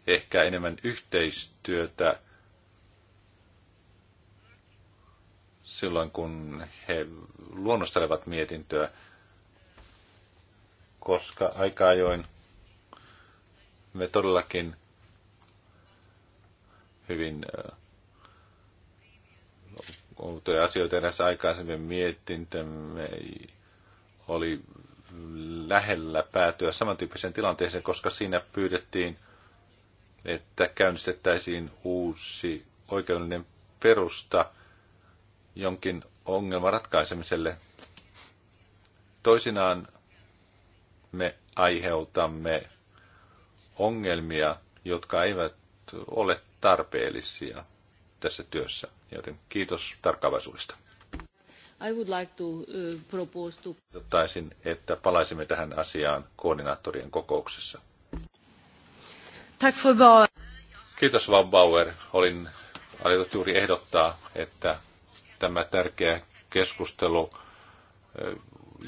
ehkä enemmän yhteistyötä silloin, kun he luonnostelevat mietintöä koska aika ajoin me todellakin hyvin äh, outoja asioita edessä aikaisemmin mietintämme oli lähellä päätyä samantyyppiseen tilanteeseen, koska siinä pyydettiin, että käynnistettäisiin uusi oikeudellinen perusta jonkin ongelman ratkaisemiselle. Toisinaan me aiheutamme ongelmia, jotka eivät ole tarpeellisia tässä työssä. Joten kiitos tarkkaavaisuudesta. I would like to uh, propose to... Ottaisin, että palaisimme tähän asiaan koordinaattorien kokouksessa. Tack för Kiitos Van Bauer. Olin alettu juuri ehdottaa, että tämä tärkeä keskustelu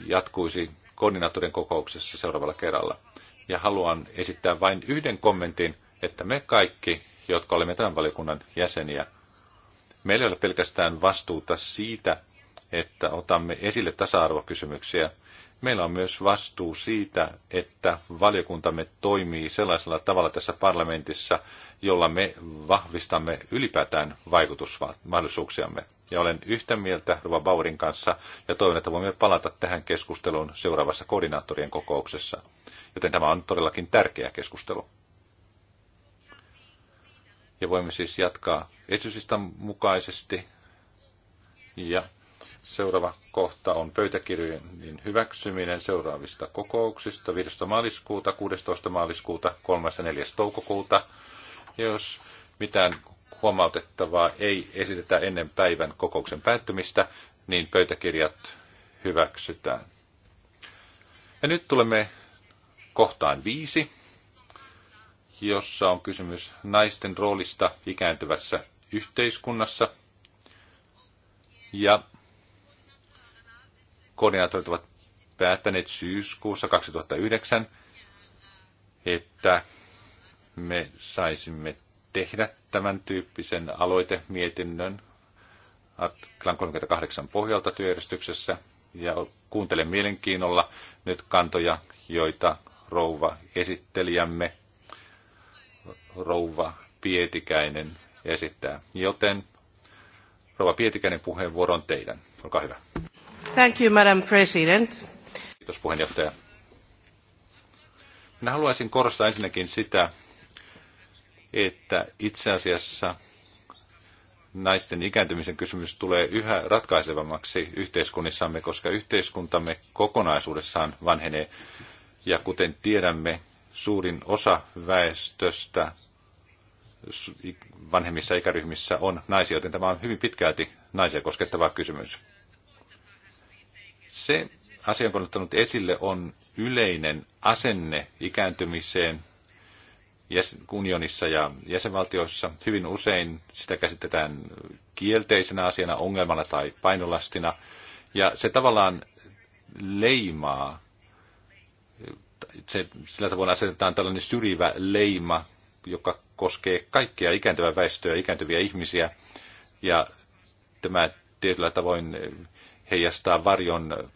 jatkuisi koordinaattorien kokouksessa seuraavalla kerralla. Ja haluan esittää vain yhden kommentin, että me kaikki, jotka olemme tämän valiokunnan jäseniä, meillä ei ole pelkästään vastuuta siitä, että otamme esille tasa-arvokysymyksiä. Meillä on myös vastuu siitä, että valiokuntamme toimii sellaisella tavalla tässä parlamentissa, jolla me vahvistamme ylipäätään vaikutusmahdollisuuksiamme ja olen yhtä mieltä Ruva Baurin kanssa ja toivon, että voimme palata tähän keskusteluun seuraavassa koordinaattorien kokouksessa. Joten tämä on todellakin tärkeä keskustelu. Ja voimme siis jatkaa esitystä mukaisesti. Ja seuraava kohta on pöytäkirjojen hyväksyminen seuraavista kokouksista 5. maaliskuuta, 16. maaliskuuta, 3. ja 4. toukokuuta. Ja jos mitään huomautettavaa ei esitetä ennen päivän kokouksen päättymistä, niin pöytäkirjat hyväksytään. Ja nyt tulemme kohtaan viisi, jossa on kysymys naisten roolista ikääntyvässä yhteiskunnassa. Ja koordinaatorit ovat päättäneet syyskuussa 2009, että me saisimme tehdä tämän tyyppisen aloitemietinnön artiklan 38 pohjalta työjärjestyksessä ja kuuntelen mielenkiinnolla nyt kantoja, joita rouva esittelijämme, rouva Pietikäinen esittää. Joten rouva Pietikäinen puheenvuoro on teidän. Olkaa hyvä. Thank you, Madam President. Kiitos puheenjohtaja. Minä haluaisin korostaa ensinnäkin sitä, että itse asiassa naisten ikääntymisen kysymys tulee yhä ratkaisevammaksi yhteiskunnissamme, koska yhteiskuntamme kokonaisuudessaan vanhenee. Ja kuten tiedämme, suurin osa väestöstä vanhemmissa ikäryhmissä on naisia, joten tämä on hyvin pitkälti naisia koskettava kysymys. Se asia, jonka on ottanut esille, on yleinen asenne ikääntymiseen unionissa ja jäsenvaltioissa. Hyvin usein sitä käsitetään kielteisenä asiana, ongelmana tai painolastina. Ja se tavallaan leimaa, se, sillä tavoin asetetaan tällainen syrjivä leima, joka koskee kaikkia ikääntyvää väestöä, ikääntyviä ihmisiä. Ja tämä tietyllä tavoin heijastaa varjon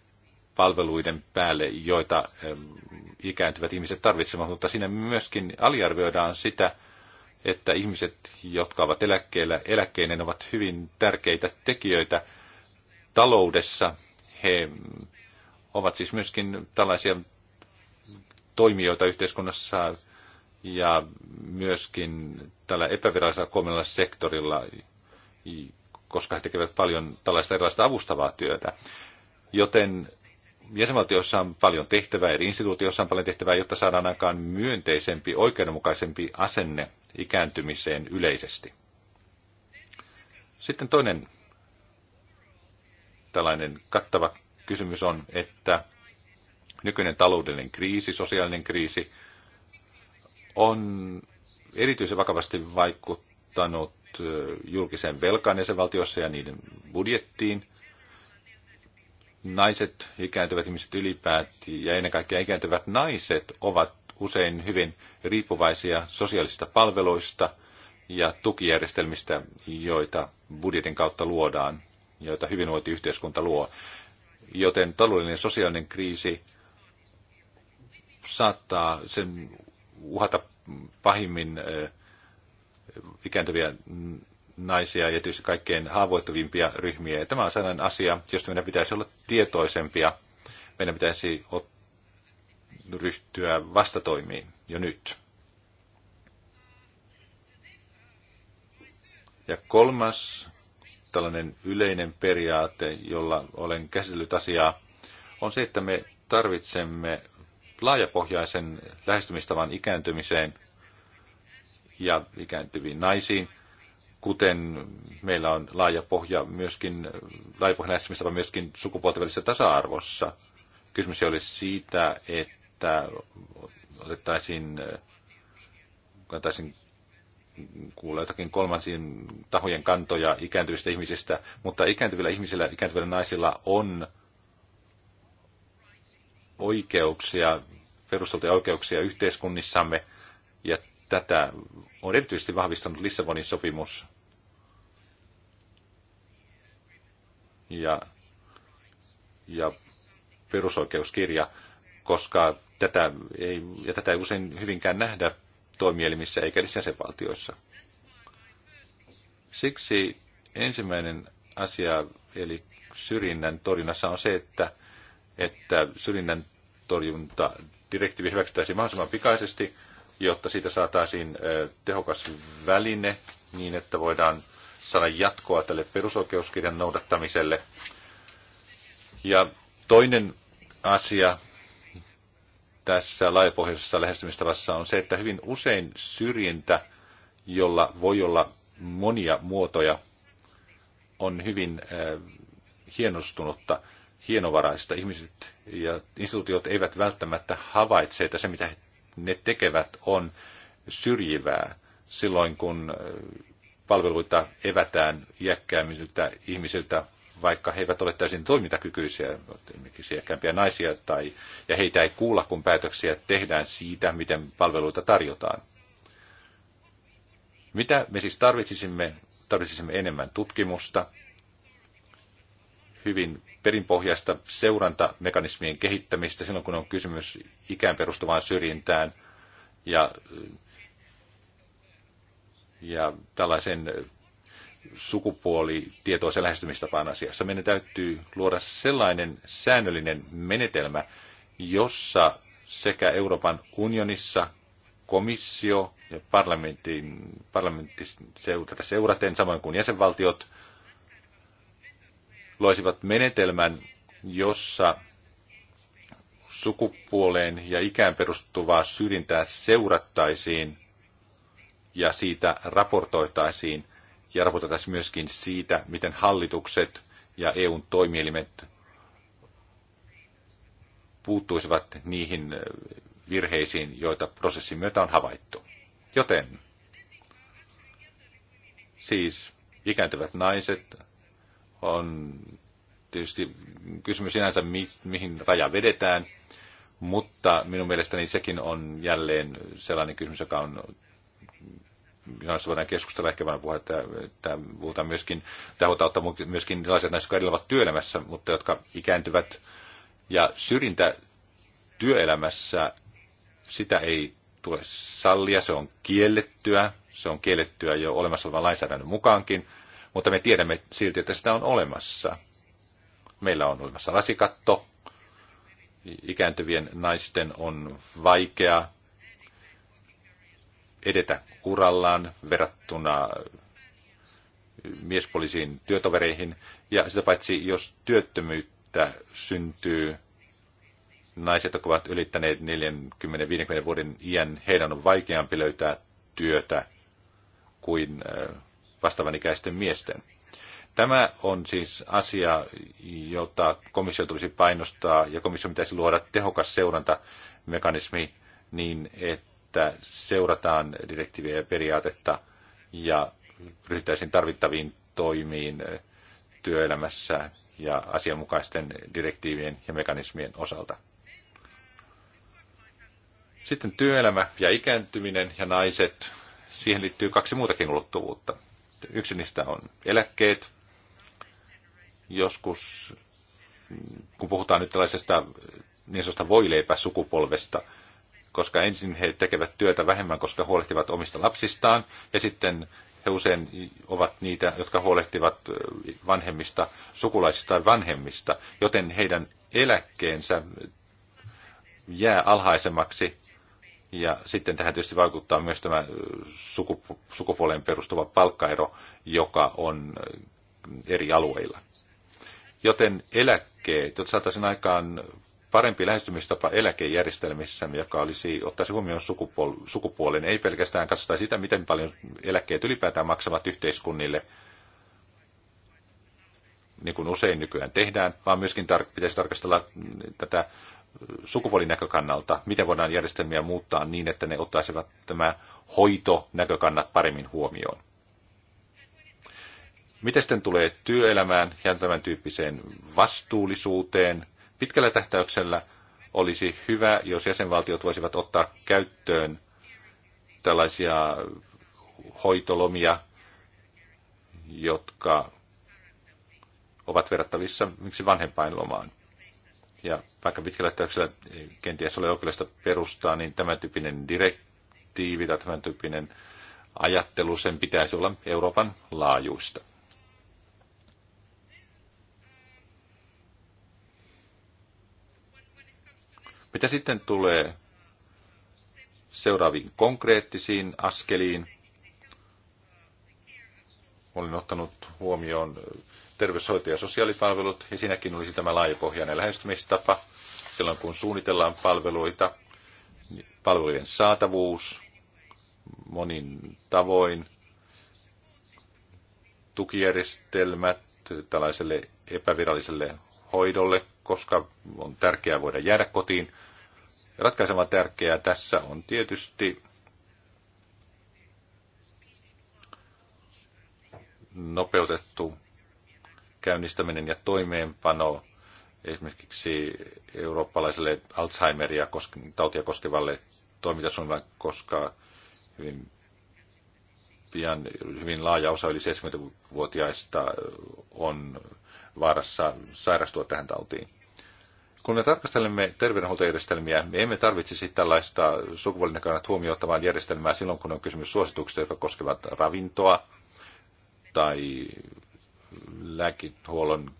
palveluiden päälle, joita ikääntyvät ihmiset tarvitsevat, mutta siinä myöskin aliarvioidaan sitä, että ihmiset, jotka ovat eläkkeellä, eläkkeinen ovat hyvin tärkeitä tekijöitä taloudessa. He ovat siis myöskin tällaisia toimijoita yhteiskunnassa ja myöskin tällä epävirallisella kolmella sektorilla, koska he tekevät paljon tällaista erilaista avustavaa työtä. Joten jäsenvaltioissa on paljon tehtävää, eri instituutioissa on paljon tehtävää, jotta saadaan aikaan myönteisempi, oikeudenmukaisempi asenne ikääntymiseen yleisesti. Sitten toinen tällainen kattava kysymys on, että nykyinen taloudellinen kriisi, sosiaalinen kriisi on erityisen vakavasti vaikuttanut julkiseen velkaan jäsenvaltiossa ja niiden budjettiin – naiset, ikääntyvät ihmiset ylipäätään ja ennen kaikkea ikääntyvät naiset ovat usein hyvin riippuvaisia sosiaalisista palveluista ja tukijärjestelmistä, joita budjetin kautta luodaan, joita hyvinvointiyhteiskunta luo. Joten taloudellinen sosiaalinen kriisi saattaa sen uhata pahimmin eh, ikääntyviä naisia ja tietysti kaikkein haavoittuvimpia ryhmiä. Ja tämä on sellainen asia, josta meidän pitäisi olla tietoisempia. Meidän pitäisi ryhtyä vastatoimiin jo nyt. Ja kolmas tällainen yleinen periaate, jolla olen käsitellyt asiaa, on se, että me tarvitsemme laajapohjaisen lähestymistavan ikääntymiseen ja ikääntyviin naisiin – kuten meillä on laaja pohja myöskin, laaja pohja on myöskin sukupuolten välisessä tasa-arvossa. Kysymys ei ole siitä, että otettaisiin, otettaisiin kuulla jotakin kolmansien tahojen kantoja ikääntyvistä ihmisistä, mutta ikääntyvillä ihmisillä, ikääntyvillä naisilla on oikeuksia, perusteltuja oikeuksia yhteiskunnissamme, ja tätä on erityisesti vahvistanut Lissabonin sopimus ja, ja perusoikeuskirja, koska tätä ei, ja tätä ei usein hyvinkään nähdä toimielimissä eikä edes jäsenvaltioissa. Siksi ensimmäinen asia, eli syrjinnän torjunnassa on se, että, että syrjinnän torjunta direktiivi hyväksyttäisiin mahdollisimman pikaisesti, jotta siitä saataisiin tehokas väline niin, että voidaan saada jatkoa tälle perusoikeuskirjan noudattamiselle. Ja toinen asia tässä laajapohjaisessa lähestymistavassa on se, että hyvin usein syrjintä, jolla voi olla monia muotoja, on hyvin äh, hienostunutta, hienovaraista. Ihmiset ja instituutiot eivät välttämättä havaitse, että se mitä ne tekevät on syrjivää silloin, kun äh, palveluita evätään iäkkäämmiltä ihmisiltä, vaikka he eivät ole täysin toimintakykyisiä, esimerkiksi iäkkäämpiä naisia, tai, ja heitä ei kuulla, kun päätöksiä tehdään siitä, miten palveluita tarjotaan. Mitä me siis tarvitsisimme? Tarvitsisimme enemmän tutkimusta, hyvin perinpohjaista seurantamekanismien kehittämistä silloin, kun on kysymys ikään perustuvaan syrjintään ja ja tällaisen sukupuolitietoisen lähestymistapaan asiassa. Meidän täytyy luoda sellainen säännöllinen menetelmä, jossa sekä Euroopan unionissa komissio ja parlamentin, parlamentti seurata seuraten, samoin kuin jäsenvaltiot, loisivat menetelmän, jossa sukupuoleen ja ikään perustuvaa syrjintää seurattaisiin ja siitä raportoitaisiin ja raportoitaisiin myöskin siitä, miten hallitukset ja EUn toimielimet puuttuisivat niihin virheisiin, joita prosessin myötä on havaittu. Joten siis ikääntyvät naiset on tietysti kysymys sinänsä, mi- mihin raja vedetään, mutta minun mielestäni sekin on jälleen sellainen kysymys, joka on joista voidaan keskustella, ehkä vain puhua, että, että puhutaan myöskin, tämä voidaan ottaa myöskin sellaiset naiset, jotka edellä ovat työelämässä, mutta jotka ikääntyvät. Ja syrjintä työelämässä, sitä ei tule sallia, se on kiellettyä, se on kiellettyä jo olemassa olevan lainsäädännön mukaankin, mutta me tiedämme silti, että sitä on olemassa. Meillä on olemassa lasikatto, ikääntyvien naisten on vaikea edetä urallaan verrattuna miespoliisiin työtovereihin. Ja sitä paitsi, jos työttömyyttä syntyy, naiset, jotka ovat ylittäneet 40-50 vuoden iän, heidän on vaikeampi löytää työtä kuin äh, vastaavanikäisten miesten. Tämä on siis asia, jota komissio tulisi painostaa ja komissio pitäisi luoda tehokas seurantamekanismi niin, että että seurataan direktiiviä ja periaatetta ja ryhtäisiin tarvittaviin toimiin eh, työelämässä ja asianmukaisten direktiivien ja mekanismien osalta. Sitten työelämä ja ikääntyminen ja naiset. Siihen liittyy kaksi muutakin ulottuvuutta. Yksi niistä on eläkkeet. Joskus, mm, kun puhutaan nyt tällaisesta niin sanotusta voileipäsukupolvesta, koska ensin he tekevät työtä vähemmän, koska huolehtivat omista lapsistaan, ja sitten he usein ovat niitä, jotka huolehtivat vanhemmista sukulaisista tai vanhemmista, joten heidän eläkkeensä jää alhaisemmaksi. Ja sitten tähän tietysti vaikuttaa myös tämä sukupuoleen perustuva palkkaero, joka on eri alueilla. Joten eläkkeet, jotta saataisiin aikaan parempi lähestymistapa eläkejärjestelmissämme, joka olisi, ottaisi huomioon sukupuol- sukupuolen, ei pelkästään katsotaan sitä, miten paljon eläkkeet ylipäätään maksavat yhteiskunnille, niin kuin usein nykyään tehdään, vaan myöskin tar- pitäisi tarkastella tätä sukupuolinäkökannalta, miten voidaan järjestelmiä muuttaa niin, että ne ottaisivat tämä hoitonäkökannat paremmin huomioon. Miten sitten tulee työelämään ja tämän tyyppiseen vastuullisuuteen, Pitkällä tähtäyksellä olisi hyvä, jos jäsenvaltiot voisivat ottaa käyttöön tällaisia hoitolomia, jotka ovat verrattavissa miksi vanhempainlomaan. Ja vaikka pitkällä tähtäyksellä kenties ole oikeudellista perustaa, niin tämän tyyppinen direktiivi tai tämän tyyppinen ajattelu, sen pitäisi olla Euroopan laajuista. Mitä sitten tulee seuraaviin konkreettisiin askeliin? Olin ottanut huomioon terveyshoito- ja sosiaalipalvelut, ja siinäkin olisi tämä laajapohjainen lähestymistapa. Silloin kun suunnitellaan palveluita, niin palvelujen saatavuus monin tavoin, tukijärjestelmät tällaiselle epäviralliselle hoidolle, koska on tärkeää voida jäädä kotiin – Ratkaisevan tärkeää tässä on tietysti nopeutettu käynnistäminen ja toimeenpano esimerkiksi eurooppalaiselle Alzheimeria tautia koskevalle toimintasuunnitelmalle, koska hyvin pian hyvin laaja osa yli 70-vuotiaista on vaarassa sairastua tähän tautiin. Kun me tarkastelemme terveydenhuoltojärjestelmiä, me emme tarvitsisi tällaista sukupuolinen kannat huomioittavaa järjestelmää silloin, kun on kysymys suosituksista, jotka koskevat ravintoa tai lääkehuollon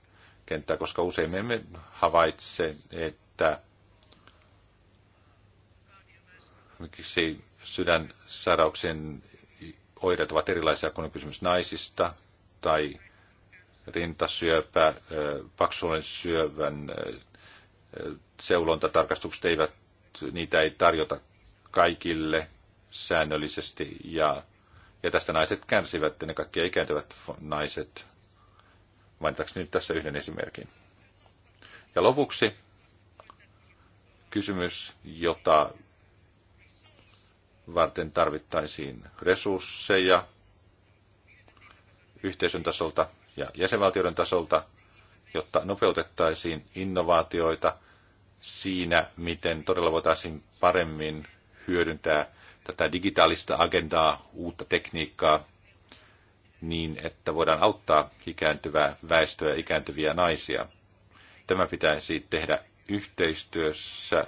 kenttää, koska usein me emme havaitse, että miksi sydänsairauksien oireet ovat erilaisia, kun on kysymys naisista tai rintasyöpä, paksuolen syövän seulontatarkastukset eivät, niitä ei tarjota kaikille säännöllisesti ja, ja tästä naiset kärsivät, ne kaikki ikääntyvät naiset. Mainitakseni nyt tässä yhden esimerkin. Ja lopuksi kysymys, jota varten tarvittaisiin resursseja yhteisön tasolta ja jäsenvaltioiden tasolta, jotta nopeutettaisiin innovaatioita siinä, miten todella voitaisiin paremmin hyödyntää tätä digitaalista agendaa, uutta tekniikkaa, niin että voidaan auttaa ikääntyvää väestöä ja ikääntyviä naisia. Tämä pitäisi tehdä yhteistyössä.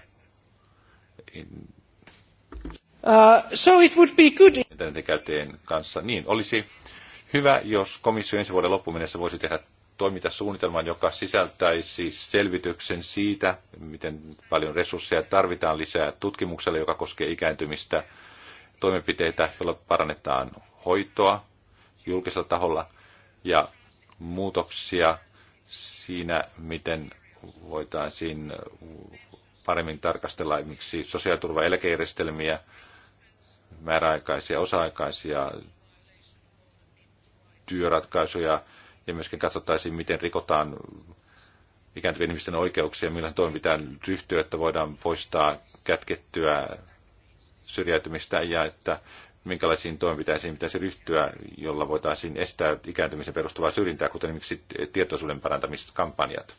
Uh, so it would be good. Internetin käyttäjien kanssa. Niin, olisi hyvä, jos komissio ensi vuoden loppuun mennessä voisi tehdä toimintasuunnitelman, joka sisältäisi selvityksen siitä, miten paljon resursseja tarvitaan lisää tutkimukselle, joka koskee ikääntymistä, toimenpiteitä, joilla parannetaan hoitoa julkisella taholla ja muutoksia siinä, miten voitaisiin paremmin tarkastella esimerkiksi sosiaaliturva- ja eläkejärjestelmiä, määräaikaisia, osa-aikaisia työratkaisuja, ja myöskin katsottaisiin, miten rikotaan ikääntyvien ihmisten oikeuksia, millä toimi pitää ryhtyä, että voidaan poistaa kätkettyä syrjäytymistä ja että minkälaisiin toimenpiteisiin pitäisi ryhtyä, jolla voitaisiin estää ikääntymisen perustuvaa syrjintää, kuten esimerkiksi tietoisuuden parantamiskampanjat.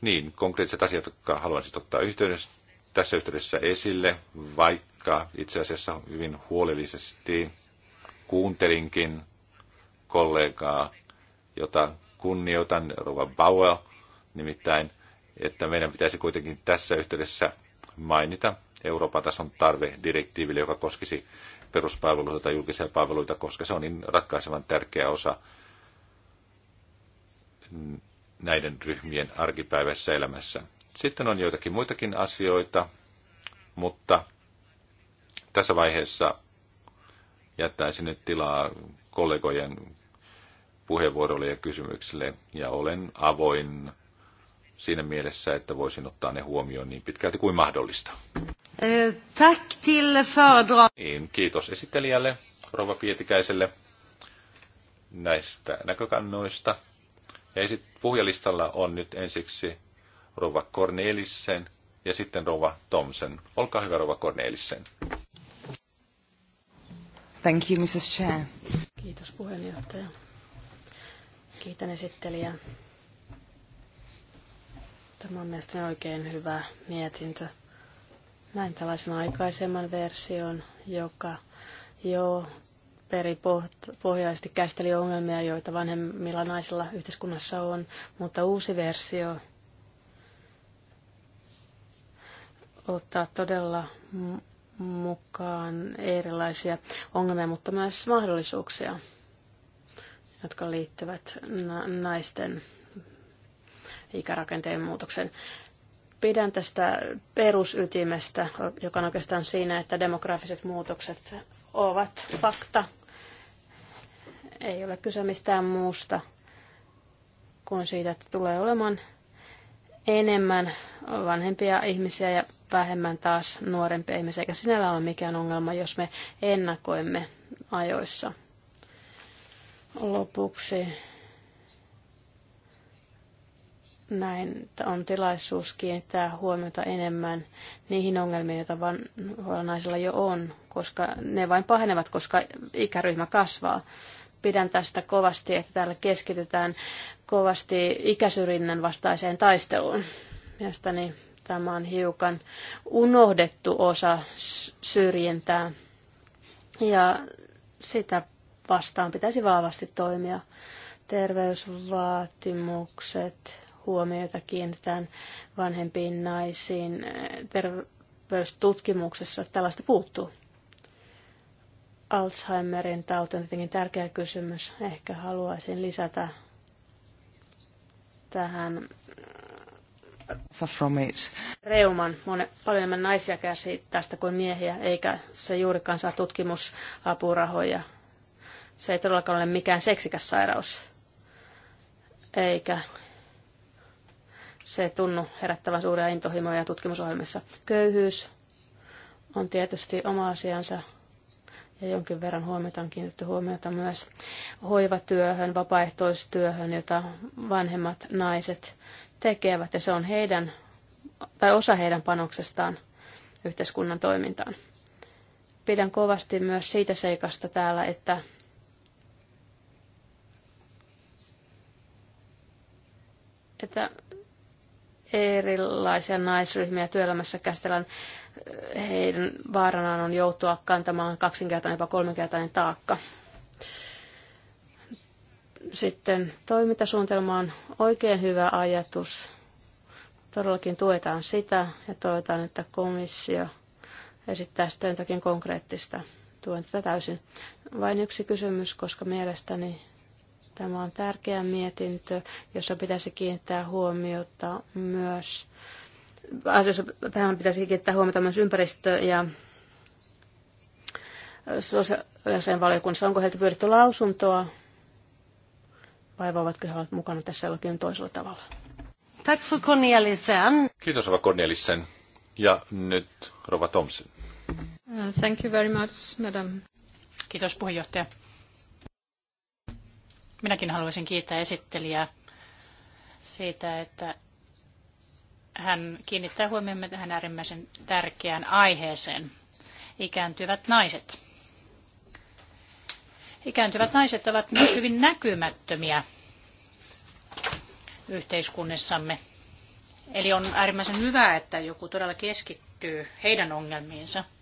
Niin, konkreettiset asiat, jotka haluan ottaa yhteydessä, tässä yhteydessä esille, vaikka itse asiassa hyvin huolellisesti kuuntelinkin kollegaa jota kunnioitan, Rova Bauer, nimittäin, että meidän pitäisi kuitenkin tässä yhteydessä mainita Euroopan tason tarve direktiiville, joka koskisi peruspalveluita tai julkisia palveluita, koska se on niin ratkaisevan tärkeä osa näiden ryhmien arkipäivässä elämässä. Sitten on joitakin muitakin asioita, mutta tässä vaiheessa jättäisin nyt tilaa kollegojen puheenvuoroille ja kysymyksille, ja olen avoin siinä mielessä, että voisin ottaa ne huomioon niin pitkälti kuin mahdollista. Eh, tack till niin, kiitos esittelijälle, Rova Pietikäiselle, näistä näkökannoista. Ja esit- puhujalistalla on nyt ensiksi Rova Cornelissen ja sitten Rova Thomsen. Olkaa hyvä, Rova Cornelissen. Thank you, Mrs. Chair. Kiitos puheenjohtaja. Kiitän esittelijää. Tämä on mielestäni oikein hyvä mietintö. Näin tällaisen aikaisemman version, joka jo peripohjaisesti käsitteli ongelmia, joita vanhemmilla naisilla yhteiskunnassa on, mutta uusi versio ottaa todella mukaan erilaisia ongelmia, mutta myös mahdollisuuksia jotka liittyvät naisten ikärakenteen muutokseen. Pidän tästä perusytimestä, joka on oikeastaan siinä, että demografiset muutokset ovat fakta. Ei ole kyse mistään muusta kuin siitä, että tulee olemaan enemmän vanhempia ihmisiä ja vähemmän taas nuorempia ihmisiä, eikä sinällä ole mikään ongelma, jos me ennakoimme ajoissa Lopuksi näin on tilaisuus kiinnittää huomiota enemmän niihin ongelmiin, joita vanhoilla naisilla jo on, koska ne vain pahenevat, koska ikäryhmä kasvaa. Pidän tästä kovasti, että täällä keskitytään kovasti ikäsyrjinnän vastaiseen taisteluun. Mielestäni tämä on hiukan unohdettu osa syrjintää ja sitä vastaan pitäisi vahvasti toimia. Terveysvaatimukset, huomiota kiinnitetään vanhempiin naisiin. Terveystutkimuksessa tällaista puuttuu. Alzheimerin tauti on tietenkin tärkeä kysymys. Ehkä haluaisin lisätä tähän from it. Reuman. Monen, paljon enemmän naisia kärsii tästä kuin miehiä, eikä se juurikaan saa tutkimusapurahoja. Se ei todellakaan ole mikään seksikäs sairaus, eikä se tunnu herättävän suuria intohimoja tutkimusohjelmissa. Köyhyys on tietysti oma asiansa ja jonkin verran huomiota on kiinnitetty huomiota myös hoivatyöhön, vapaaehtoistyöhön, jota vanhemmat naiset tekevät ja se on heidän tai osa heidän panoksestaan yhteiskunnan toimintaan. Pidän kovasti myös siitä seikasta täällä, että että erilaisia naisryhmiä työelämässä käsitellään, eh, heidän vaaranaan on joutua kantamaan kaksinkertainen, jopa kolminkertainen taakka. Sitten toimintasuunnitelma on oikein hyvä ajatus. Todellakin tuetaan sitä ja toivotaan, että komissio esittää sitten jotakin konkreettista. Tuen tätä täysin. Vain yksi kysymys, koska mielestäni Tämä on tärkeä mietintö, jossa pitäisi kiinnittää huomiota myös, asioissa tähän pitäisi kiinnittää huomiota myös ympäristö- ja sosiaalisen valiokunnassa. Onko heiltä pyydetty lausuntoa vai voivatko he olla mukana tässä jollakin toisella tavalla? Tack för Kiitos Rova Cornelissen. Ja nyt Rova Thompson. Uh, thank you very much, madam. Kiitos puheenjohtaja. Minäkin haluaisin kiittää esittelijää siitä, että hän kiinnittää huomiomme tähän äärimmäisen tärkeään aiheeseen, ikääntyvät naiset. Ikääntyvät naiset ovat myös hyvin näkymättömiä yhteiskunnassamme, Eli on äärimmäisen hyvä, että joku todella keskittyy heidän ongelmiinsa –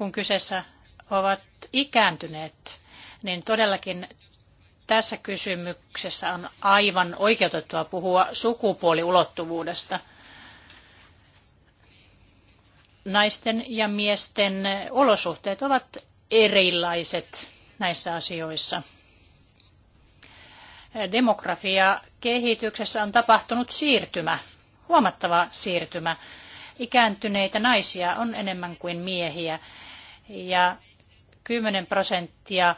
kun kyseessä ovat ikääntyneet, niin todellakin tässä kysymyksessä on aivan oikeutettua puhua sukupuoliulottuvuudesta. Naisten ja miesten olosuhteet ovat erilaiset näissä asioissa. Demografia kehityksessä on tapahtunut siirtymä, huomattava siirtymä. Ikääntyneitä naisia on enemmän kuin miehiä ja 10 prosenttia äh,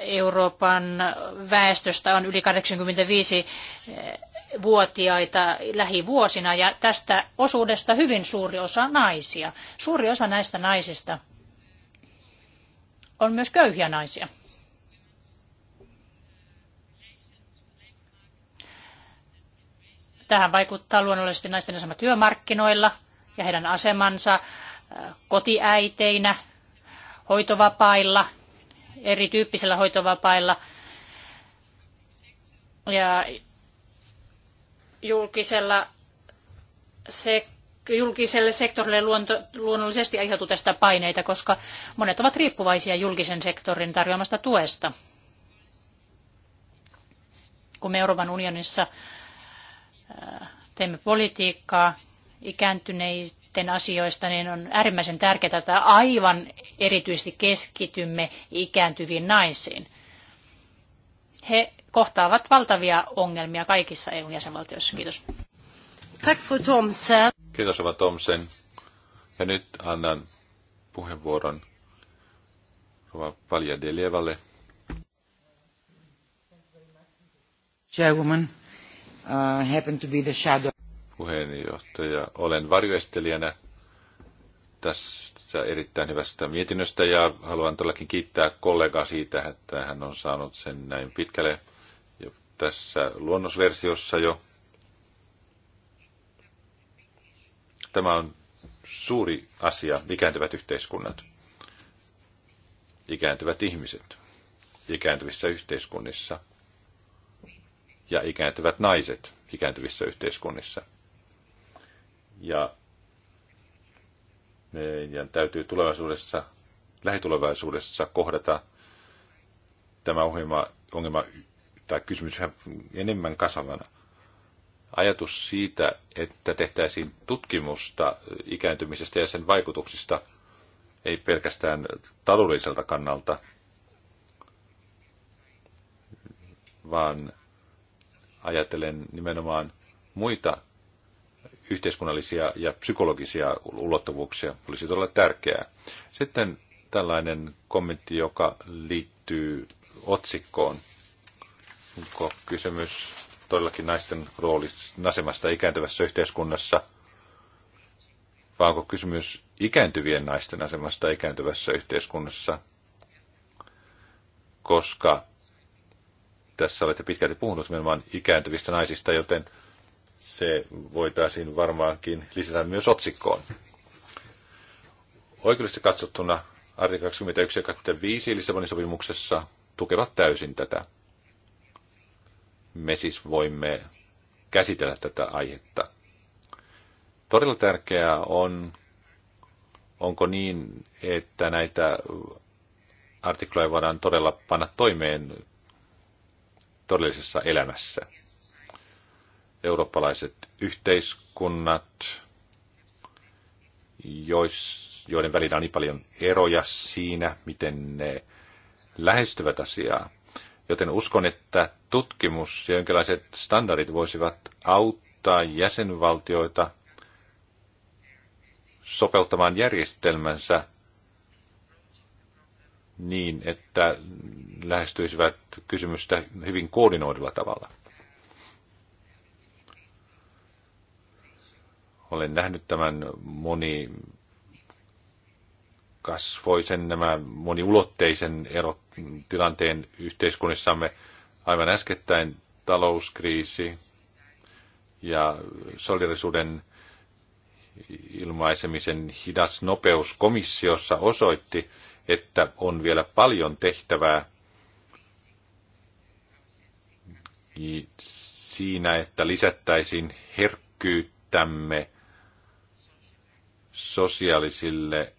Euroopan väestöstä on yli 85-vuotiaita äh, lähivuosina ja tästä osuudesta hyvin suuri osa naisia. Suuri osa näistä naisista on myös köyhiä naisia. Tähän vaikuttaa luonnollisesti naisten asema työmarkkinoilla ja heidän asemansa kotiäiteinä, hoitovapailla, erityyppisellä hoitovapailla ja julkisella se, julkiselle sektorille luonto, luonnollisesti aiheutuu tästä paineita, koska monet ovat riippuvaisia julkisen sektorin tarjoamasta tuesta. Kun me Euroopan unionissa teemme politiikkaa, ikääntyneitä, näiden asioista, niin on äärimmäisen tärkeää, että aivan erityisesti keskitymme ikääntyviin naisiin. He kohtaavat valtavia ongelmia kaikissa EU-jäsenvaltioissa. Kiitos. Tack för Tomsen. Kiitos Ova Tomsen. Ja nyt annan puheenvuoron Rova Palja Delievalle. Chairwoman, uh, happened to be the shadow puheenjohtaja. Olen varjoestelijänä tässä erittäin hyvästä mietinnöstä ja haluan todellakin kiittää kollegaa siitä, että hän on saanut sen näin pitkälle jo tässä luonnosversiossa jo. Tämä on suuri asia, ikääntyvät yhteiskunnat, ikääntyvät ihmiset ikääntyvissä yhteiskunnissa ja ikääntyvät naiset ikääntyvissä yhteiskunnissa – ja meidän täytyy tulevaisuudessa, lähitulevaisuudessa kohdata tämä ohjelma, ongelma tai kysymys enemmän kasvavana. Ajatus siitä, että tehtäisiin tutkimusta ikääntymisestä ja sen vaikutuksista, ei pelkästään taloudelliselta kannalta, vaan ajatellen nimenomaan muita yhteiskunnallisia ja psykologisia ulottuvuuksia olisi todella tärkeää. Sitten tällainen kommentti, joka liittyy otsikkoon. Onko kysymys todellakin naisten roolista, asemasta ikääntyvässä yhteiskunnassa, vai onko kysymys ikääntyvien naisten asemasta ikääntyvässä yhteiskunnassa, koska tässä olette pitkälti puhunut nimenomaan ikääntyvistä naisista, joten – se voitaisiin varmaankin lisätä myös otsikkoon. Oikeudellisesti katsottuna artikla 21 ja 25 Lissabonin sopimuksessa tukevat täysin tätä. Me siis voimme käsitellä tätä aihetta. Todella tärkeää on, onko niin, että näitä artikloja voidaan todella panna toimeen todellisessa elämässä eurooppalaiset yhteiskunnat, jois, joiden välillä on niin paljon eroja siinä, miten ne lähestyvät asiaa. Joten uskon, että tutkimus ja jonkinlaiset standardit voisivat auttaa jäsenvaltioita sopeuttamaan järjestelmänsä niin, että lähestyisivät kysymystä hyvin koordinoidulla tavalla. Olen nähnyt tämän moni kasvoisen, nämä moniulotteisen erot, tilanteen yhteiskunnissamme aivan äskettäin talouskriisi ja solidarisuuden ilmaisemisen hidas nopeus komissiossa osoitti, että on vielä paljon tehtävää siinä, että lisättäisiin herkkyyttämme sosiaalisille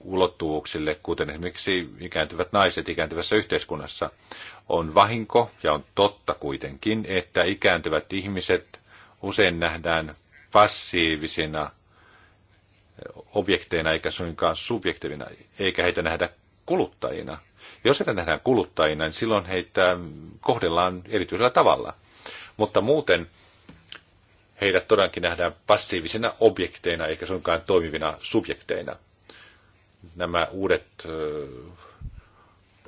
ulottuvuuksille, kuten esimerkiksi ikääntyvät naiset ikääntyvässä yhteiskunnassa. On vahinko ja on totta kuitenkin, että ikääntyvät ihmiset usein nähdään passiivisina objekteina eikä suinkaan subjektiivina, eikä heitä nähdä kuluttajina. Jos heitä nähdään kuluttajina, niin silloin heitä kohdellaan erityisellä tavalla. Mutta muuten heidät todellakin nähdään passiivisina objekteina eikä suinkaan toimivina subjekteina. Nämä uudet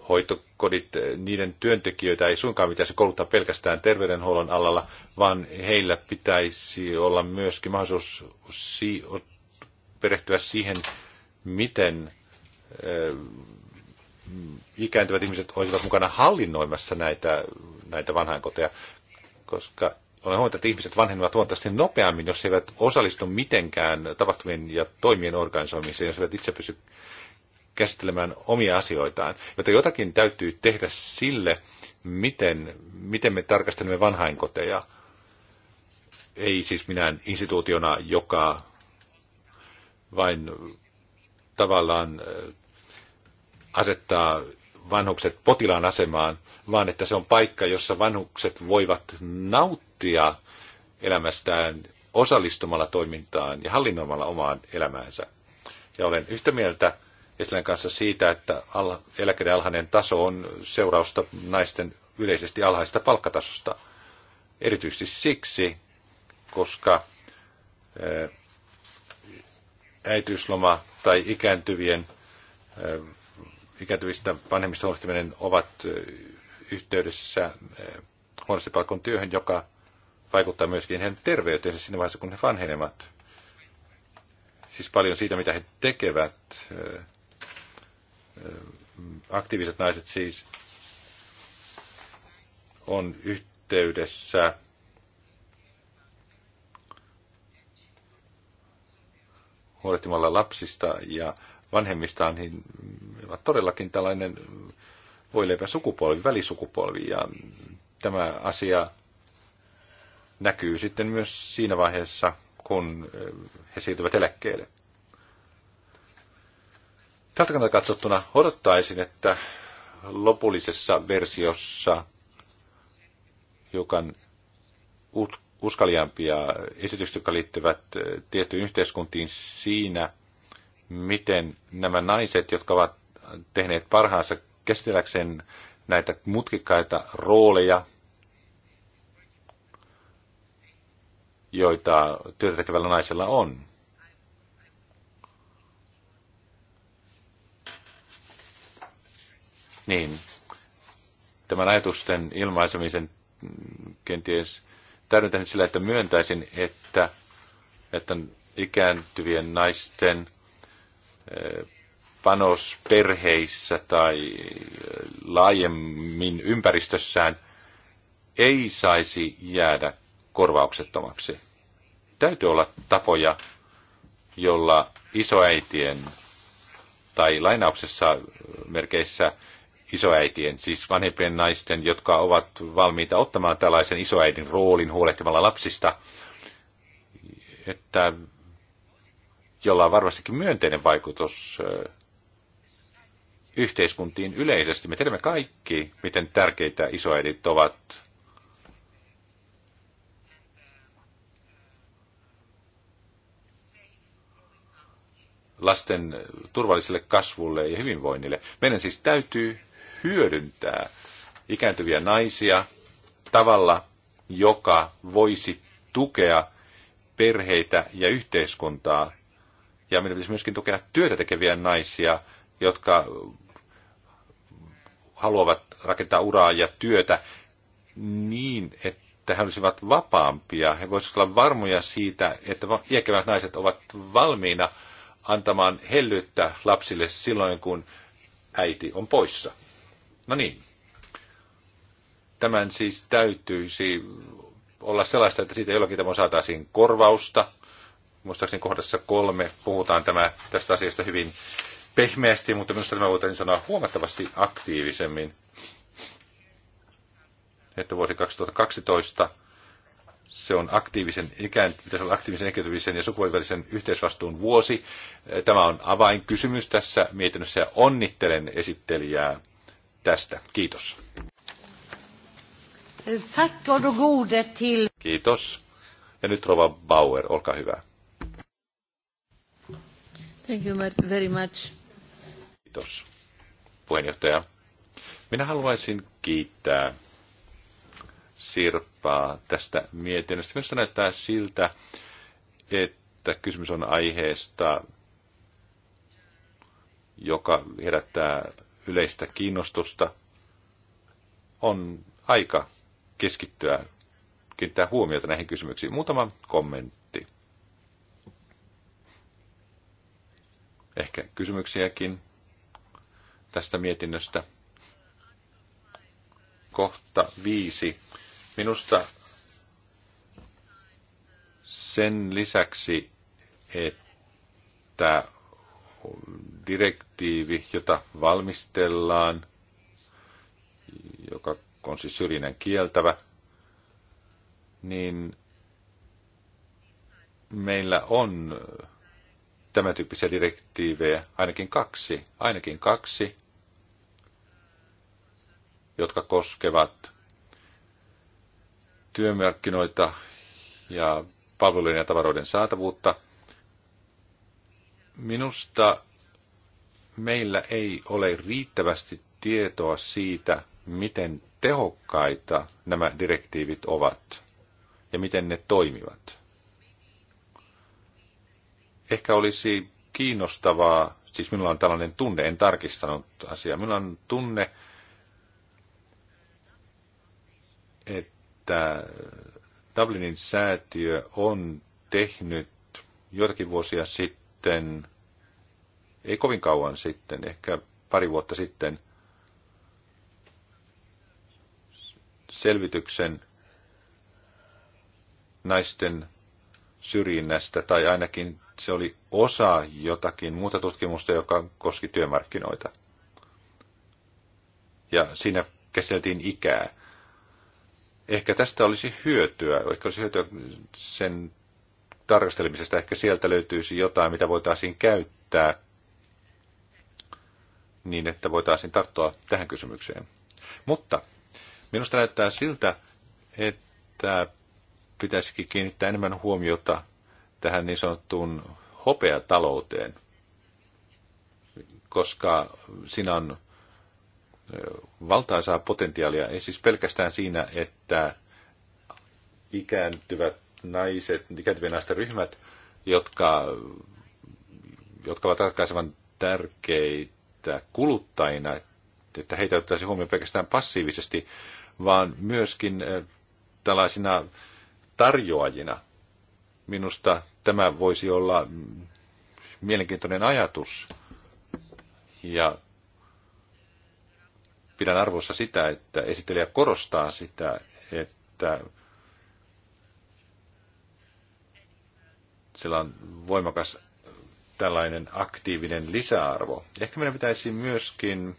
hoitokodit, niiden työntekijöitä ei suinkaan pitäisi kouluttaa pelkästään terveydenhuollon alalla, vaan heillä pitäisi olla myöskin mahdollisuus si- perehtyä siihen, miten ikääntyvät ihmiset olisivat mukana hallinnoimassa näitä, näitä vanhainkoteja, koska olen huomannut, että ihmiset vanhenevat huomattavasti nopeammin, jos he eivät osallistu mitenkään tapahtumien ja toimien organisoimiseen, jos he eivät itse pysy käsittelemään omia asioitaan. Joten jotakin täytyy tehdä sille, miten, miten me tarkastelemme vanhainkoteja. Ei siis minään instituutiona, joka vain tavallaan asettaa vanhukset potilaan asemaan, vaan että se on paikka, jossa vanhukset voivat nauttia nauttia elämästään osallistumalla toimintaan ja hallinnoimalla omaan elämäänsä. Ja olen yhtä mieltä Eslän kanssa siitä, että al- eläkeiden alhainen taso on seurausta naisten yleisesti alhaista palkkatasosta. Erityisesti siksi, koska eh, äitiysloma tai ikääntyvien, eh, ikääntyvistä vanhemmista huolehtiminen ovat eh, yhteydessä huonosti palkon työhön, joka vaikuttaa myöskin heidän terveyteensä siinä vaiheessa, kun he vanhenevat. Siis paljon siitä, mitä he tekevät, aktiiviset naiset siis, on yhteydessä huolehtimalla lapsista ja vanhemmistaan, niin ovat todellakin tällainen voileipä sukupolvi, välisukupolvi. Ja tämä asia näkyy sitten myös siinä vaiheessa, kun eh, he siirtyvät eläkkeelle. Tältä kannalta katsottuna odottaisin, että lopullisessa versiossa hiukan uskaliampia esitykset, jotka liittyvät eh, tiettyyn yhteiskuntiin siinä, miten nämä naiset, jotka ovat tehneet parhaansa käsitelläkseen näitä mutkikkaita rooleja, joita työtä tekevällä naisella on. Niin, tämän ajatusten ilmaisemisen kenties täydentäisin sillä, että myöntäisin, että, että ikääntyvien naisten eh, panos perheissä tai eh, laajemmin ympäristössään ei saisi jäädä korvauksettomaksi. Täytyy olla tapoja, jolla isoäitien tai lainauksessa merkeissä isoäitien, siis vanhempien naisten, jotka ovat valmiita ottamaan tällaisen isoäidin roolin huolehtimalla lapsista, että jolla on varmastikin myönteinen vaikutus yhteiskuntiin yleisesti. Me tiedämme kaikki, miten tärkeitä isoäidit ovat lasten turvalliselle kasvulle ja hyvinvoinnille. Meidän siis täytyy hyödyntää ikääntyviä naisia tavalla, joka voisi tukea perheitä ja yhteiskuntaa. Ja meidän pitäisi myöskin tukea työtä tekeviä naisia, jotka haluavat rakentaa uraa ja työtä niin, että he olisivat vapaampia. He voisivat olla varmoja siitä, että iäkevät naiset ovat valmiina – antamaan hellyyttä lapsille silloin, kun äiti on poissa. No niin. Tämän siis täytyisi olla sellaista, että siitä jollakin tavoin saataisiin korvausta. Muistaakseni kohdassa kolme puhutaan tämä, tästä asiasta hyvin pehmeästi, mutta minusta tämä voitaisiin sanoa huomattavasti aktiivisemmin. Että vuosi 2012 se on aktiivisen, ikään, pitäisi olla aktiivisen ikääntyvisen ja sukupuolivälisen yhteisvastuun vuosi. Tämä on avainkysymys tässä mietinnössä ja onnittelen esittelijää tästä. Kiitos. Kiitos. Ja nyt Rova Bauer, olkaa hyvä. Thank you very much. Kiitos, puheenjohtaja. Minä haluaisin kiittää sirppaa tästä mietinnöstä. Minusta näyttää siltä, että kysymys on aiheesta, joka herättää yleistä kiinnostusta. On aika keskittyä, kiinnittää huomiota näihin kysymyksiin. Muutama kommentti. Ehkä kysymyksiäkin tästä mietinnöstä. Kohta viisi Minusta sen lisäksi, että direktiivi, jota valmistellaan, joka on siis syrjinnän kieltävä, niin meillä on tämän tyyppisiä direktiivejä, ainakin kaksi, ainakin kaksi, jotka koskevat työmarkkinoita ja palvelujen ja tavaroiden saatavuutta. Minusta meillä ei ole riittävästi tietoa siitä, miten tehokkaita nämä direktiivit ovat ja miten ne toimivat. Ehkä olisi kiinnostavaa, siis minulla on tällainen tunne, en tarkistanut asiaa, minulla on tunne, että että Dublinin säätiö on tehnyt joitakin vuosia sitten, ei kovin kauan sitten, ehkä pari vuotta sitten, selvityksen naisten syrjinnästä, tai ainakin se oli osa jotakin muuta tutkimusta, joka koski työmarkkinoita. Ja siinä käsiteltiin ikää. Ehkä tästä olisi hyötyä, ehkä olisi hyötyä sen tarkastelemisesta, ehkä sieltä löytyisi jotain, mitä voitaisiin käyttää niin, että voitaisiin tarttua tähän kysymykseen. Mutta minusta näyttää siltä, että pitäisikin kiinnittää enemmän huomiota tähän niin sanottuun hopeatalouteen, koska siinä on valtaisaa potentiaalia, ei siis pelkästään siinä, että ikääntyvät naiset, ikääntyvien naisten ryhmät, jotka, jotka ovat ratkaisevan tärkeitä kuluttajina, että heitä ottaisi huomioon pelkästään passiivisesti, vaan myöskin eh, tällaisina tarjoajina. Minusta tämä voisi olla mm, mielenkiintoinen ajatus. Ja pidän arvossa sitä, että esittelijä korostaa sitä, että sillä on voimakas tällainen aktiivinen lisäarvo. Ehkä meidän pitäisi myöskin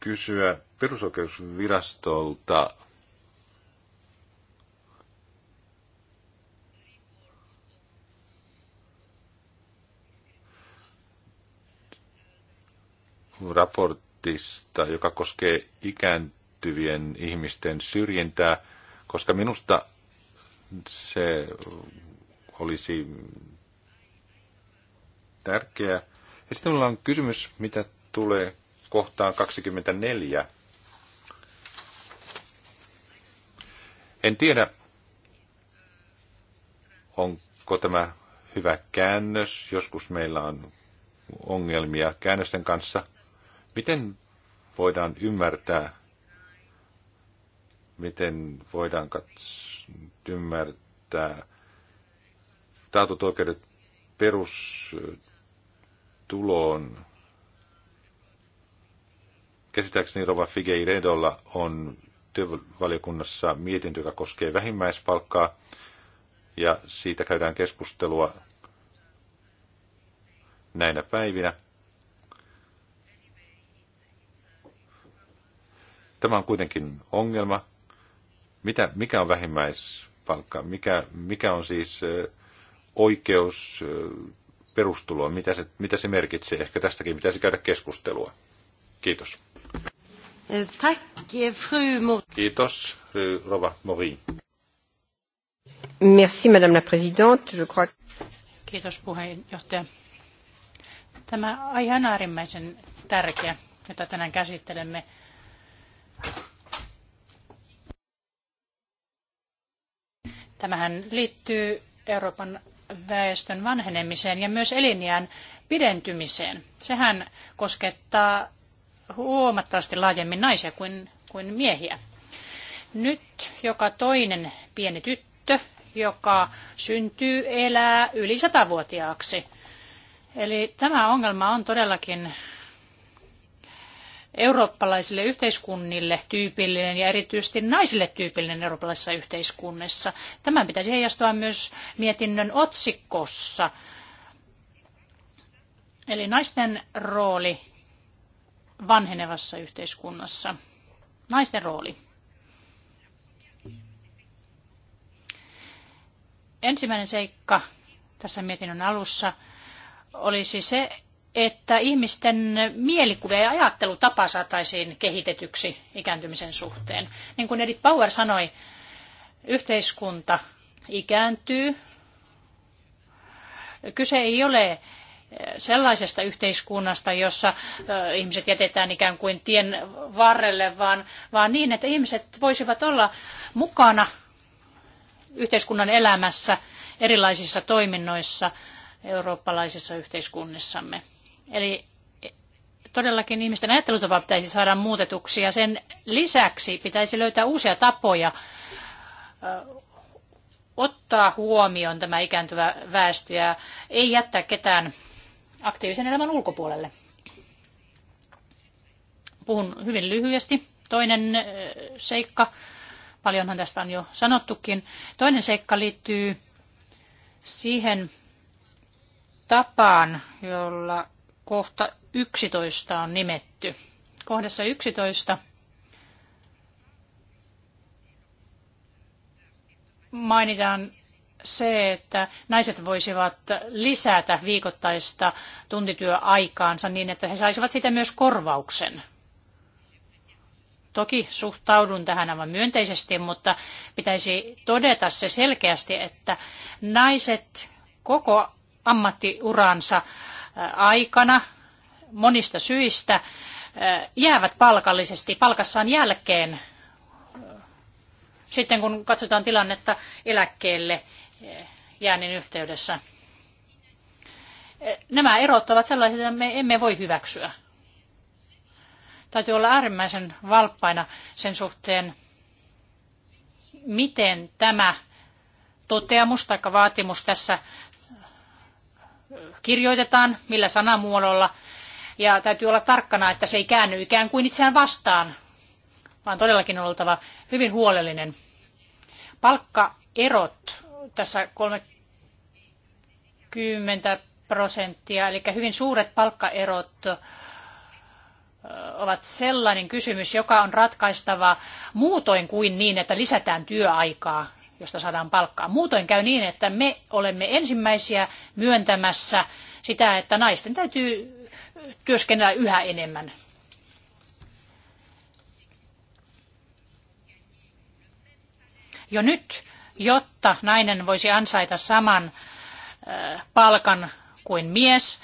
kysyä perusoikeusvirastolta raportista, joka koskee ikääntyvien ihmisten syrjintää, koska minusta se olisi tärkeää. Ja sitten minulla on kysymys, mitä tulee kohtaan 24. En tiedä, onko tämä hyvä käännös. Joskus meillä on ongelmia käännösten kanssa. Miten voidaan ymmärtää, miten voidaan katso, ymmärtää taatut oikeudet perustuloon? Käsittääkseni Rova Figeiredolla on työvaliokunnassa mietintö, joka koskee vähimmäispalkkaa, ja siitä käydään keskustelua näinä päivinä – Tämä on kuitenkin ongelma. Mitä, mikä on vähimmäispalkka? Mikä, mikä on siis oikeus perustuloa? Mitä se, mitä se merkitsee? Ehkä tästäkin pitäisi käydä keskustelua. Kiitos. Eh, eh, fru Kiitos, Rova Morin. Merci, madame la présidente. Je crois... Kiitos, puheenjohtaja. Tämä aihe on äärimmäisen tärkeä, jota tänään käsittelemme. Tämähän liittyy Euroopan väestön vanhenemiseen ja myös eliniän pidentymiseen. Sehän koskettaa huomattavasti laajemmin naisia kuin, kuin miehiä. Nyt joka toinen pieni tyttö, joka syntyy, elää yli satavuotiaaksi. Eli tämä ongelma on todellakin eurooppalaisille yhteiskunnille tyypillinen ja erityisesti naisille tyypillinen eurooppalaisessa yhteiskunnassa. Tämän pitäisi heijastua myös mietinnön otsikossa. Eli naisten rooli vanhenevassa yhteiskunnassa. Naisten rooli. Ensimmäinen seikka tässä mietinnön alussa olisi se, että ihmisten mielikuva ja ajattelutapa saataisiin kehitetyksi ikääntymisen suhteen. Niin kuin Edith Power sanoi, yhteiskunta ikääntyy. Kyse ei ole eh, sellaisesta yhteiskunnasta, jossa eh, ihmiset jätetään ikään kuin tien varrelle, vaan, vaan niin, että ihmiset voisivat olla mukana yhteiskunnan elämässä erilaisissa toiminnoissa eurooppalaisissa yhteiskunnissamme. Eli eh, todellakin ihmisten ajattelutapa pitäisi saada muutetuksi ja sen lisäksi pitäisi löytää uusia tapoja eh, ottaa huomioon tämä ikääntyvä väestö ja ei jättää ketään aktiivisen elämän ulkopuolelle. Puhun hyvin lyhyesti. Toinen eh, seikka, paljonhan tästä on jo sanottukin, toinen seikka liittyy siihen tapaan, jolla kohta 11 on nimetty. Kohdassa 11 mainitaan se, että naiset voisivat lisätä viikoittaista tuntityöaikaansa niin, että he saisivat sitä myös korvauksen. Toki suhtaudun tähän aivan myönteisesti, mutta pitäisi todeta se selkeästi, että naiset koko ammattiuransa aikana monista syistä jäävät palkallisesti palkassaan jälkeen sitten kun katsotaan tilannetta eläkkeelle jäännin yhteydessä. Nämä erot ovat sellaisia, että me emme voi hyväksyä. Täytyy olla äärimmäisen valppaina sen suhteen, miten tämä toteamus tai vaatimus tässä kirjoitetaan, millä sanamuodolla. Ja täytyy olla tarkkana, että se ei käänny ikään kuin itseään vastaan, vaan todellakin on oltava hyvin huolellinen. Palkkaerot tässä 30 prosenttia, eli hyvin suuret palkkaerot ovat sellainen kysymys, joka on ratkaistava muutoin kuin niin, että lisätään työaikaa josta saadaan palkkaa. Muutoin käy niin, että me olemme ensimmäisiä myöntämässä sitä, että naisten täytyy työskennellä yhä enemmän. Jo nyt, jotta nainen voisi ansaita saman palkan kuin mies,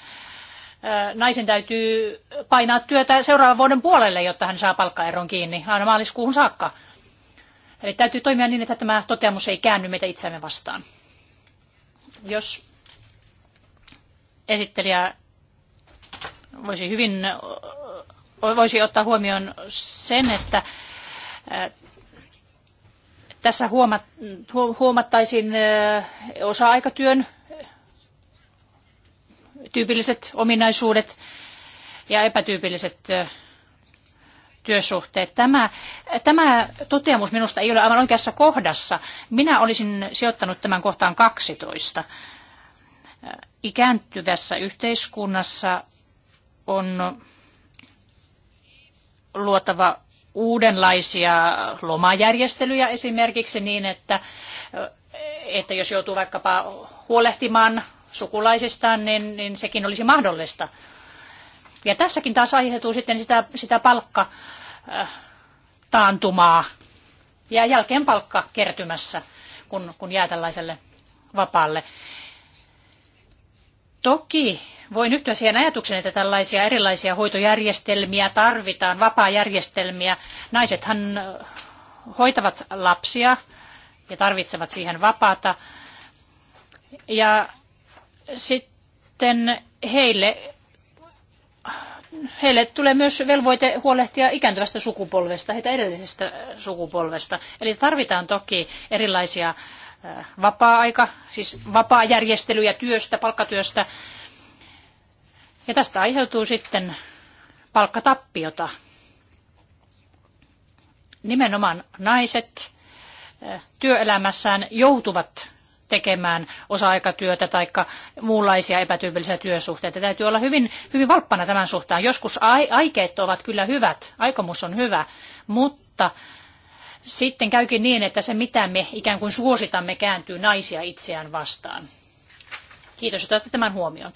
naisen täytyy painaa työtä seuraavan vuoden puolelle, jotta hän saa palkkaeron kiinni aina maaliskuuhun saakka. Eli täytyy toimia niin, että tämä toteamus ei käänny meitä itseämme vastaan. Jos esittelijä voisi hyvin voisi ottaa huomioon sen, että tässä huomattaisiin osa-aikatyön tyypilliset ominaisuudet ja epätyypilliset työsuhteet. Tämä, tämä toteamus minusta ei ole aivan oikeassa kohdassa. Minä olisin sijoittanut tämän kohtaan 12. Ikääntyvässä yhteiskunnassa on luotava uudenlaisia lomajärjestelyjä esimerkiksi niin, että, että jos joutuu vaikkapa huolehtimaan sukulaisistaan, niin, niin sekin olisi mahdollista. Ja tässäkin taas aiheutuu sitten sitä, sitä palkka äh, taantumaa ja jälkeen palkka kertymässä, kun, kun jää tällaiselle vapaalle. Toki voin yhtyä siihen ajatukseen, että tällaisia erilaisia hoitojärjestelmiä tarvitaan, vapaajärjestelmiä. Naisethan äh, hoitavat lapsia ja tarvitsevat siihen vapaata. Ja sitten heille heille tulee myös velvoite huolehtia ikääntyvästä sukupolvesta, heitä edellisestä sukupolvesta. Eli tarvitaan toki erilaisia vapaa-aika, siis vapaa-järjestelyjä työstä, palkkatyöstä. Ja tästä aiheutuu sitten palkkatappiota. Nimenomaan naiset työelämässään joutuvat tekemään osa-aikatyötä tai muunlaisia epätyypillisiä työsuhteita. Täytyy olla hyvin, hyvin valppana tämän suhteen Joskus aikeet ovat kyllä hyvät, aikomus on hyvä, mutta sitten käykin niin, että se mitä me ikään kuin suositamme kääntyy naisia itseään vastaan. Kiitos, että otatte tämän huomioon.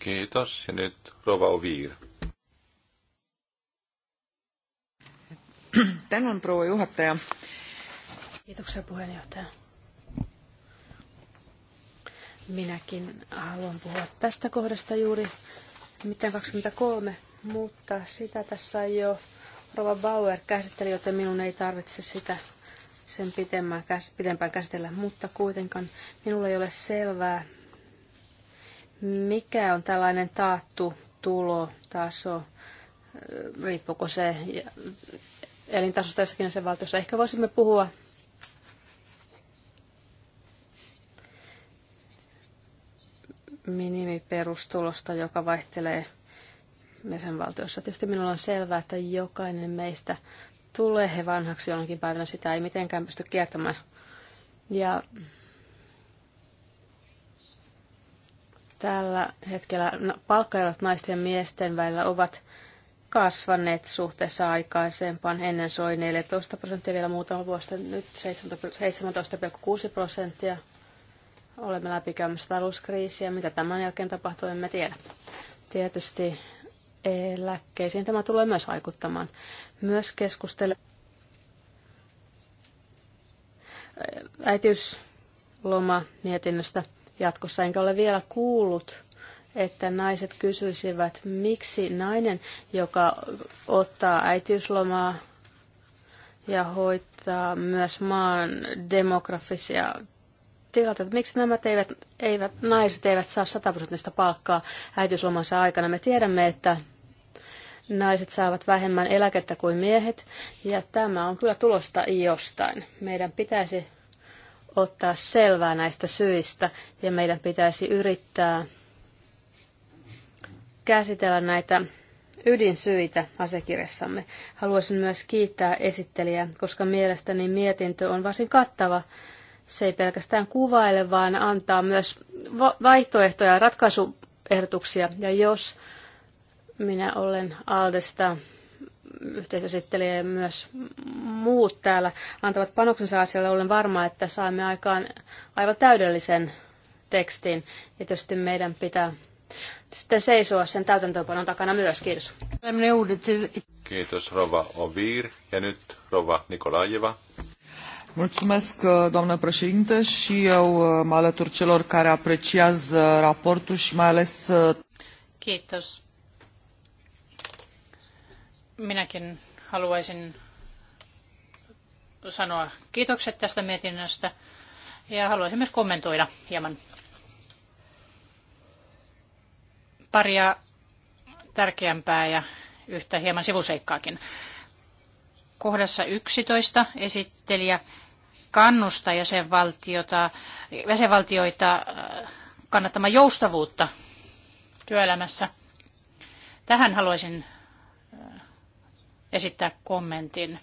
Kiitos ja nyt Rova Oviir. Tänään proua juhataja. Kiitoksia puheenjohtaja. Minäkin haluan puhua tästä kohdasta juuri mitään 23, mutta sitä tässä jo Rova Bauer käsitteli, joten minun ei tarvitse sitä sen pitempään, pitempään käsitellä, mutta kuitenkaan minulla ei ole selvää, mikä on tällainen taattu tulotaso, riippuuko se elintasosta jossakin sen valtiossa. Ehkä voisimme puhua minimiperustulosta, joka vaihtelee jäsenvaltiossa. Tietysti minulla on selvää, että jokainen meistä tulee he vanhaksi jonakin päivänä. Sitä ei mitenkään pysty kiertämään. Ja tällä hetkellä palkkaerot naisten ja miesten välillä ovat kasvaneet suhteessa aikaisempaan. Ennen soi 14 prosenttia vielä muutama vuosi, nyt 17,6 prosenttia olemme läpikäymässä talouskriisiä. Mitä tämän jälkeen tapahtuu, emme tiedä. Tietysti eläkkeisiin tämä tulee myös vaikuttamaan. Myös keskustele äitiysloma mietinnöstä jatkossa, enkä ole vielä kuullut, että naiset kysyisivät, miksi nainen, joka ottaa äitiyslomaa ja hoitaa myös maan demografisia tilanteet, että miksi nämä teivät, eivät, naiset eivät saa sataprosenttista palkkaa äitiyslomansa aikana. Me tiedämme, että naiset saavat vähemmän eläkettä kuin miehet, ja tämä on kyllä tulosta jostain. Meidän pitäisi ottaa selvää näistä syistä, ja meidän pitäisi yrittää käsitellä näitä ydinsyitä asiakirjassamme. Haluaisin myös kiittää esittelijää, koska mielestäni mietintö on varsin kattava se ei pelkästään kuvaile, vaan antaa myös vaihtoehtoja ja ratkaisuehdotuksia. Ja jos minä olen Aldesta yhteisösittelijä ja myös muut täällä antavat panoksensa asialle, olen varma, että saamme aikaan aivan täydellisen tekstin. Ja tietysti meidän pitää sitten seisoa sen täytäntöönpanon takana myös. Kiitos. Kiitos Rova Ovir ja nyt Rova Nikolajeva. Mulțumesc, uh, doamnă președintă, și eu uh, mă alătur celor care apreciază raportul și mai ales... Uh, Kiitos. Minäkin haluaisin sanoa kiitokset tästä mietinnöstä ja haluaisin myös kommentoida hieman paria tärkeämpää ja yhtä hieman sivuseikkaakin. Kohdassa 11 esittelijä kannusta jäsenvaltiota, jäsenvaltioita äh, kannattamaan joustavuutta työelämässä. Tähän haluaisin äh, esittää kommentin.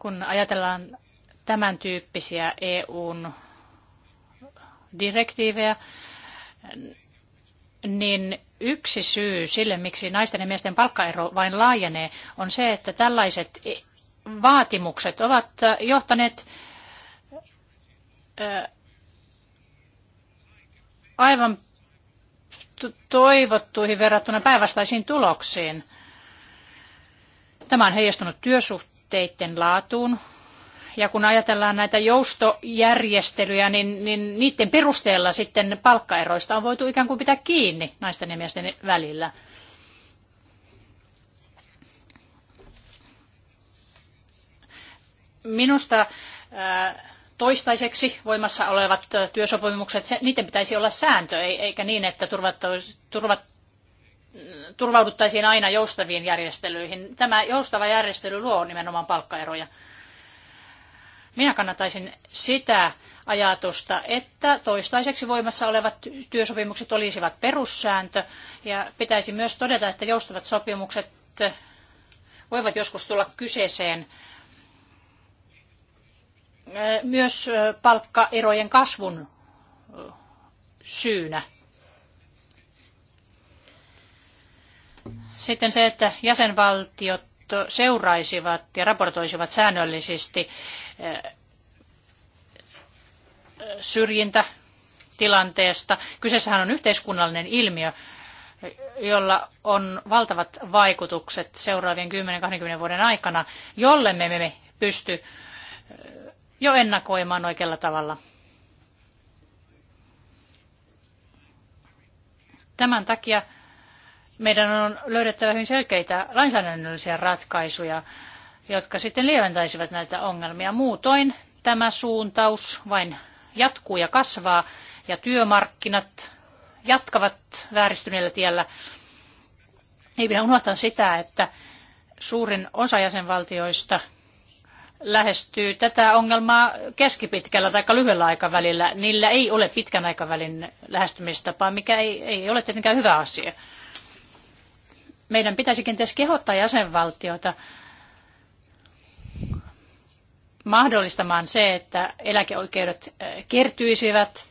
Kun ajatellaan tämän tyyppisiä EUn direktiivejä, niin yksi syy sille, miksi naisten ja miesten palkkaero vain laajenee, on se, että tällaiset vaatimukset ovat äh, johtaneet äh, aivan toivottuihin verrattuna päinvastaisiin tuloksiin. Tämä on heijastunut työsuhteiden laatuun, ja kun ajatellaan näitä joustojärjestelyjä, niin, niin niiden perusteella sitten palkkaeroista on voitu ikään kuin pitää kiinni naisten ja miesten välillä. Minusta äh, toistaiseksi voimassa olevat äh, työsopimukset, niiden pitäisi olla sääntö, eikä niin, että turvat, turvauduttaisiin aina joustaviin järjestelyihin. Tämä joustava järjestely luo nimenomaan palkkaeroja. Minä kannattaisin sitä ajatusta, että toistaiseksi voimassa olevat työsopimukset olisivat perussääntö ja pitäisi myös todeta, että joustavat sopimukset voivat joskus tulla kyseeseen myös palkkaerojen kasvun syynä. Sitten se, että jäsenvaltiot seuraisivat ja raportoisivat säännöllisesti syrjintätilanteesta. Kyseessähän on yhteiskunnallinen ilmiö, jolla on valtavat vaikutukset seuraavien 10-20 vuoden aikana, jolle me emme pysty jo ennakoimaan oikealla tavalla. Tämän takia meidän on löydettävä hyvin selkeitä lainsäädännöllisiä ratkaisuja jotka sitten lieventäisivät näitä ongelmia. Muutoin tämä suuntaus vain jatkuu ja kasvaa ja työmarkkinat jatkavat vääristyneellä tiellä. Ei pidä unohtaa sitä, että suurin osa jäsenvaltioista lähestyy tätä ongelmaa keskipitkällä tai lyhyellä aikavälillä. Niillä ei ole pitkän aikavälin lähestymistapaa, mikä ei, ei ole tietenkään hyvä asia. Meidän pitäisikin kenties kehottaa jäsenvaltioita mahdollistamaan se, että eläkeoikeudet äh, kertyisivät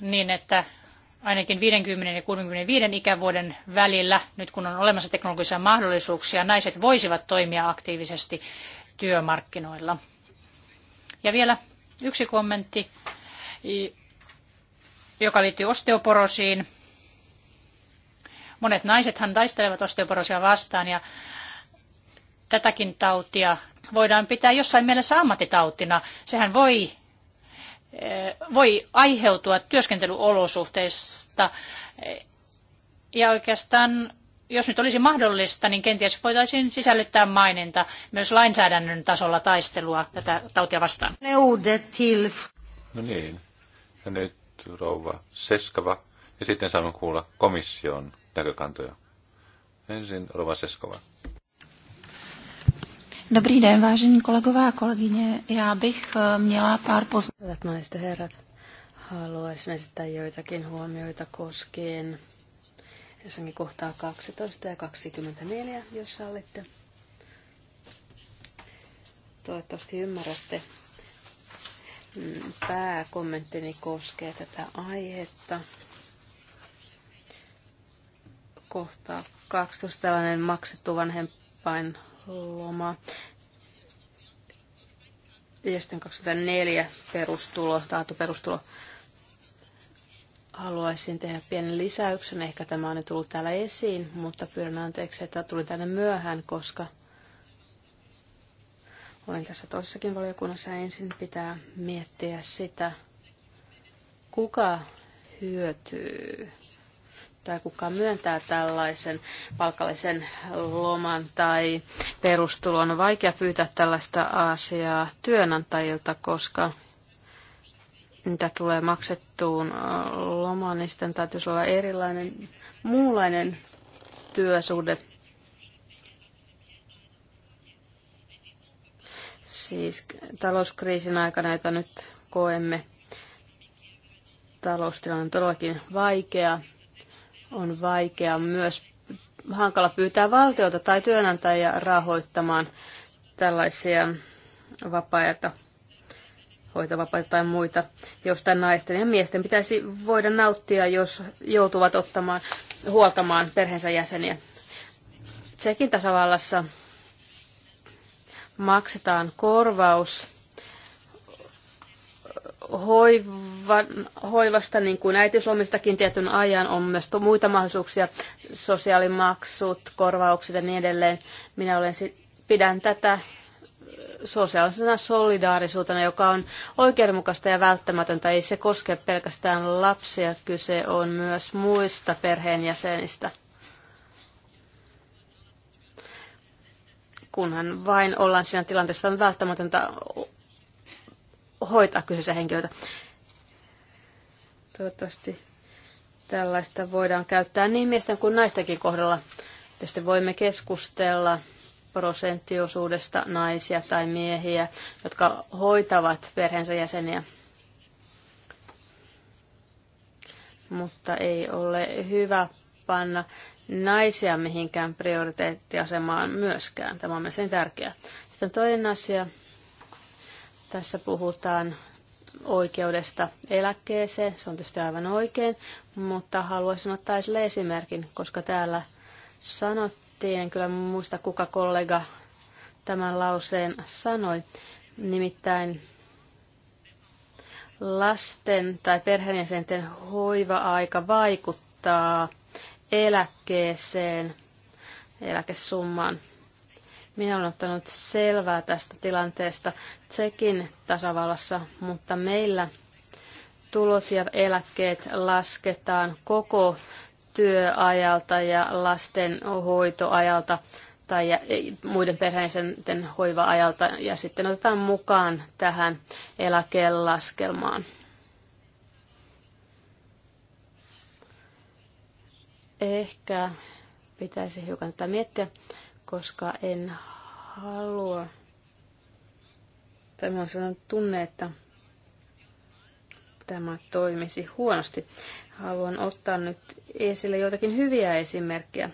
niin, että ainakin 50 ja 65 ikävuoden välillä, nyt kun on olemassa teknologisia mahdollisuuksia, naiset voisivat toimia aktiivisesti työmarkkinoilla. Ja vielä yksi kommentti, joka liittyy osteoporosiin. Monet naisethan taistelevat osteoporosia vastaan ja tätäkin tautia voidaan pitää jossain mielessä ammattitautina. Sehän voi, eh, voi aiheutua työskentelyolosuhteista. Ja oikeastaan, jos nyt olisi mahdollista, niin kenties voitaisiin sisällyttää maininta myös lainsäädännön tasolla taistelua tätä tautia vastaan. No niin. Ja nyt rouva Seskava. Ja sitten saamme kuulla komission näkökantoja. Ensin rouva Seskava. Dobrý den, vážení kolegové a kolegyně. Já bych eh, měla pár poznámek. Hyvät naiset ja herrat, haluaisin esittää joitakin huomioita koskien jossakin kohtaa 12 ja 24, jos sallitte. Toivottavasti ymmärrätte. Mm, pääkommenttini koskee tätä aihetta kohtaa 12 tällainen maksettu vanhempain loma. Ja sitten 24 perustulo, taattu perustulo. Haluaisin tehdä pienen lisäyksen, ehkä tämä on nyt tullut täällä esiin, mutta pyydän anteeksi, että tuli tänne myöhään, koska olen tässä toisessakin valiokunnassa. Ensin pitää miettiä sitä, kuka hyötyy tai kuka myöntää tällaisen palkallisen loman tai perustulon. On vaikea pyytää tällaista asiaa työnantajilta, koska mitä tulee maksettuun lomaan, niin sitten täytyisi olla erilainen muunlainen työsuhde. Siis talouskriisin aikana, jota nyt koemme, taloustilanne on todellakin vaikea on vaikea myös hankala pyytää valtiota tai työnantajia rahoittamaan tällaisia vapaita hoitovapaita tai muita, josta naisten ja miesten pitäisi voida nauttia, jos joutuvat ottamaan, huoltamaan perheensä jäseniä. Tsekin tasavallassa maksetaan korvaus hoivan, hoivasta, niin kuin äitiyslomistakin tietyn ajan, on myös muita mahdollisuuksia, sosiaalimaksut, korvaukset ja niin edelleen. Minä olen, pidän tätä sosiaalisena solidaarisuutena, joka on oikeudenmukaista ja välttämätöntä. Ei se koske pelkästään lapsia, kyse on myös muista perheenjäsenistä. Kunhan vain ollaan siinä tilanteessa, on välttämätöntä hoitaa kyseisiä henkilöitä. Toivottavasti tällaista voidaan käyttää niin miesten kuin naistenkin kohdalla. Tietysti voimme keskustella prosenttiosuudesta naisia tai miehiä, jotka hoitavat perheensä jäseniä. Mutta ei ole hyvä panna naisia mihinkään prioriteettiasemaan myöskään. Tämä on mielestäni tärkeää. Sitten toinen asia, tässä puhutaan oikeudesta eläkkeeseen, se on tietysti aivan oikein, mutta haluaisin ottaa esille esimerkin, koska täällä sanottiin, en kyllä muista kuka kollega tämän lauseen sanoi, nimittäin lasten tai perheenjäsenten hoiva-aika vaikuttaa eläkkeeseen, eläkesummaan. Minä olen ottanut selvää tästä tilanteesta Tsekin tasavallassa, mutta meillä tulot ja eläkkeet lasketaan koko työajalta ja lasten hoitoajalta tai muiden perheisen hoiva-ajalta ja sitten otetaan mukaan tähän eläkelaskelmaan. Ehkä pitäisi hiukan tätä miettiä koska en halua, tai on sellainen tunne, että tämä toimisi huonosti. Haluan ottaa nyt esille joitakin hyviä esimerkkejä,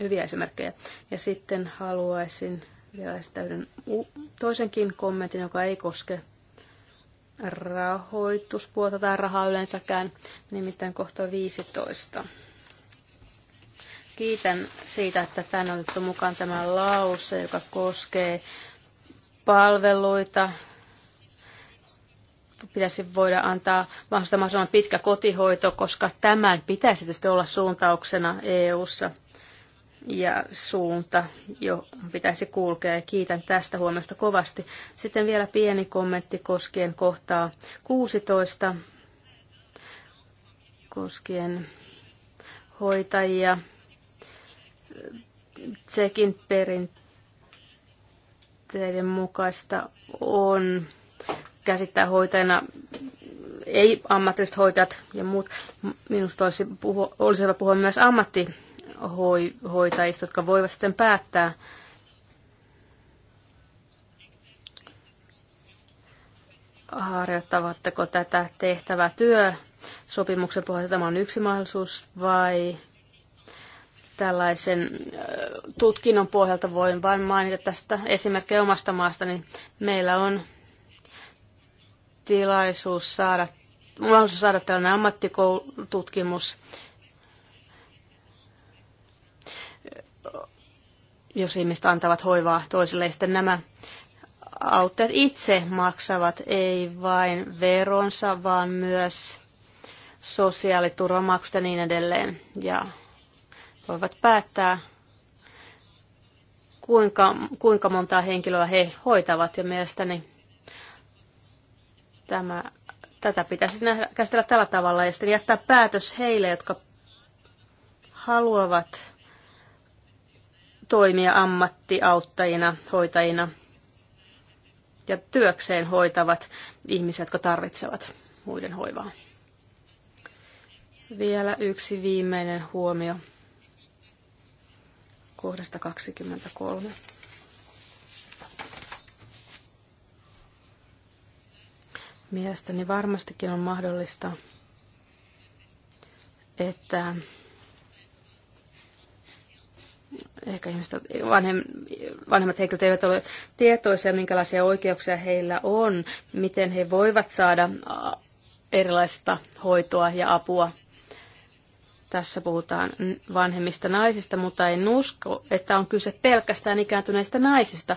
hyviä esimerkkejä. ja sitten haluaisin vielä esittää yhden toisenkin kommentin, joka ei koske rahoituspuolta tai rahaa yleensäkään, nimittäin kohta 15. Kiitän siitä, että tänne on otettu mukaan tämä lause, joka koskee palveluita. Pitäisi voida antaa mahdollisimman pitkä kotihoito, koska tämän pitäisi tietysti olla suuntauksena EU-ssa ja suunta, jo pitäisi kulkea. Ja kiitän tästä huomiosta kovasti. Sitten vielä pieni kommentti koskien kohtaa 16, koskien hoitajia Tsekin perinteiden mukaista on käsittää hoitajana ei ammatilliset hoitajat ja muut. Minusta olisi, puhua, olisi hyvä puhua myös ammattihoitajista, jotka voivat sitten päättää, harjoittavatteko tätä tehtävää työ sopimuksen pohjalta. Tämä on yksi mahdollisuus vai tällaisen tutkinnon pohjalta voin vain mainita tästä esimerkkejä omasta maastani. Meillä on tilaisuus saada, mahdollisuus saada tällainen ammattikoulututkimus, jos ihmiset antavat hoivaa toisille. Ja sitten nämä auttajat itse maksavat ei vain veronsa, vaan myös sosiaaliturvamaksut ja niin edelleen. Ja voivat päättää, kuinka, kuinka montaa henkilöä he hoitavat. Ja mielestäni tämä, tätä pitäisi nähdä, käsitellä tällä tavalla ja sitten jättää päätös heille, jotka haluavat toimia ammattiauttajina, hoitajina ja työkseen hoitavat ihmiset, jotka tarvitsevat muiden hoivaa. Vielä yksi viimeinen huomio kohdasta 23. Mielestäni varmastikin on mahdollista, että ehkä ihmiset, vanhem, vanhemmat henkilöt eivät ole tietoisia, minkälaisia oikeuksia heillä on, miten he voivat saada erilaista hoitoa ja apua tässä puhutaan vanhemmista naisista, mutta en usko, että on kyse pelkästään ikääntyneistä naisista.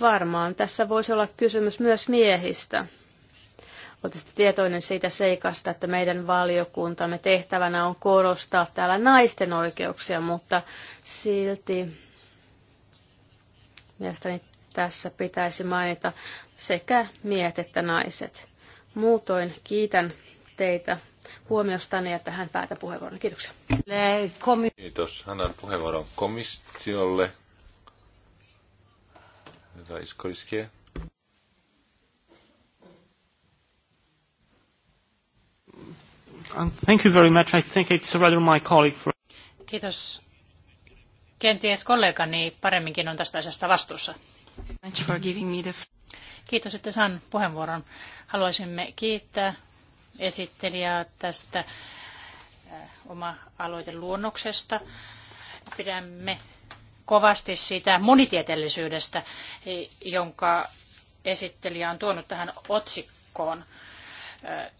Varmaan tässä voisi olla kysymys myös miehistä. Olette tietoinen siitä seikasta, että meidän valiokuntamme tehtävänä on korostaa täällä naisten oikeuksia, mutta silti mielestäni tässä pitäisi mainita sekä miehet että naiset. Muutoin kiitän teitä huomiostani ja tähän päätä puheenvuoron. Kiitoksia. Kiitos. Annan puheenvuoron komissiolle. Raiskoiskie. Um, thank you very much. I think it's rather my colleague. For... Kiitos. Kenties kollegani paremminkin on tästä asiasta vastuussa. Kiitos, että saan puheenvuoron. Haluaisimme kiittää esittelijää tästä äh, oma aloiteluonnoksesta. Pidämme kovasti siitä monitieteellisyydestä, e, jonka esittelijä on tuonut tähän otsikkoon. Äh,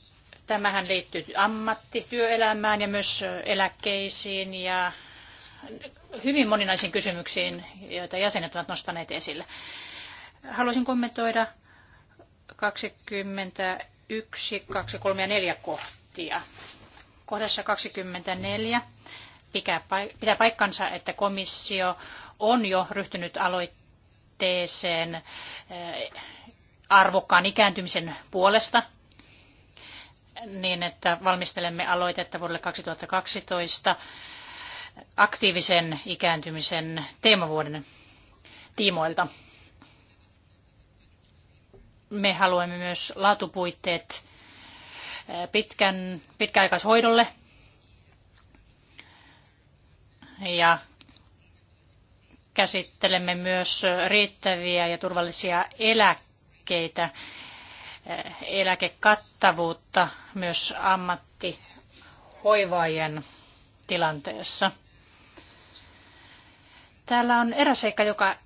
tämähän liittyy ammatti, työelämään ja myös eläkkeisiin ja hyvin moninaisiin kysymyksiin, joita jäsenet ovat nostaneet esille. Haluaisin kommentoida 20 1, 2, 3 ja 4 kohtia. Kohdassa 24 pitää paikkansa, että komissio on jo ryhtynyt aloitteeseen eh, arvokkaan ikääntymisen puolesta niin, että valmistelemme aloitetta vuodelle 2012 aktiivisen ikääntymisen teemavuoden tiimoilta. Me haluamme myös laatupuitteet eh, pitkän, pitkäaikaishoidolle ja käsittelemme myös riittäviä ja turvallisia eläkkeitä, eh, eläkekattavuutta myös ammattihoivaajien tilanteessa. Täällä on eräs seikka, joka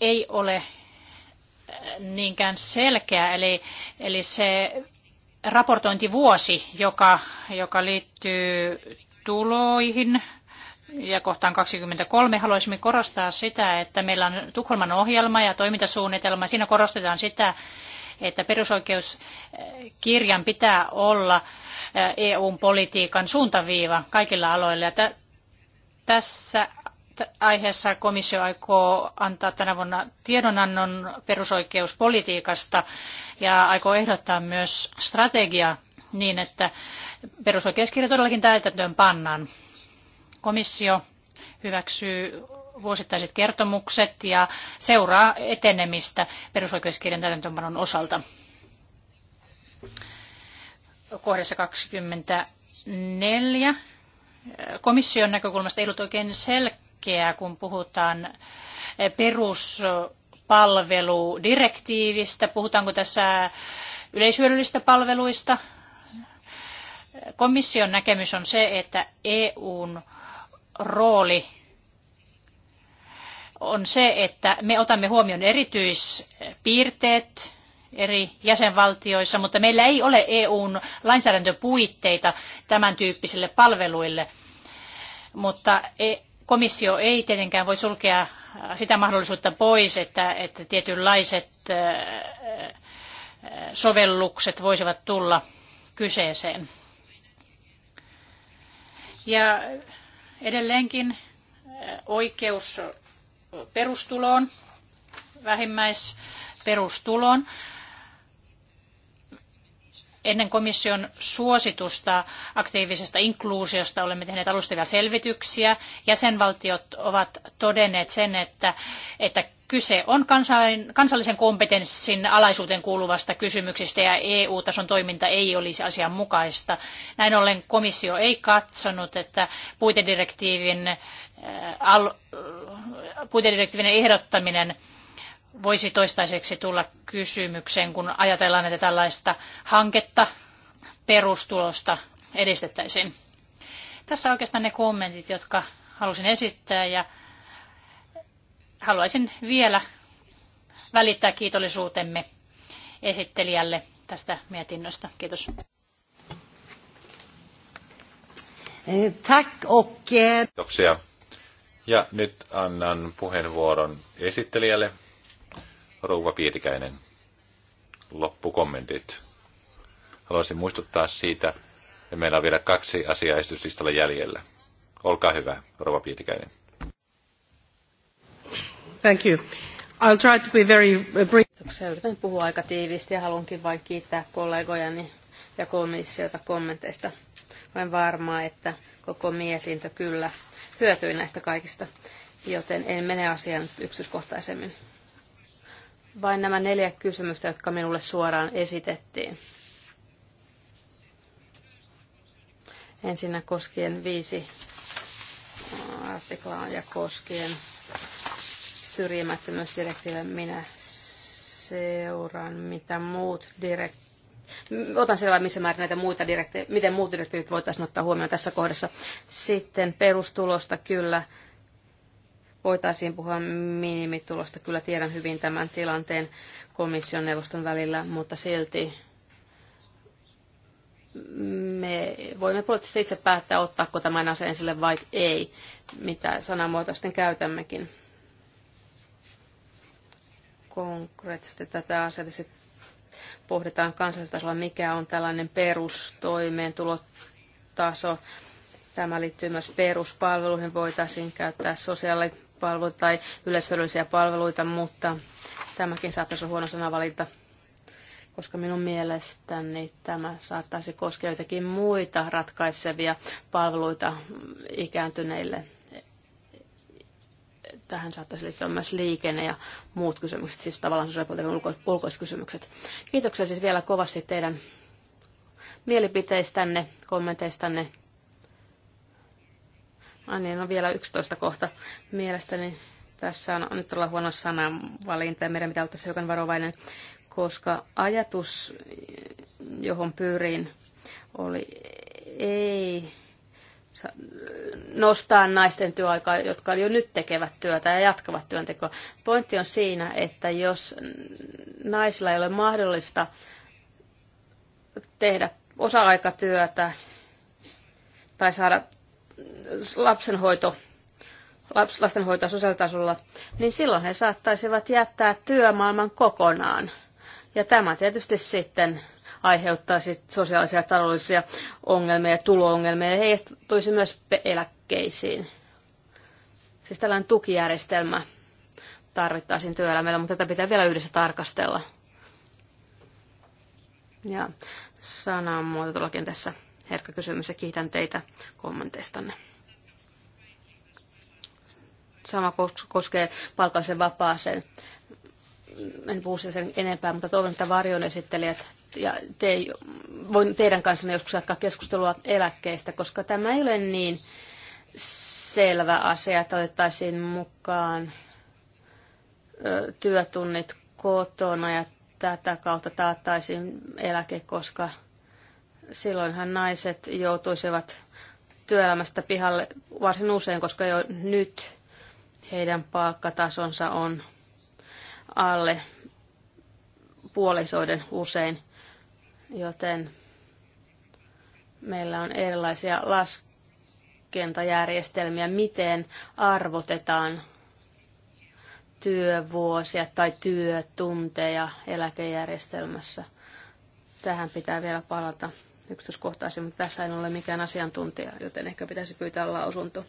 ei ole niinkään selkeä, eli, eli se raportointivuosi, joka, joka liittyy tuloihin ja kohtaan 23 haluaisimme korostaa sitä, että meillä on Tukholman ohjelma ja toimintasuunnitelma. Siinä korostetaan sitä, että perusoikeuskirjan pitää olla EUn politiikan suuntaviiva kaikilla aloilla. Ja tässä aiheessa komissio aikoo antaa tänä vuonna tiedonannon perusoikeuspolitiikasta ja aikoo ehdottaa myös strategiaa niin, että perusoikeuskirja todellakin täytäntöön pannaan. Komissio hyväksyy vuosittaiset kertomukset ja seuraa etenemistä perusoikeuskirjan täytäntöönpanon osalta. Kohdassa 24 komission näkökulmasta ei ollut oikein sel- tärkeää, kun puhutaan peruspalveludirektiivistä. Puhutaanko tässä yleishyödyllistä palveluista? Komission näkemys on se, että EUn rooli on se, että me otamme huomioon erityispiirteet eri jäsenvaltioissa, mutta meillä ei ole EUn lainsäädäntöpuitteita tämän tyyppisille palveluille. Mutta e- Komissio ei tietenkään voi sulkea sitä mahdollisuutta pois, että, että tietynlaiset sovellukset voisivat tulla kyseeseen. Ja edelleenkin oikeus perustuloon, vähimmäisperustuloon. Ennen komission suositusta aktiivisesta inkluusiosta olemme tehneet alustavia selvityksiä. Jäsenvaltiot ovat todenneet sen, että, että kyse on kansallisen kompetenssin alaisuuteen kuuluvasta kysymyksestä ja EU-tason toiminta ei olisi asianmukaista. Näin ollen komissio ei katsonut, että puitedirektiivin, äh, al, puitedirektiivin ehdottaminen voisi toistaiseksi tulla kysymykseen, kun ajatellaan, että tällaista hanketta perustulosta edistettäisiin. Tässä oikeastaan ne kommentit, jotka halusin esittää ja haluaisin vielä välittää kiitollisuutemme esittelijälle tästä mietinnöstä. Kiitos. Eh, tack och... Eh. Kiitoksia. Ja nyt annan puheenvuoron esittelijälle rouva Pietikäinen, loppukommentit. Haluaisin muistuttaa siitä, että meillä on vielä kaksi asiaa esityslistalla jäljellä. Olkaa hyvä, rouva Pietikäinen. Thank you. I'll try to be very uh, brief. Yritän puhua aika tiiviisti ja haluankin vain kiittää kollegojani ja komissiota kommenteista. Olen varma, että koko mietintö kyllä hyötyi näistä kaikista, joten en mene asiaan yksityiskohtaisemmin vain nämä neljä kysymystä, jotka minulle suoraan esitettiin. Ensinnä koskien viisi artiklaa ja koskien syrjimättömyysdirektiivin minä seuraan, mitä muut direkt... Otan selvää, missä määrin näitä muita direkti... miten muut direktiivit voitaisiin ottaa huomioon tässä kohdassa. Sitten perustulosta kyllä voitaisiin puhua minimitulosta. Kyllä tiedän hyvin tämän tilanteen komission neuvoston välillä, mutta silti me voimme poliittisesti itse päättää, ottaako tämän aseen sille vai ei, mitä sanamuotoa sitten käytämmekin. Konkreettisesti tätä asiaa pohditaan kansallistasolla, mikä on tällainen perustoimeentulotaso. Tämä liittyy myös peruspalveluihin. Voitaisiin käyttää sosiaali- palveluita tai yleishyödyllisiä palveluita, mutta tämäkin saattaisi olla huono sanavalinta, koska minun mielestäni tämä saattaisi koskea jotakin muita ratkaisevia palveluita ikääntyneille. Tähän saattaisi liittyä myös liikenne ja muut kysymykset, siis tavallaan sosiaalipolitiikan ulkoiset kysymykset. Kiitoksia siis vielä kovasti teidän mielipiteistänne, kommenteistanne Ai ah, niin, no vielä 11 kohta. Mielestäni tässä on, on nyt olla huono sananvalinta ja meidän pitää olla tässä hiukan varovainen, koska ajatus, johon pyrin, oli ei nostaa naisten työaikaa, jotka jo nyt tekevät työtä ja jatkavat työntekoa. Pointti on siinä, että jos naisilla ei ole mahdollista tehdä osa-aikatyötä tai saada lapsenhoito, laps, lastenhoitoa sosiaalitasolla, niin silloin he saattaisivat jättää työmaailman kokonaan. Ja tämä tietysti sitten aiheuttaa sit sosiaalisia ja taloudellisia ongelmia ja tuloongelmia ja heistä myös eläkkeisiin. Siis tällainen tukijärjestelmä tarvittaisiin työelämällä, mutta tätä pitää vielä yhdessä tarkastella. Ja sanan muuta tässä herkkä kysymys ja kiitän teitä kommenteistanne. Sama koskee palkallisen vapaaseen. En puhu sen enempää, mutta toivon, että varjon esittelijät ja te, voin teidän kanssanne joskus jatkaa keskustelua eläkkeistä, koska tämä ei ole niin selvä asia, että otettaisiin mukaan työtunnit kotona ja tätä kautta taattaisiin eläke, koska silloinhan naiset joutuisivat työelämästä pihalle varsin usein, koska jo nyt heidän palkkatasonsa on alle puolisoiden usein, joten meillä on erilaisia laskentajärjestelmiä, miten arvotetaan työvuosia tai työtunteja eläkejärjestelmässä. Tähän pitää vielä palata yksityiskohtaisemmin. Tässä en ole mikään asiantuntija, joten ehkä pitäisi pyytää lausunto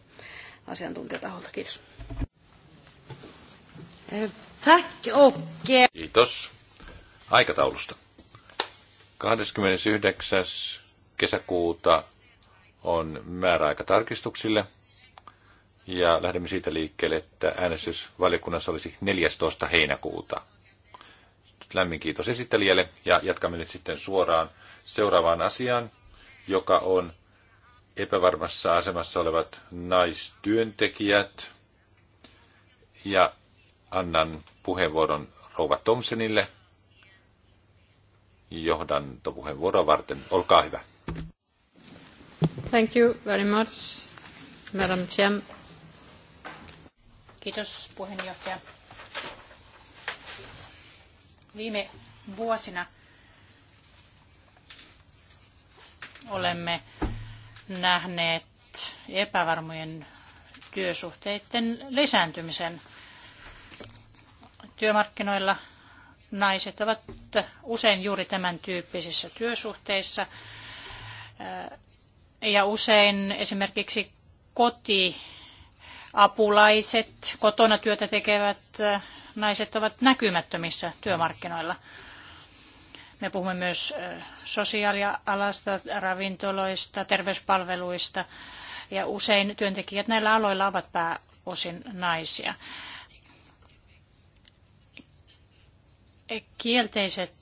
asiantuntijataholta. Kiitos. Eh, tack eh. Kiitos aikataulusta. 29. kesäkuuta on määräaika tarkistuksille. Ja lähdemme siitä liikkeelle, että äänestys valiokunnassa olisi 14. heinäkuuta. Lämmin kiitos esittelijälle ja jatkamme nyt sitten suoraan seuraavaan asiaan, joka on epävarmassa asemassa olevat naistyöntekijät. Ja annan puheenvuoron rouva Thompsonille johdantopuheenvuoroa varten. Olkaa hyvä. Thank you very much, Madam Chair. Kiitos puheenjohtaja. Viime vuosina olemme nähneet epävarmojen työsuhteiden lisääntymisen. Työmarkkinoilla naiset ovat usein juuri tämän tyyppisissä työsuhteissa. Ja usein esimerkiksi kotiapulaiset, kotona työtä tekevät naiset ovat näkymättömissä työmarkkinoilla. Me puhumme myös sosiaalialasta, ravintoloista, terveyspalveluista ja usein työntekijät näillä aloilla ovat pääosin naisia. Kielteiset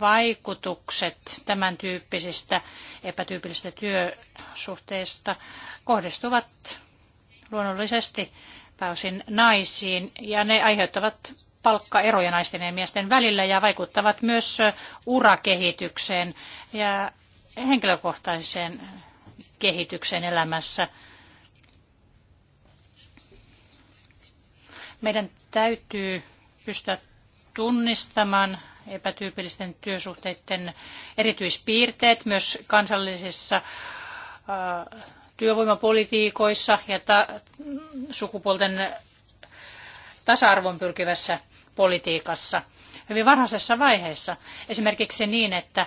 vaikutukset tämän tyyppisistä epätyypillisistä työsuhteista kohdistuvat luonnollisesti pääosin naisiin ja ne aiheuttavat palkkaeroja naisten ja miesten välillä ja vaikuttavat myös urakehitykseen ja henkilökohtaiseen kehitykseen elämässä. Meidän täytyy pystyä tunnistamaan epätyypillisten työsuhteiden erityispiirteet myös kansallisissa työvoimapolitiikoissa ja sukupuolten tasa-arvon pyrkivässä politiikassa hyvin varhaisessa vaiheessa. Esimerkiksi niin, että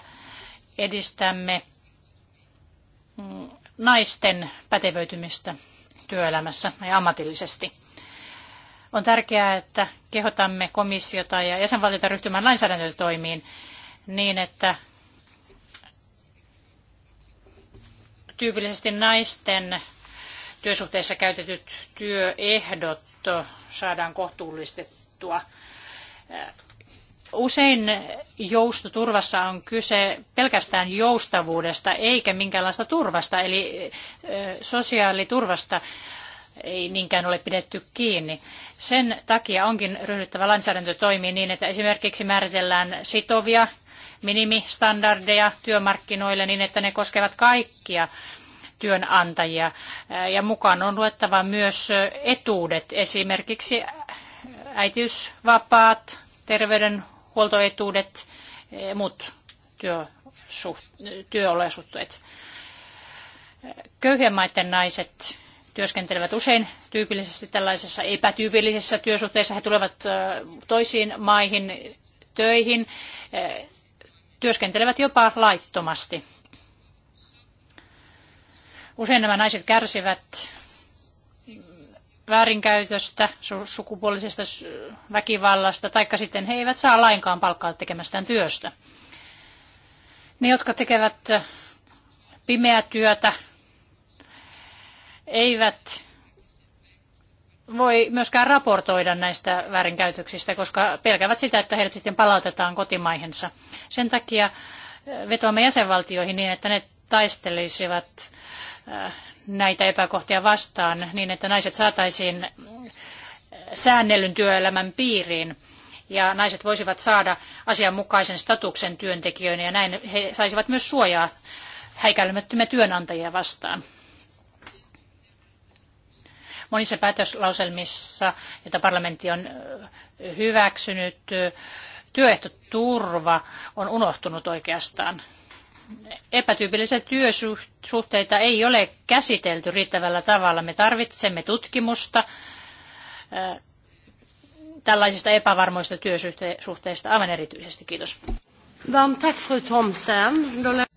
edistämme mm, naisten pätevöitymistä työelämässä ja ammatillisesti. On tärkeää, että kehotamme komissiota ja jäsenvaltioita ryhtymään lainsäädäntötoimiin niin, että tyypillisesti naisten työsuhteissa käytetyt työehdot saadaan kohtuullistettua. Usein joustoturvassa on kyse pelkästään joustavuudesta eikä minkäänlaista turvasta, eli sosiaaliturvasta ei niinkään ole pidetty kiinni. Sen takia onkin ryhdyttävä lainsäädäntötoimiin niin, että esimerkiksi määritellään sitovia minimistandardeja työmarkkinoille niin, että ne koskevat kaikkia työnantajia ja mukaan on luettava myös etuudet, esimerkiksi äitiysvapaat, terveydenhuoltoetuudet ja muut työolosuhteet. Köyhien maiden naiset työskentelevät usein tyypillisesti tällaisessa epätyypillisessä työsuhteessa. He tulevat toisiin maihin töihin, työskentelevät jopa laittomasti. Usein nämä naiset kärsivät väärinkäytöstä, sukupuolisesta väkivallasta, taikka sitten he eivät saa lainkaan palkkaa tekemästään työstä. Ne, jotka tekevät pimeää työtä, eivät voi myöskään raportoida näistä väärinkäytöksistä, koska pelkävät sitä, että heidät sitten palautetaan kotimaihinsa. Sen takia vetoamme jäsenvaltioihin niin, että ne taistelisivat Äh, näitä epäkohtia vastaan niin, että naiset saataisiin säännellyn työelämän piiriin ja naiset voisivat saada asianmukaisen statuksen työntekijöinä ja näin he saisivat myös suojaa häikäilemättömiä työnantajia vastaan. Monissa päätöslauselmissa, joita parlamentti on äh, hyväksynyt, äh, työehtoturva on unohtunut oikeastaan epätyypillisiä työsuhteita ei ole käsitelty riittävällä tavalla. Me tarvitsemme tutkimusta äh, tällaisista epävarmoista työsuhteista aivan erityisesti. Kiitos.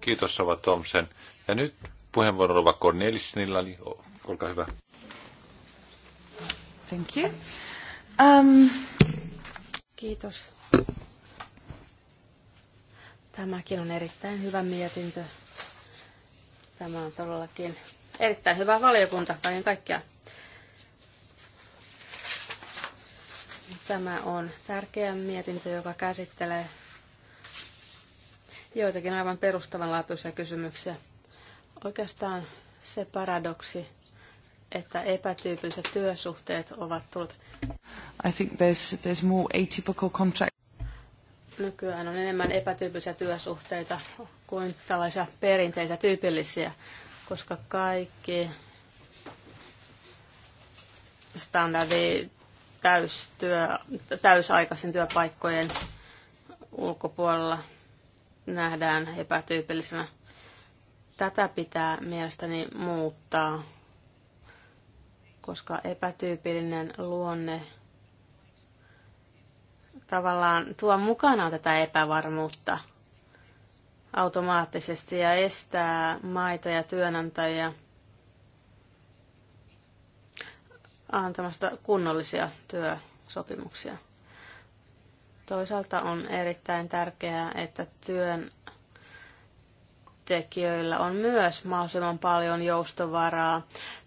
Kiitos, Sova Thomsen. Ja nyt puheenvuoro Rova Cornelisnilla. Olkaa hyvä. Thank you. Um, kiitos. Tämäkin on erittäin hyvä mietintö. Tämä on todellakin erittäin hyvä valiokunta kaiken kaikkiaan. Tämä on tärkeä mietintö, joka käsittelee joitakin aivan perustavanlaatuisia kysymyksiä. Oikeastaan se paradoksi, että epätyypilliset työsuhteet ovat tullut. I think there's, there's more atypical contract. Nykyään on enemmän epätyypillisiä työsuhteita kuin tällaisia perinteisiä tyypillisiä, koska kaikki standardi täystyö, täysaikaisen työpaikkojen ulkopuolella nähdään epätyypillisenä. Tätä pitää mielestäni muuttaa, koska epätyypillinen luonne tavallaan tuo mukanaan tätä epävarmuutta automaattisesti ja estää maita ja työnantajia antamasta kunnollisia työsopimuksia. Toisaalta on erittäin tärkeää, että työntekijöillä on myös mahdollisimman paljon joustovaraa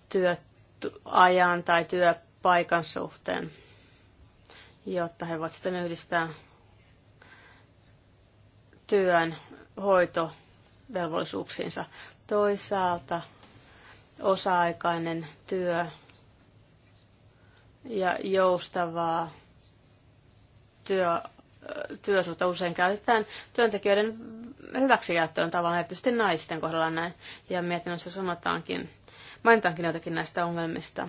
työajan tai työpaikan suhteen jotta he voivat sitten yhdistää työn hoitovelvollisuuksiinsa. Toisaalta osa-aikainen työ ja joustavaa työ, työsuhta usein käytetään työntekijöiden hyväksikäyttöön tavallaan, erityisesti naisten kohdalla näin. Ja mietinnössä sanotaankin, mainitaankin jotakin näistä ongelmista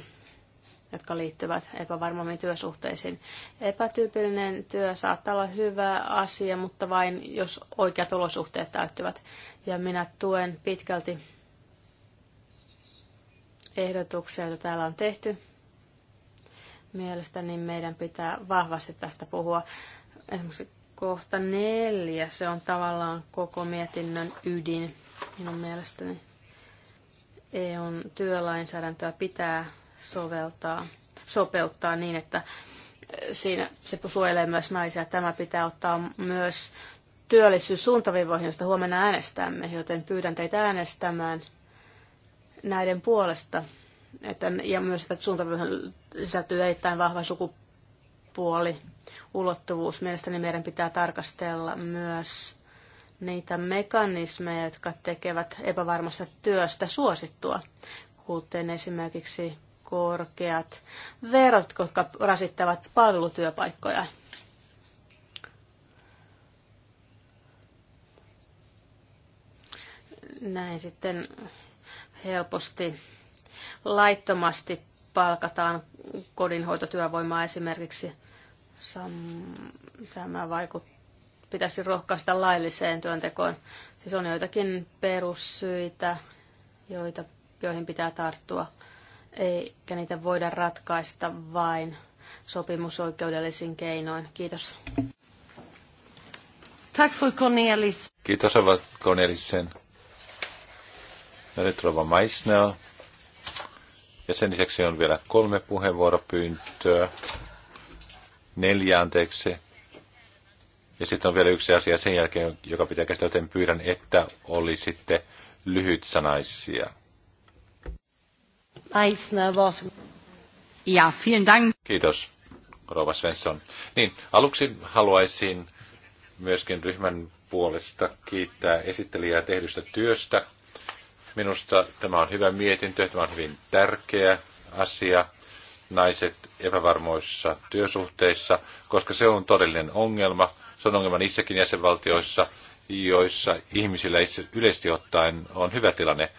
jotka liittyvät epävarmammin työsuhteisiin. Epätyypillinen työ saattaa olla hyvä asia, mutta vain jos oikeat olosuhteet täyttyvät. Ja minä tuen pitkälti ehdotuksia, joita täällä on tehty. Mielestäni meidän pitää vahvasti tästä puhua. Esimerkiksi kohta neljä, se on tavallaan koko mietinnön ydin minun mielestäni. EUn työlainsäädäntöä pitää soveltaa, sopeuttaa niin, että siinä se suojelee myös naisia. Tämä pitää ottaa myös työllisyyssuuntaviivoihin, josta huomenna äänestämme, joten pyydän teitä äänestämään näiden puolesta. Että, ja myös, että suuntavivoihin sisältyy erittäin vahva sukupuoli ulottuvuus. Mielestäni meidän pitää tarkastella myös niitä mekanismeja, jotka tekevät epävarmasta työstä suosittua, kuten esimerkiksi korkeat verot, jotka rasittavat palvelutyöpaikkoja. Näin sitten helposti laittomasti palkataan kodinhoitotyövoimaa esimerkiksi. Tämä vaikuttaa pitäisi rohkaista lailliseen työntekoon. Siis on joitakin perussyitä, joita, joihin pitää tarttua eikä niitä voida ratkaista vain sopimusoikeudellisin keinoin. Kiitos. Tack för Cornelis. Kiitos ovat Cornelisen. Nyt Rova Maisner. Ja sen lisäksi on vielä kolme puheenvuoropyyntöä. Neljä anteeksi. Ja sitten on vielä yksi asia sen jälkeen, joka pitää käsitellä, joten pyydän, että olisitte lyhytsanaisia. Ja, vielen Dank. Kiitos, Rova Svensson. Niin, aluksi haluaisin myöskin ryhmän puolesta kiittää esittelijää tehdystä työstä. Minusta tämä on hyvä mietintö, tämä on hyvin tärkeä asia naiset epävarmoissa työsuhteissa, koska se on todellinen ongelma. Se on ongelma niissäkin jäsenvaltioissa, joissa ihmisillä itse yleisesti ottaen on hyvä tilanne.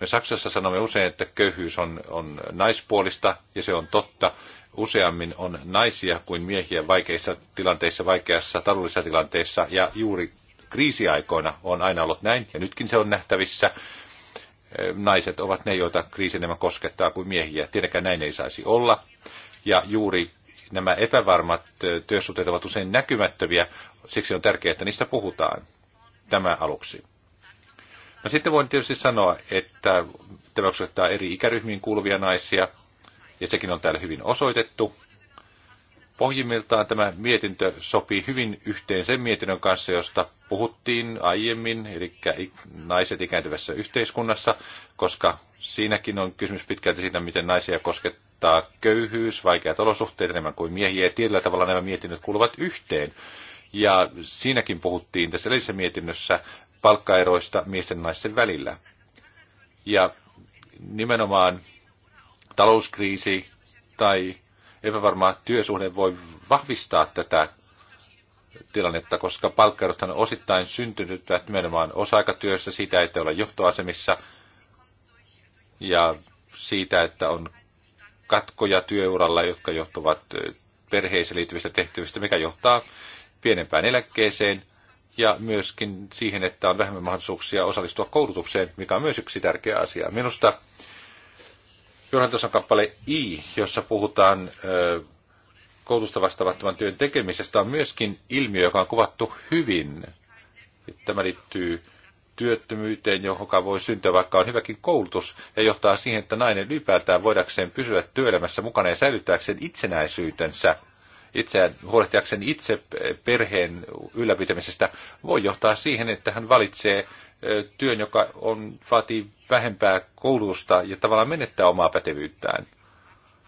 Me Saksassa sanomme usein, että köyhyys on, on naispuolista, ja se on totta. Useammin on naisia kuin miehiä vaikeissa tilanteissa, vaikeassa taloudellisissa tilanteissa, ja juuri kriisiaikoina on aina ollut näin, ja nytkin se on nähtävissä. Naiset ovat ne, joita kriisi enemmän koskettaa kuin miehiä. Tietenkään näin ei saisi olla. Ja juuri nämä epävarmat työsuhteet ovat usein näkymättömiä, siksi on tärkeää, että niistä puhutaan. Tämä aluksi. No sitten voin tietysti sanoa, että tämä koskettaa eri ikäryhmiin kuuluvia naisia, ja sekin on täällä hyvin osoitettu. Pohjimmiltaan tämä mietintö sopii hyvin yhteen sen mietinnön kanssa, josta puhuttiin aiemmin, eli naiset ikääntyvässä yhteiskunnassa, koska siinäkin on kysymys pitkälti siitä, miten naisia koskettaa köyhyys, vaikeat olosuhteet enemmän kuin miehiä, ja tietyllä tavalla nämä mietinnöt kuuluvat yhteen. Ja siinäkin puhuttiin tässä edellisessä mietinnössä palkkaeroista miesten ja naisten välillä. Ja nimenomaan talouskriisi tai epävarma työsuhde voi vahvistaa tätä tilannetta, koska palkkaerot on osittain syntynyt nimenomaan osa-aikatyössä, siitä, että olla johtoasemissa ja siitä, että on katkoja työuralla, jotka johtuvat perheeseen liittyvistä tehtävistä, mikä johtaa pienempään eläkkeeseen – ja myöskin siihen, että on vähemmän mahdollisuuksia osallistua koulutukseen, mikä on myös yksi tärkeä asia. Minusta tuossa on kappale I, jossa puhutaan koulutusta vastaavattoman työn tekemisestä, on myöskin ilmiö, joka on kuvattu hyvin. Tämä liittyy työttömyyteen, joka voi syntyä, vaikka on hyväkin koulutus, ja johtaa siihen, että nainen ylipäätään voidakseen pysyä työelämässä mukana ja säilyttääkseen itsenäisyytensä, itseään huolehtiakseen itse perheen ylläpitämisestä voi johtaa siihen, että hän valitsee työn, joka on, vaatii vähempää koulusta ja tavallaan menettää omaa pätevyyttään.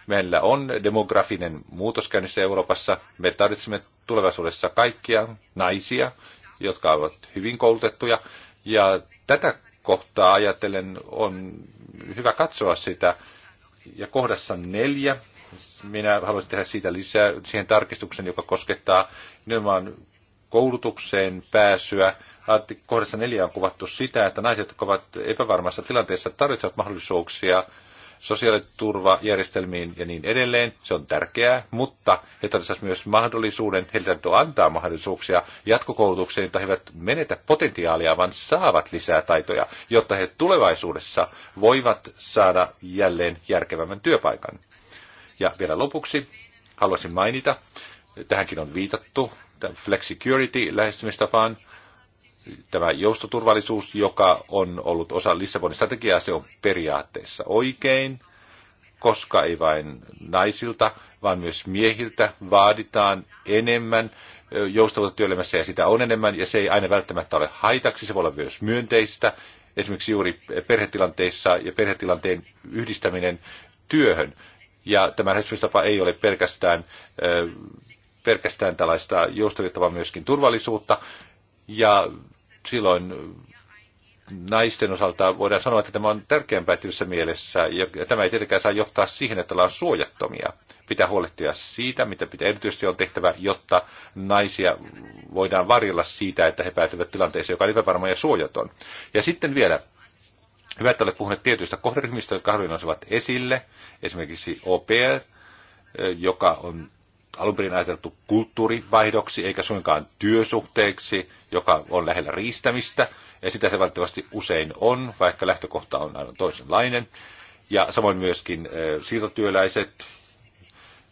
Meillä on demografinen muutos käynnissä Euroopassa. Me tarvitsemme tulevaisuudessa kaikkia naisia, jotka ovat hyvin koulutettuja. Ja tätä kohtaa ajatellen on hyvä katsoa sitä. Ja kohdassa neljä minä haluaisin tehdä siitä lisää siihen tarkistuksen, joka koskettaa nimenomaan koulutukseen pääsyä. Kohdassa neljä on kuvattu sitä, että naiset, jotka ovat epävarmassa tilanteessa, tarvitsevat mahdollisuuksia sosiaaliturvajärjestelmiin ja niin edelleen. Se on tärkeää, mutta he tarvitsevat myös mahdollisuuden, heiltä täytyy antaa mahdollisuuksia jatkokoulutukseen, jotta he eivät menetä potentiaalia, vaan saavat lisää taitoja, jotta he tulevaisuudessa voivat saada jälleen järkevämmän työpaikan. Ja vielä lopuksi haluaisin mainita, tähänkin on viitattu, flexicurity lähestymistapaan, tämä joustoturvallisuus, joka on ollut osa Lissabonin strategiaa, se on periaatteessa oikein, koska ei vain naisilta, vaan myös miehiltä vaaditaan enemmän joustavuutta työelämässä ja sitä on enemmän ja se ei aina välttämättä ole haitaksi, se voi olla myös myönteistä. Esimerkiksi juuri perhetilanteissa ja perhetilanteen yhdistäminen työhön. Ja tämä lähestymistapa ei ole pelkästään, pelkästään tällaista joustavuutta, myöskin turvallisuutta. Ja silloin naisten osalta voidaan sanoa, että tämä on tärkeämpää tietyssä mielessä, ja tämä ei tietenkään saa johtaa siihen, että ollaan suojattomia. Pitää huolehtia siitä, mitä pitää erityisesti on tehtävä, jotta naisia voidaan varjella siitä, että he päätyvät tilanteeseen, joka on epävarma ja suojaton. Ja sitten vielä Hyvä, että olet puhunut tietyistä kohderyhmistä, jotka harvoin nousevat esille, esimerkiksi OPR, joka on alun perin ajateltu kulttuurivaihdoksi eikä suinkaan työsuhteeksi, joka on lähellä riistämistä, ja sitä se valitettavasti usein on, vaikka lähtökohta on aivan toisenlainen. Ja samoin myöskin siirtotyöläiset,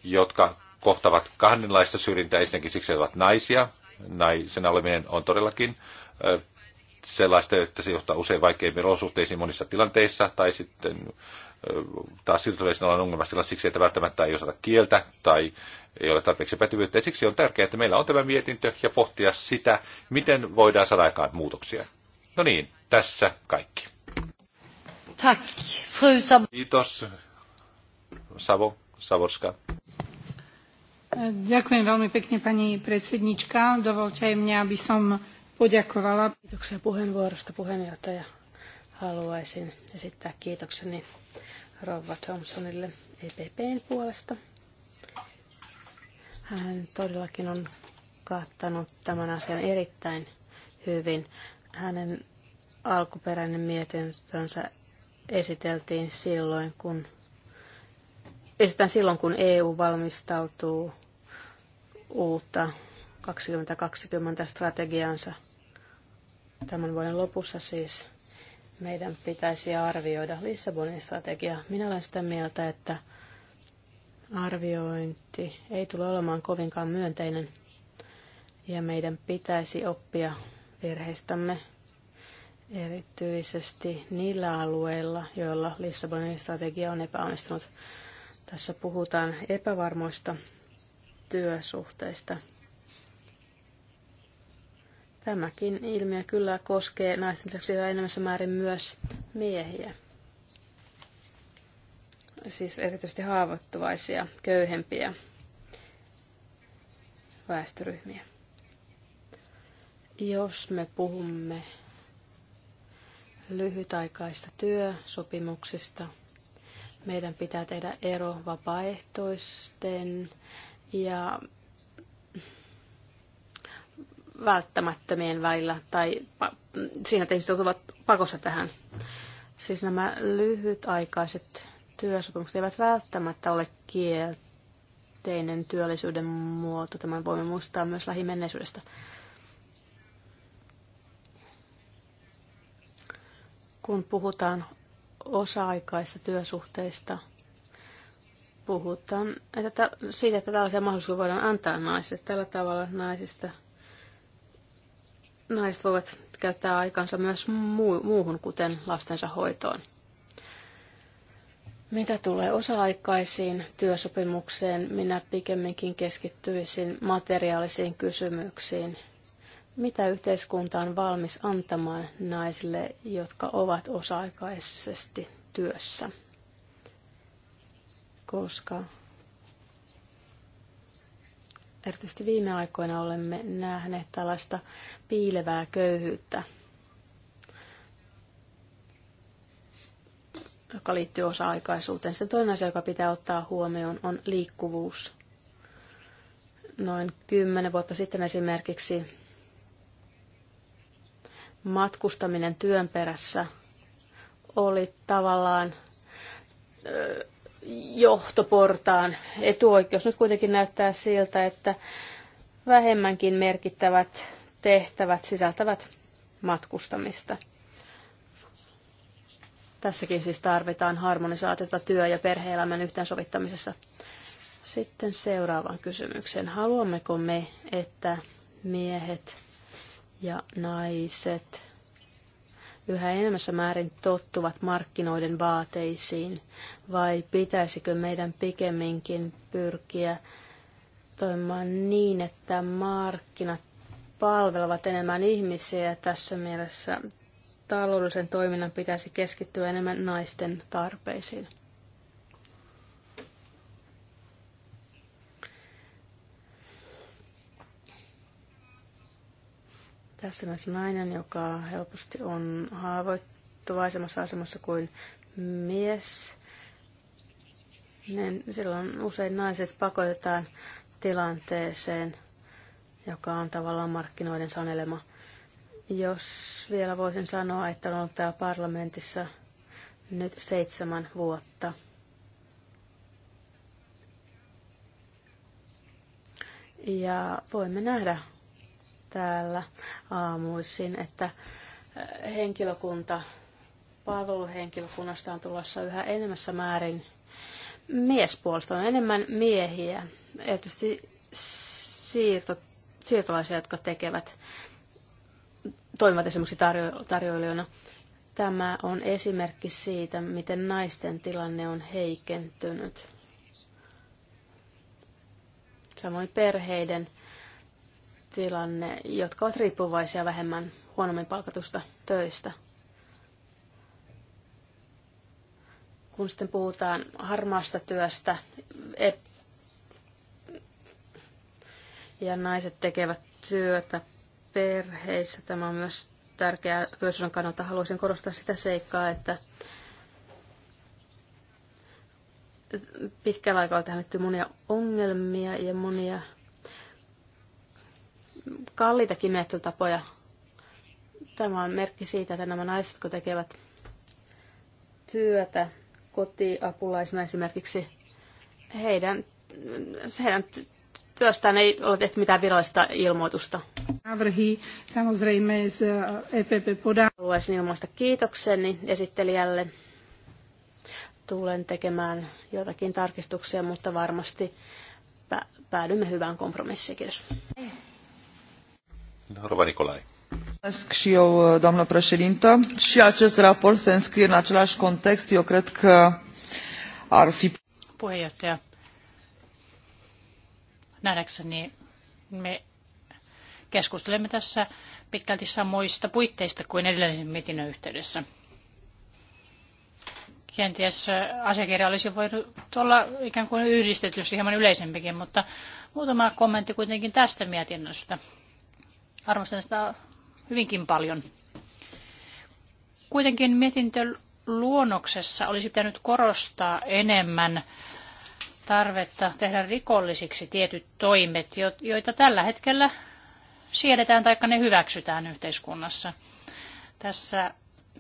jotka kohtavat kahdenlaista syrjintää, ensinnäkin siksi, että ovat naisia. Naisena oleminen on todellakin sellaista, että se johtaa usein vaikeimpiin olosuhteisiin monissa tilanteissa, tai sitten taas siirtolaisilla on ongelma siksi, että välttämättä ei osata kieltä tai ei ole tarpeeksi pätevyyttä. siksi on tärkeää, että meillä on tämä mietintö ja pohtia sitä, miten voidaan saada aikaan muutoksia. No niin, tässä kaikki. Tack, fru Sab- Kiitos, Savo, Savorska. Ďakujem veľmi pekne, pani predsednička. Dovolte aj mňa, aby som Podjakovala. Kiitoksia puheenvuorosta puheenjohtaja. Haluaisin esittää kiitokseni Rova Thompsonille EPPn puolesta. Hän todellakin on kattanut tämän asian erittäin hyvin. Hänen alkuperäinen mietintönsä esiteltiin silloin, kun esitän silloin, kun EU valmistautuu uutta 2020 strategiansa – Tämän vuoden lopussa siis meidän pitäisi arvioida Lissabonin strategia. Minä olen sitä mieltä, että arviointi ei tule olemaan kovinkaan myönteinen ja meidän pitäisi oppia virheistämme erityisesti niillä alueilla, joilla Lissabonin strategia on epäonnistunut. Tässä puhutaan epävarmoista työsuhteista – Tämäkin ilmiö kyllä koskee naisten lisäksi yhä enemmässä määrin myös miehiä. Siis erityisesti haavoittuvaisia, köyhempiä väestöryhmiä. Jos me puhumme lyhytaikaista työsopimuksista, meidän pitää tehdä ero vapaaehtoisten ja välttämättömien välillä, tai siinä, että ihmiset joutuvat pakossa tähän. Siis nämä lyhytaikaiset työsopimukset eivät välttämättä ole kielteinen työllisyyden muoto. Tämän voimme muistaa myös lähimenneisyydestä. Kun puhutaan osa-aikaista työsuhteista, puhutaan että siitä, että tällaisia mahdollisuuksia voidaan antaa naisille. Tällä tavalla naisista – naiset voivat käyttää aikansa myös muuhun, kuten lastensa hoitoon. Mitä tulee osa-aikaisiin työsopimukseen, minä pikemminkin keskittyisin materiaalisiin kysymyksiin. Mitä yhteiskunta on valmis antamaan naisille, jotka ovat osa-aikaisesti työssä? Koska erityisesti viime aikoina olemme nähneet tällaista piilevää köyhyyttä, joka liittyy osa-aikaisuuteen. Sitten toinen asia, joka pitää ottaa huomioon, on liikkuvuus. Noin kymmenen vuotta sitten esimerkiksi matkustaminen työn perässä oli tavallaan johtoportaan etuoikeus. Nyt kuitenkin näyttää siltä, että vähemmänkin merkittävät tehtävät sisältävät matkustamista. Tässäkin siis tarvitaan harmonisaatiota työ- ja perhe-elämän yhteensovittamisessa. Sitten seuraavan kysymyksen. Haluammeko me, että miehet ja naiset yhä enemmässä määrin tottuvat markkinoiden vaateisiin, vai pitäisikö meidän pikemminkin pyrkiä toimimaan niin, että markkinat palvelevat enemmän ihmisiä tässä mielessä taloudellisen toiminnan pitäisi keskittyä enemmän naisten tarpeisiin. Tässä myös nainen, joka helposti on haavoittuvaisemmassa asemassa kuin mies. Niin silloin usein naiset pakotetaan tilanteeseen, joka on tavallaan markkinoiden sanelema. Jos vielä voisin sanoa, että olen ollut täällä parlamentissa nyt seitsemän vuotta. Ja voimme nähdä, täällä aamuisin, että eh, henkilökunta, palveluhenkilökunnasta on tulossa yhä enemmässä määrin miespuolista, on enemmän miehiä, erityisesti siirto, siirtolaisia, jotka tekevät, toimivat esimerkiksi tarjo, tarjoilijoina. Tämä on esimerkki siitä, miten naisten tilanne on heikentynyt. Samoin perheiden tilanne, jotka ovat riippuvaisia vähemmän huonommin palkatusta töistä. Kun sitten puhutaan harmaasta työstä ja naiset tekevät työtä perheissä, tämä on myös tärkeää työllisyyden kannalta. Haluaisin korostaa sitä seikkaa, että pitkällä aikaa on tähän monia ongelmia ja monia kalliitakin menettelytapoja. Tämä on merkki siitä, että nämä naiset, kun tekevät työtä kotiapulaisina esimerkiksi, heidän, heidän työstään ei ole tehty mitään virallista ilmoitusta. Eh, e Haluaisin ilmaista kiitokseni esittelijälle. Tulen tekemään jotakin tarkistuksia, mutta varmasti päädymme hyvään kompromissiin. Kiitos. Rova Nicolai. Mulțumesc și eu, doamnă președintă. Și acest raport se înscrie în același context. Eu cred că ar fi... Puheenjohtaja, nähdäkseni me keskustelemme tässä pitkälti samoista puitteista kuin edellisen mietinnön yhteydessä. Kenties asiakirja olisi voinut olla ikään kuin yhdistetty hieman yleisempikin, mutta muutama kommentti kuitenkin tästä mietinnöstä. Arvostan sitä hyvinkin paljon. Kuitenkin mietintöluonnoksessa olisi pitänyt korostaa enemmän tarvetta tehdä rikollisiksi tietyt toimet, joita tällä hetkellä siedetään tai ne hyväksytään yhteiskunnassa. Tässä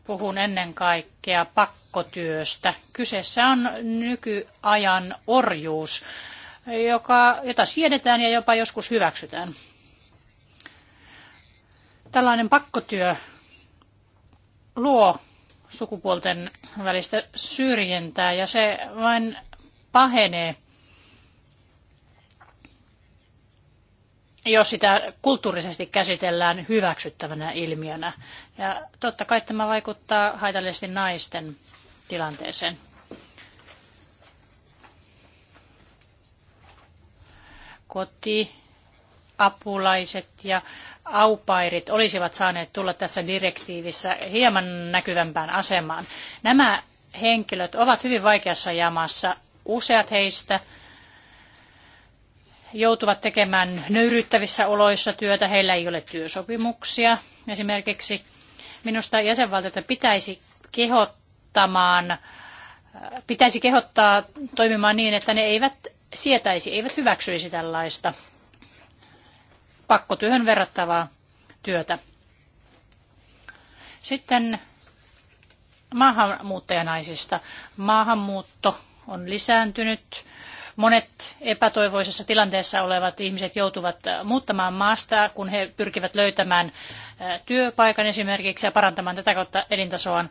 puhun ennen kaikkea pakkotyöstä. Kyseessä on nykyajan orjuus, joka, jota siedetään ja jopa joskus hyväksytään. Tällainen pakkotyö luo sukupuolten välistä syrjintää ja se vain pahenee, jos sitä kulttuurisesti käsitellään hyväksyttävänä ilmiönä. Ja totta kai tämä vaikuttaa haitallisesti naisten tilanteeseen. Koti apulaiset ja aupairit olisivat saaneet tulla tässä direktiivissä hieman näkyvämpään asemaan. Nämä henkilöt ovat hyvin vaikeassa jamassa. Useat heistä joutuvat tekemään nöyryyttävissä oloissa työtä, heillä ei ole työsopimuksia esimerkiksi. Minusta jäsenvaltioita pitäisi kehottamaan, pitäisi kehottaa toimimaan niin, että ne eivät sietäisi, eivät hyväksyisi tällaista pakkotyöhön verrattavaa työtä. Sitten maahanmuuttajanaisista. Maahanmuutto on lisääntynyt. Monet epätoivoisessa tilanteessa olevat ihmiset joutuvat muuttamaan maasta, kun he pyrkivät löytämään työpaikan esimerkiksi ja parantamaan tätä kautta elintasoaan.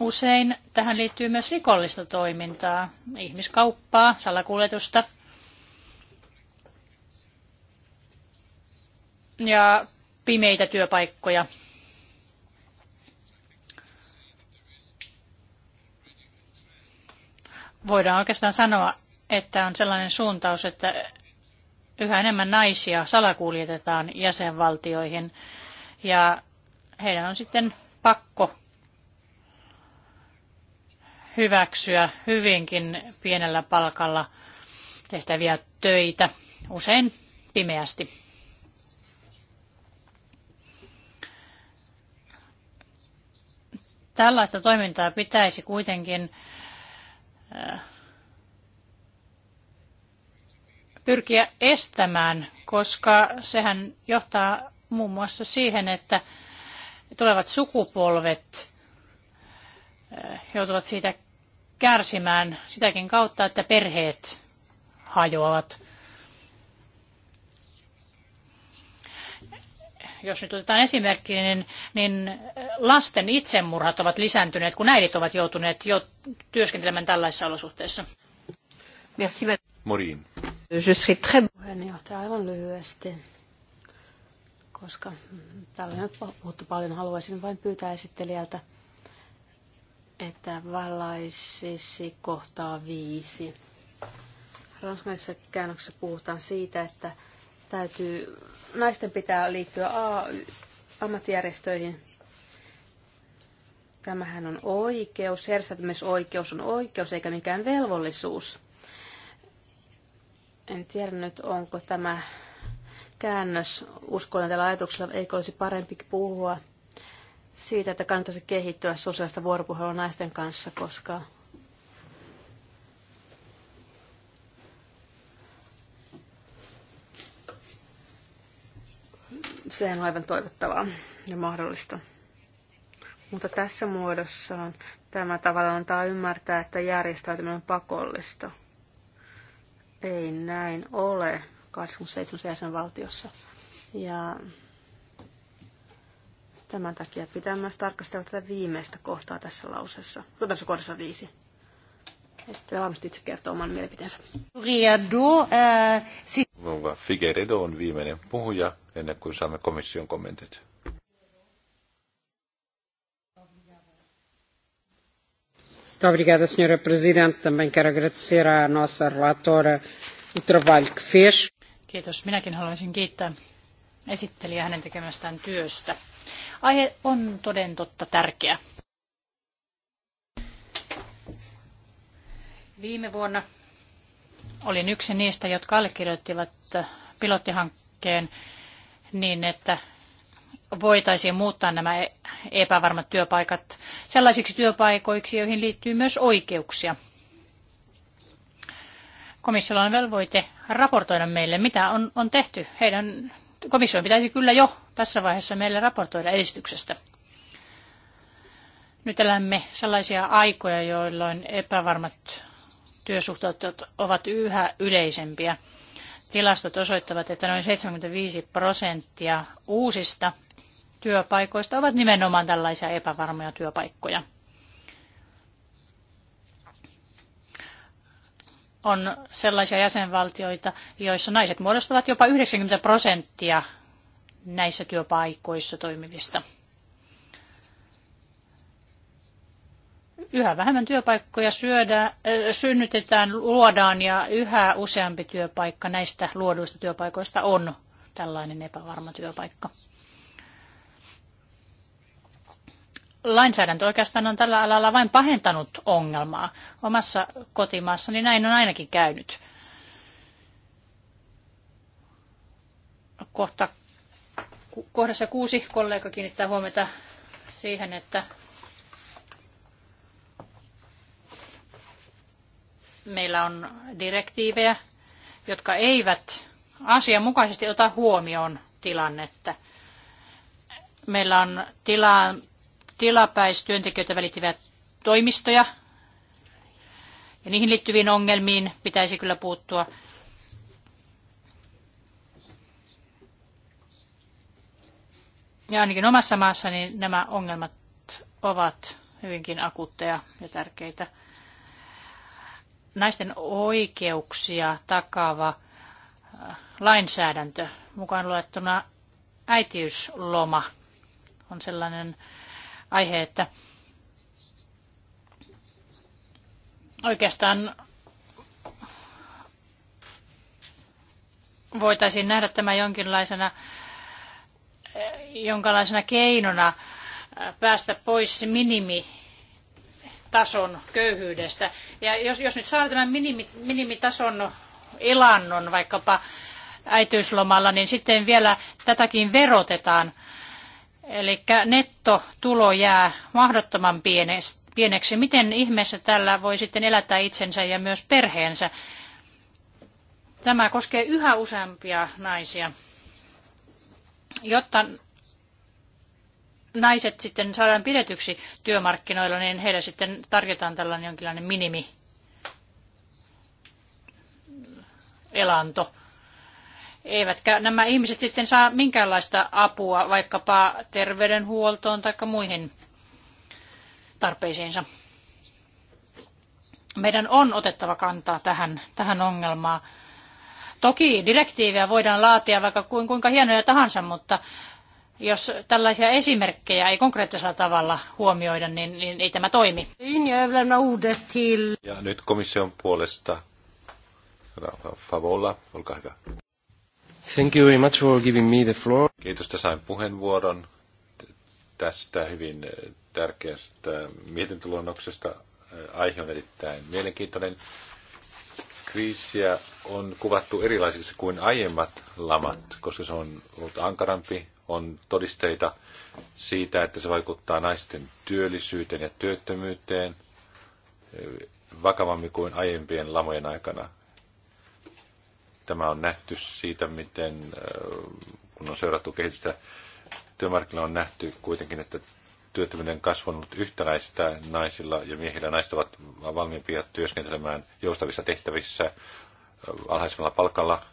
Usein tähän liittyy myös rikollista toimintaa, ihmiskauppaa, salakuljetusta. Ja pimeitä työpaikkoja. Voidaan oikeastaan sanoa, että on sellainen suuntaus, että yhä enemmän naisia salakuljetetaan jäsenvaltioihin ja heidän on sitten pakko hyväksyä hyvinkin pienellä palkalla tehtäviä töitä, usein pimeästi. Tällaista toimintaa pitäisi kuitenkin äh, pyrkiä estämään, koska sehän johtaa muun muassa siihen, että tulevat sukupolvet äh, joutuvat siitä kärsimään sitäkin kautta, että perheet hajoavat. Jos nyt otetaan esimerkki, niin, niin lasten itsemurhat ovat lisääntyneet, kun äidit ovat joutuneet jo työskentelemään tällaisissa olosuhteissa. Merci, Morin. Je serai très... Puheenjohtaja, aivan lyhyesti koska täällä on puhuttu paljon, haluaisin vain pyytää esittelijältä että valaisisi kohtaa viisi. Ranskalaisessa käännöksessä puhutaan siitä, että täytyy, naisten pitää liittyä A, ammattijärjestöihin. Tämähän on oikeus, järjestäytymisoikeus on oikeus eikä mikään velvollisuus. En tiedä nyt, onko tämä käännös uskollinen tällä ajatuksella, eikö olisi parempi puhua siitä, että kannattaisi kehittyä sosiaalista vuoropuhelua naisten kanssa, koska se on aivan toivottavaa ja mahdollista. Mutta tässä muodossa on tämä tavallaan antaa ymmärtää, että järjestäytyminen on pakollista. Ei näin ole 27 jäsenvaltiossa. Ja Tämän takia pitää myös tarkastella tätä viimeistä kohtaa tässä lausessa, no, tässä kohdassa viisi. Ja sitten varmasti itse kertoo oman mielipiteensä. Riedo, äh, Figueredo on viimeinen puhuja ennen kuin saamme komission kommentit. obrigada, Sra. Presidente. Também quero agradecer à nossa relatora o trabalho que fez. Kiitos. Minäkin haluaisin kiittää esittelijä hänen tekemästään työstä. Aihe on toden totta tärkeä. Viime vuonna olin yksi niistä, jotka allekirjoittivat pilottihankkeen niin, että voitaisiin muuttaa nämä epävarmat työpaikat sellaisiksi työpaikoiksi, joihin liittyy myös oikeuksia. Komissiolla on velvoite raportoida meille, mitä on, on tehty heidän komission pitäisi kyllä jo tässä vaiheessa meille raportoida edistyksestä. Nyt elämme sellaisia aikoja, jolloin epävarmat työsuhteet ovat yhä yleisempiä. Tilastot osoittavat, että noin 75 prosenttia uusista työpaikoista ovat nimenomaan tällaisia epävarmoja työpaikkoja. on sellaisia jäsenvaltioita, joissa naiset muodostavat jopa 90 prosenttia näissä työpaikoissa toimivista. Yhä vähemmän työpaikkoja syödään, synnytetään, luodaan ja yhä useampi työpaikka näistä luoduista työpaikoista on tällainen epävarma työpaikka. lainsäädäntö oikeastaan on tällä alalla vain pahentanut ongelmaa. Omassa niin näin on ainakin käynyt. Kohta, kohdassa kuusi kollega kiinnittää huomiota siihen, että meillä on direktiivejä, jotka eivät asianmukaisesti ota huomioon tilannetta. Meillä on tilaa tilapäistyöntekijöitä välittäviä toimistoja. Ja niihin liittyviin ongelmiin pitäisi kyllä puuttua. Ja ainakin omassa maassani niin nämä ongelmat ovat hyvinkin akuutteja ja tärkeitä. Naisten oikeuksia takaava äh, lainsäädäntö, mukaan luettuna äitiysloma, on sellainen aihe, että oikeastaan voitaisiin nähdä tämä jonkinlaisena, jonkinlaisena keinona päästä pois minimi tason köyhyydestä. Ja jos, jos nyt saa tämän minimi, minimitason elannon vaikkapa äitiyslomalla, niin sitten vielä tätäkin verotetaan – Eli nettotulo jää mahdottoman pieneksi. Miten ihmeessä tällä voi sitten elättää itsensä ja myös perheensä? Tämä koskee yhä useampia naisia. Jotta naiset sitten saadaan pidetyksi työmarkkinoilla, niin heille sitten tarjotaan tällainen jonkinlainen minimi elanto. Eivätkä nämä ihmiset sitten saa minkäänlaista apua vaikkapa terveydenhuoltoon tai muihin tarpeisiinsa. Meidän on otettava kantaa tähän, tähän ongelmaan. Toki direktiivejä voidaan laatia vaikka kuinka hienoja tahansa, mutta jos tällaisia esimerkkejä ei konkreettisella tavalla huomioida, niin, niin ei tämä toimi. Ja nyt komission puolesta Favola, olkaa hyvä. Thank you very much for giving me the floor. Kiitos, että sain puheenvuoron tästä hyvin äh, tärkeästä mietintöluonnoksesta. Äh, aihe on erittäin mielenkiintoinen. Kriisiä on kuvattu erilaisiksi kuin aiemmat lamat, koska se on ollut ankarampi, on todisteita siitä, että se vaikuttaa naisten työllisyyteen ja työttömyyteen äh, vakavammin kuin aiempien lamojen aikana. Tämä on nähty siitä, miten äh, kun on seurattu kehitystä työmarkkinoilla on nähty kuitenkin, että työttömyyden kasvanut on yhtäläistä naisilla ja miehillä. Naiset ovat valmiimpia työskentelemään joustavissa tehtävissä äh, alhaisemmalla palkalla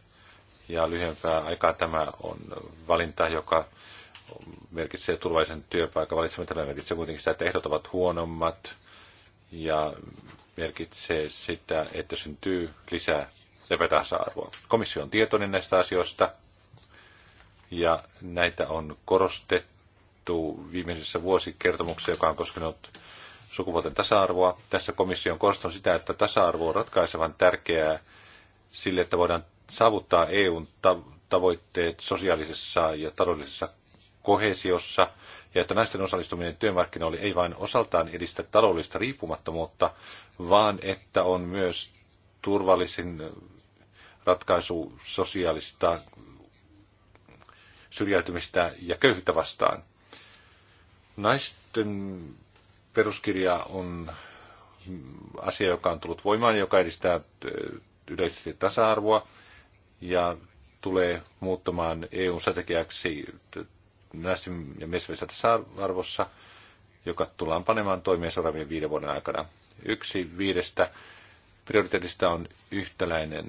ja lyhyempää aikaa tämä on valinta, joka merkitsee turvallisen työpaikan valitseminen. Tämä merkitsee kuitenkin sitä, että ehdot ovat huonommat ja merkitsee sitä, että syntyy lisää epätasa-arvoa. Komissio on tietoinen näistä asioista ja näitä on korostettu viimeisessä vuosikertomuksessa, joka on koskenut sukupuolten tasa-arvoa. Tässä komissio on korostanut sitä, että tasa-arvo on ratkaisevan tärkeää sille, että voidaan saavuttaa EUn tavoitteet sosiaalisessa ja taloudellisessa kohesiossa ja että naisten osallistuminen työmarkkinoille ei vain osaltaan edistä taloudellista riippumattomuutta, vaan että on myös turvallisin ratkaisu sosiaalista syrjäytymistä ja köyhyyttä vastaan. Naisten peruskirja on asia, joka on tullut voimaan, joka edistää äh, yleisesti tasa-arvoa ja tulee muuttamaan EU-strategiaksi äh, naisten ja miesten tasa-arvossa, joka tullaan panemaan toimeen seuraavien viiden vuoden aikana. Yksi viidestä prioriteetista on yhtäläinen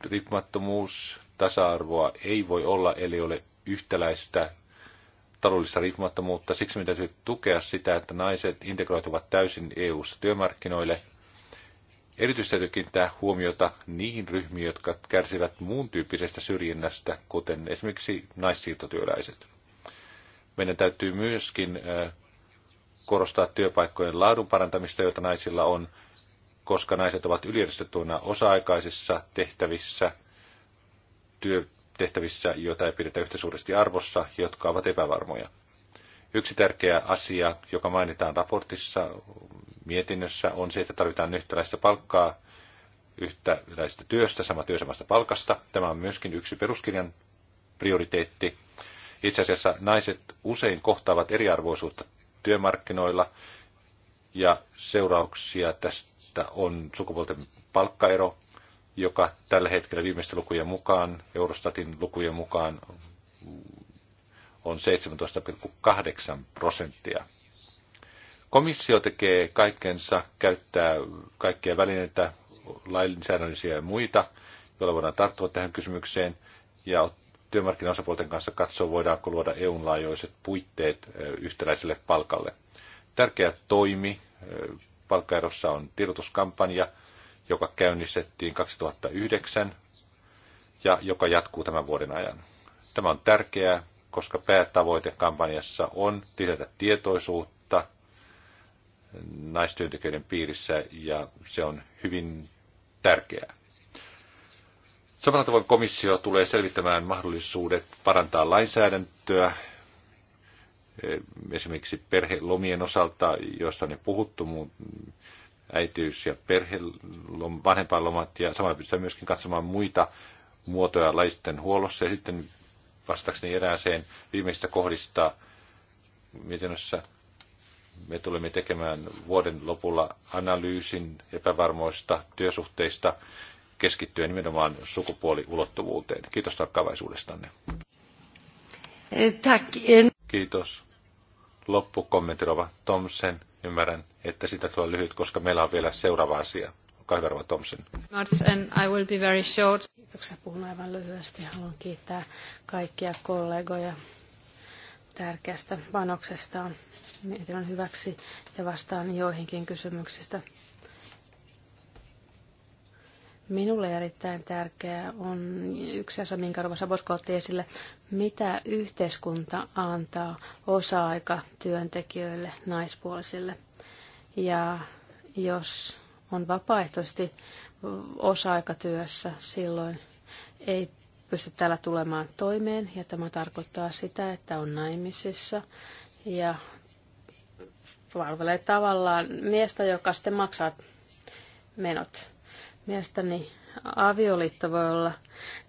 riippumattomuus. Tasa-arvoa ei voi olla, eli ole yhtäläistä taloudellista riippumattomuutta. Siksi meidän täytyy tukea sitä, että naiset integroituvat täysin EU-ssa työmarkkinoille. Erityisesti täytyy kiinnittää huomiota niihin ryhmiin, jotka kärsivät muun tyyppisestä syrjinnästä, kuten esimerkiksi naissiirtotyöläiset. Meidän täytyy myöskin äh, korostaa työpaikkojen laadun parantamista, joita naisilla on, koska naiset ovat yliedustettuina osa-aikaisissa tehtävissä, työtehtävissä, joita ei pidetä yhtä suuresti arvossa, jotka ovat epävarmoja. Yksi tärkeä asia, joka mainitaan raportissa, mietinnössä, on se, että tarvitaan yhtäläistä palkkaa yhtäläisestä työstä, sama työ samasta palkasta. Tämä on myöskin yksi peruskirjan prioriteetti. Itse asiassa naiset usein kohtaavat eriarvoisuutta työmarkkinoilla ja seurauksia tästä että on sukupuolten palkkaero, joka tällä hetkellä viimeisten lukujen mukaan, Eurostatin lukujen mukaan, on 17,8 prosenttia. Komissio tekee kaikkensa, käyttää kaikkia välineitä, lainsäädännöllisiä ja muita, joilla voidaan tarttua tähän kysymykseen ja työmarkkinaosapuolten kanssa katsoa, voidaanko luoda EUn laajoiset puitteet yhtäläiselle palkalle. Tärkeä toimi Valkaerossa on tiedotuskampanja, joka käynnistettiin 2009 ja joka jatkuu tämän vuoden ajan. Tämä on tärkeää, koska päätavoite kampanjassa on lisätä tietoisuutta naistyöntekijöiden piirissä ja se on hyvin tärkeää. Samalla tavoin komissio tulee selvittämään mahdollisuudet parantaa lainsäädäntöä Eh, esimerkiksi perhelomien osalta, joista on jo puhuttu, äitiys- ja perhelom, vanhempainlomat, ja samalla pystytään myöskin katsomaan muita muotoja laisten huollossa. Ja sitten vastaakseni erääseen viimeistä kohdista mietinnössä me tulemme tekemään vuoden lopulla analyysin epävarmoista työsuhteista keskittyen nimenomaan sukupuoliulottuvuuteen. Kiitos tarkkaavaisuudestanne. Eh, tack. Kiitos loppukommentti Rova Thompson. Ymmärrän, että sitä tulee lyhyt, koska meillä on vielä seuraava asia. Olkaa hyvä, Rova Thompson. I will be very short. Kiitoksia. Puhun aivan lyhyesti. Haluan kiittää kaikkia kollegoja tärkeästä panoksestaan mietinnön hyväksi ja vastaan joihinkin kysymyksistä. Minulle erittäin tärkeää on yksi asia, minkä Rova Sabosko otti esille, mitä yhteiskunta antaa osa-aika työntekijöille, naispuolisille. Ja jos on vapaaehtoisesti osa-aikatyössä, silloin ei pysty täällä tulemaan toimeen, ja tämä tarkoittaa sitä, että on naimisissa ja palvelee tavallaan miestä, joka sitten maksaa menot. Mielestäni avioliitto voi olla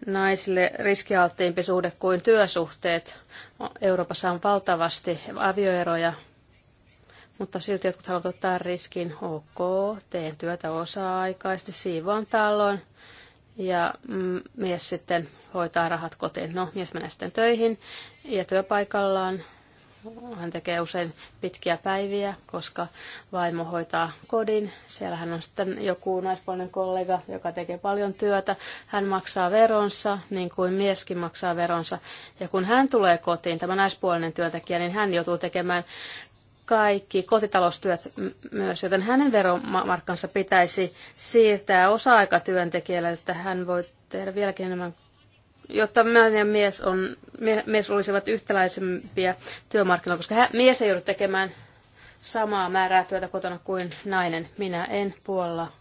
naisille riskialttiimpi suhde kuin työsuhteet. Euroopassa on valtavasti avioeroja, mutta silti jotkut haluavat ottaa riskin. Ok, teen työtä osa-aikaisesti, siivoan talon ja mm, mies sitten hoitaa rahat kotiin. No, mies menee sitten töihin ja työpaikallaan hän tekee usein pitkiä päiviä, koska vaimo hoitaa kodin. Siellähän on sitten joku naispuolinen kollega, joka tekee paljon työtä. Hän maksaa veronsa, niin kuin mieskin maksaa veronsa. Ja kun hän tulee kotiin, tämä naispuolinen työntekijä, niin hän joutuu tekemään kaikki kotitaloustyöt myös, joten hänen veromarkkansa pitäisi siirtää osa-aikatyöntekijälle, että hän voi tehdä vieläkin enemmän jotta nainen ja mies, on, mies olisivat yhtäläisempiä työmarkkinoilla, koska hän, mies ei joudu tekemään samaa määrää työtä kotona kuin nainen. Minä en puolla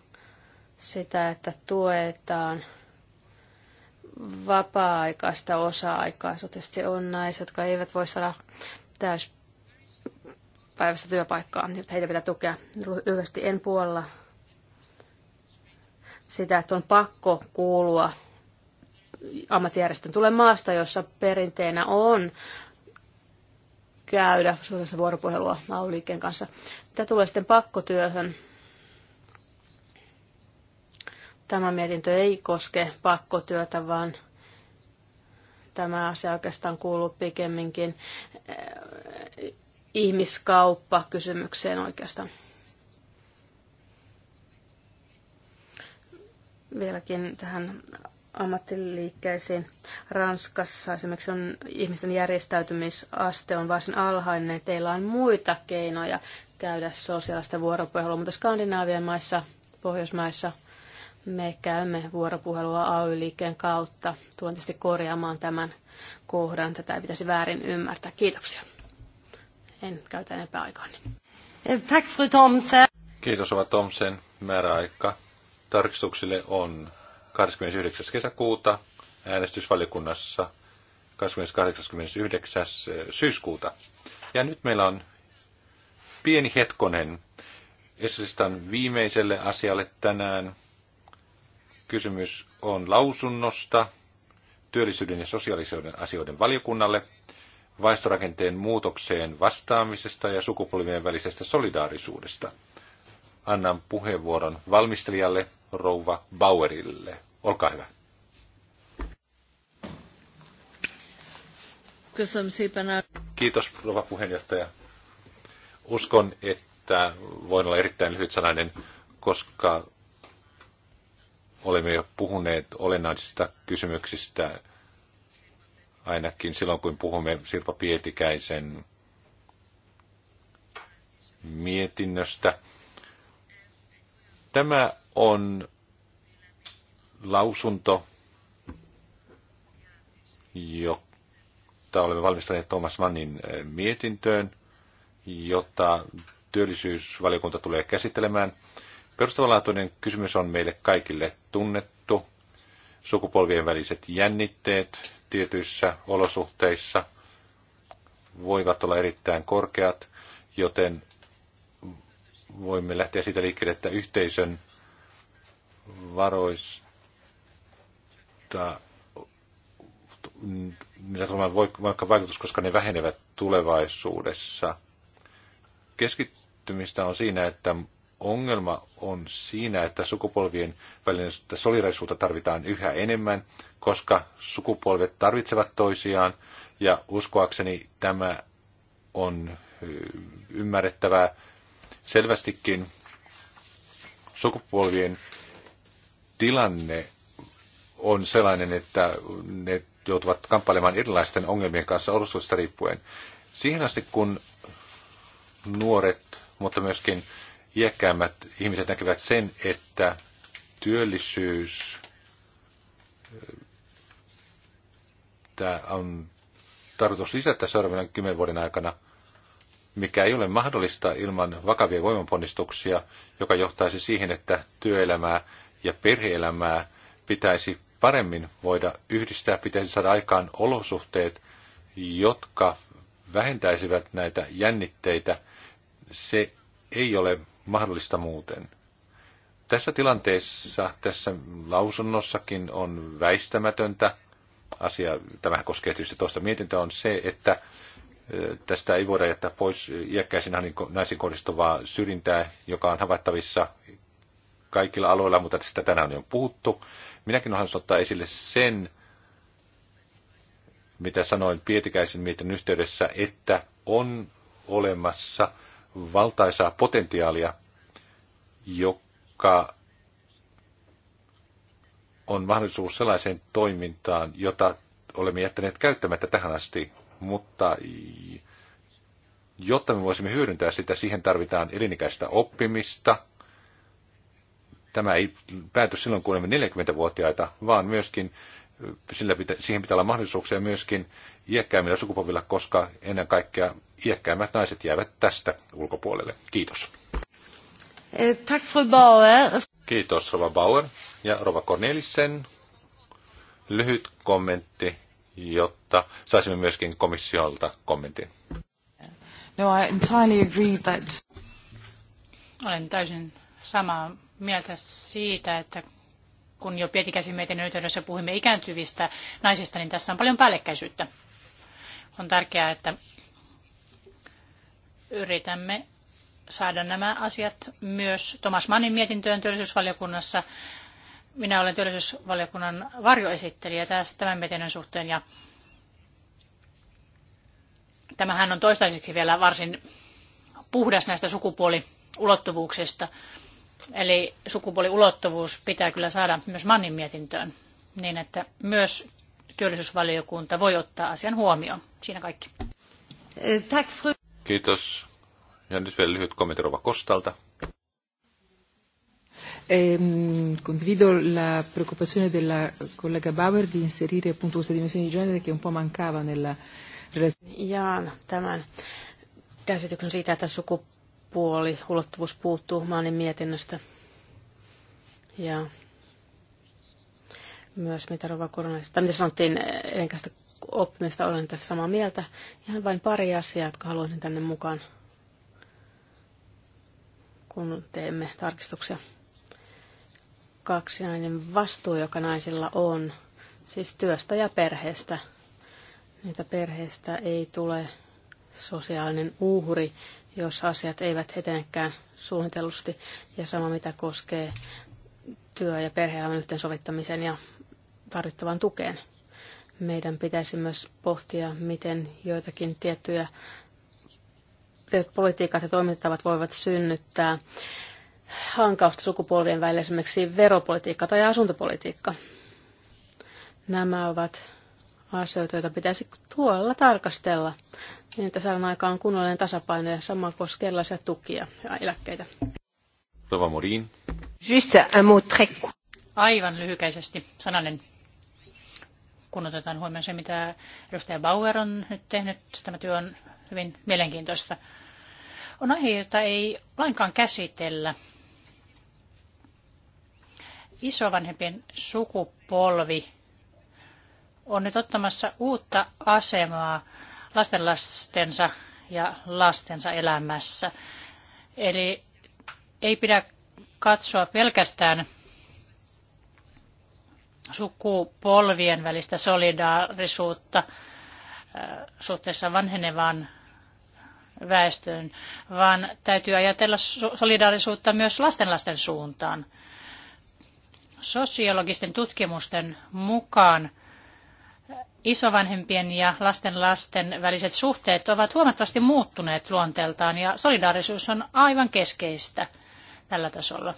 sitä, että tuetaan vapaa-aikaista osa-aikaisuutta. Tietysti on naiset, jotka eivät voi saada täyspäiväistä työpaikkaa, niin heitä pitää tukea. Lyhyesti en puolla sitä, että on pakko kuulua ammattijärjestön. Tulee maasta, jossa perinteenä on käydä suorassa vuoropuhelua AY-liikkeen kanssa. Mitä tulee sitten pakkotyöhön? Tämä mietintö ei koske pakkotyötä, vaan tämä asia oikeastaan kuuluu pikemminkin eh, ihmiskauppa-kysymykseen oikeastaan. Vieläkin tähän ammattiliikkeisiin. Ranskassa esimerkiksi on, ihmisten järjestäytymisaste on varsin alhainen, että teillä on muita keinoja käydä sosiaalista vuoropuhelua, mutta Skandinaavien maissa, Pohjoismaissa me käymme vuoropuhelua AY-liikkeen kautta. Tulen tietysti korjaamaan tämän kohdan. Tätä ei pitäisi väärin ymmärtää. Kiitoksia. En käytä enempää aikaa. Kiitos Ova Tomsen Määräaika tarkistuksille on 29. kesäkuuta, äänestysvaliokunnassa 28. Eh, syyskuuta. Ja nyt meillä on pieni hetkonen Esitän viimeiselle asialle tänään. Kysymys on lausunnosta työllisyyden ja sosiaalisuuden asioiden valiokunnalle, vaistorakenteen muutokseen vastaamisesta ja sukupolvien välisestä solidaarisuudesta. Annan puheenvuoron valmistelijalle rouva Bauerille. Olkaa hyvä. Kiitos, rouva puheenjohtaja. Uskon, että voin olla erittäin lyhytsanainen, koska olemme jo puhuneet olennaisista kysymyksistä, ainakin silloin, kun puhumme Sirpa Pietikäisen mietinnöstä. Tämä on lausunto, jotta olemme valmistaneet Thomas Mannin eh, mietintöön, jotta työllisyysvaliokunta tulee käsittelemään. Perustavanlaatuinen kysymys on meille kaikille tunnettu. Sukupolvien väliset jännitteet tietyissä olosuhteissa voivat olla erittäin korkeat, joten voimme lähteä siitä liikkeelle, että yhteisön varoista mutta niillä tulee vaikka vaikutus, koska ne vähenevät tulevaisuudessa. Keskittymistä on siinä, että ongelma on siinä, että sukupolvien välinen solidaisuutta tarvitaan yhä enemmän, koska sukupolvet tarvitsevat toisiaan, ja uskoakseni tämä on ymmärrettävää selvästikin sukupolvien tilanne on sellainen, että ne joutuvat kamppailemaan erilaisten ongelmien kanssa olosuhteista riippuen. Siihen asti, kun nuoret, mutta myöskin iäkkäämmät ihmiset näkevät sen, että työllisyys tämä on tarkoitus lisätä seuraavan kymmenen vuoden aikana, mikä ei ole mahdollista ilman vakavia voimanponnistuksia, joka johtaisi siihen, että työelämää ja perheelämää pitäisi paremmin voida yhdistää, pitäisi saada aikaan olosuhteet, jotka vähentäisivät näitä jännitteitä. Se ei ole mahdollista muuten. Tässä tilanteessa, tässä lausunnossakin on väistämätöntä, asia, tämä koskee tietysti toista mietintöä, on se, että tästä ei voida jättää pois iäkkäisiin naisiin kohdistuvaa syrjintää, joka on havaittavissa kaikilla aloilla, mutta tästä tänään on jo puhuttu. Minäkin haluaisin ottaa esille sen, mitä sanoin Pietikäisen mietin yhteydessä, että on olemassa valtaisaa potentiaalia, joka on mahdollisuus sellaiseen toimintaan, jota olemme jättäneet käyttämättä tähän asti, mutta jotta me voisimme hyödyntää sitä, siihen tarvitaan elinikäistä oppimista – tämä ei pääty silloin, kun olemme 40-vuotiaita, vaan myöskin sillä pitä, siihen pitää olla mahdollisuuksia myöskin iäkkäimmillä sukupolvilla, koska ennen kaikkea iäkkäimmät naiset jäävät tästä ulkopuolelle. Kiitos. Eh, Tack Bauer. Kiitos Rova Bauer ja Rova Cornelissen. Lyhyt kommentti, jotta saisimme myöskin komissiolta kommentin. No, I entirely agree that... Olen täysin samaa mieltä siitä, että kun jo pietikäisimeiden yhteydessä puhumme ikääntyvistä naisista, niin tässä on paljon päällekkäisyyttä. On tärkeää, että yritämme saada nämä asiat myös Thomas Mannin mietintöön työllisyysvaliokunnassa. Minä olen työllisyysvaliokunnan varjoesittelijä tässä tämän mietinnön suhteen ja tämähän on toistaiseksi vielä varsin puhdas näistä sukupuoliulottuvuuksista. ulottuvuuksista Eli sukupuoliulottuvuus pitää kyllä saada myös Mannin mietintöön, niin että myös työllisyysvaliokunta voi ottaa asian huomioon. Siinä kaikki. Kiitos. Ja nyt vielä lyhyt kommentti Rova Kostalta. Ehm, condivido la preoccupazione della collega Bauer di inserire appunto questa dimensione di genere che un po' mancava nella relazione. Jaan tämän käsityksen siitä, että sukupuoli puoli, ulottuvuus puuttuu Maanin mietinnöstä. Ja myös mitä Rova Koronais, mitä sanottiin eh, enkästä oppimista, olen tässä samaa mieltä. Ihan vain pari asiaa, jotka haluaisin tänne mukaan, kun teemme tarkistuksia. Kaksinainen vastuu, joka naisilla on, siis työstä ja perheestä. Niitä perheestä ei tule sosiaalinen uhri, jos asiat eivät etenekään suunnitellusti. Ja sama mitä koskee työ- ja perheelämän yhteensovittamisen ja tarvittavan tukeen. Meidän pitäisi myös pohtia, miten joitakin tiettyjä politiikat ja toimintatavat voivat synnyttää hankausta sukupolvien välillä, esimerkiksi veropolitiikka tai asuntopolitiikka. Nämä ovat asioita, joita pitäisi tuolla tarkastella niin että saadaan aikaan kunnollinen tasapaino ja sama koskee erilaisia tukia ja eläkkeitä. Tova Morin. Juste un mot très Aivan lyhykäisesti sananen. Kun otetaan huomioon se, mitä edustaja Bauer on nyt tehnyt, tämä työ on hyvin mielenkiintoista. On aihe, jota ei lainkaan käsitellä. Isovanhempien sukupolvi on nyt ottamassa uutta asemaa lastenlastensa ja lastensa elämässä. Eli ei pidä katsoa pelkästään sukupolvien välistä solidaarisuutta äh, suhteessa vanhenevaan väestöön, vaan täytyy ajatella solidaarisuutta myös lastenlasten suuntaan. Sosiologisten tutkimusten mukaan isovanhempien ja lasten lasten väliset suhteet ovat huomattavasti muuttuneet luonteeltaan ja solidaarisuus on aivan keskeistä tällä tasolla.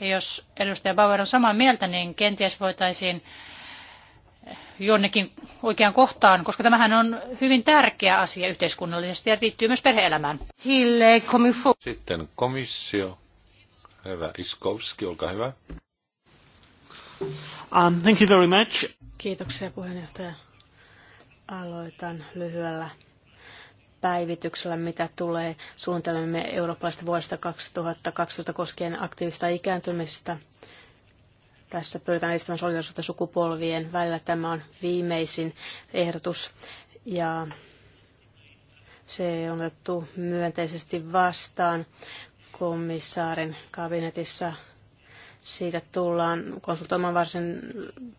Ja jos edustaja Bauer on samaa mieltä, niin kenties voitaisiin jonnekin oikeaan kohtaan, koska tämähän on hyvin tärkeä asia yhteiskunnallisesti ja liittyy myös perheelämään. Sitten komissio. Herra Iskovski, olkaa hyvä. Um, thank you very much. Kiitoksia puheenjohtaja. Aloitan lyhyellä päivityksellä, mitä tulee suunnitelmamme eurooppalaisesta vuodesta 2012 koskien aktiivista ikääntymisestä. Tässä pyritään edistämään solidaisuutta sukupolvien välillä. Tämä on viimeisin ehdotus ja se on otettu myönteisesti vastaan komissaarin kabinetissa siitä tullaan konsultoimaan varsin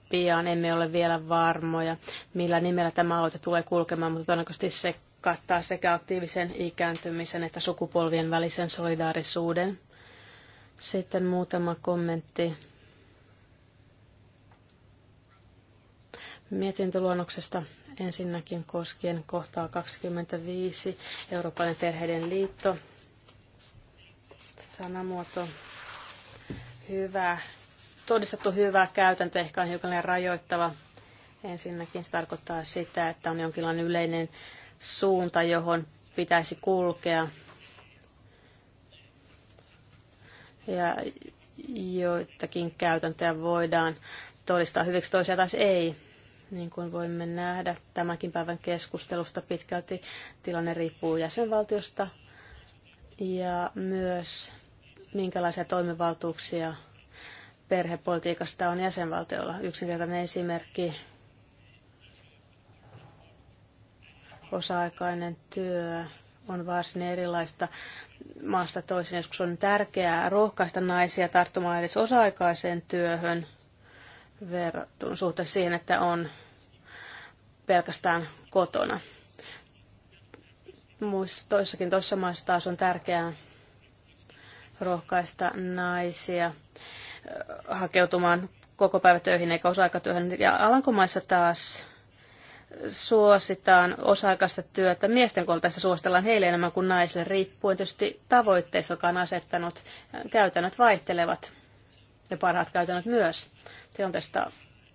pian. Emme ole vielä varmoja, millä nimellä tämä aloite tulee kulkemaan, mutta todennäköisesti se kattaa sekä aktiivisen ikääntymisen että sukupolvien välisen solidaarisuuden. Sitten muutama kommentti mietintöluonnoksesta ensinnäkin koskien kohtaa 25 Euroopan perheiden liitto. Sanamuoto hyvä, todistettu hyvä käytäntö ehkä on hiukan rajoittava. Ensinnäkin se tarkoittaa sitä, että on jonkinlainen yleinen suunta, johon pitäisi kulkea. Ja joitakin käytäntöjä voidaan todistaa hyviksi, toisia taas ei. Niin kuin voimme nähdä tämänkin päivän keskustelusta pitkälti, tilanne riippuu jäsenvaltiosta ja myös minkälaisia toimivaltuuksia perhepolitiikasta on jäsenvaltiolla. Yksinkertainen esimerkki osa-aikainen työ on varsin erilaista maasta toiseen. Joskus on tärkeää rohkaista naisia tarttumaan edes osa-aikaiseen työhön verrattuna suhteessa siihen, että on pelkästään kotona. Muissa toissakin tuossa maassa taas on tärkeää rohkaista naisia hakeutumaan koko päivä töihin eikä osa-aikatyöhön. Ja Alankomaissa taas suositaan osa-aikaista työtä. Miesten koulutusta suositellaan heille enemmän kuin naisille, riippuen tietysti tavoitteista, joka on asettanut. Käytännöt vaihtelevat ja parhaat käytännöt myös tilanteesta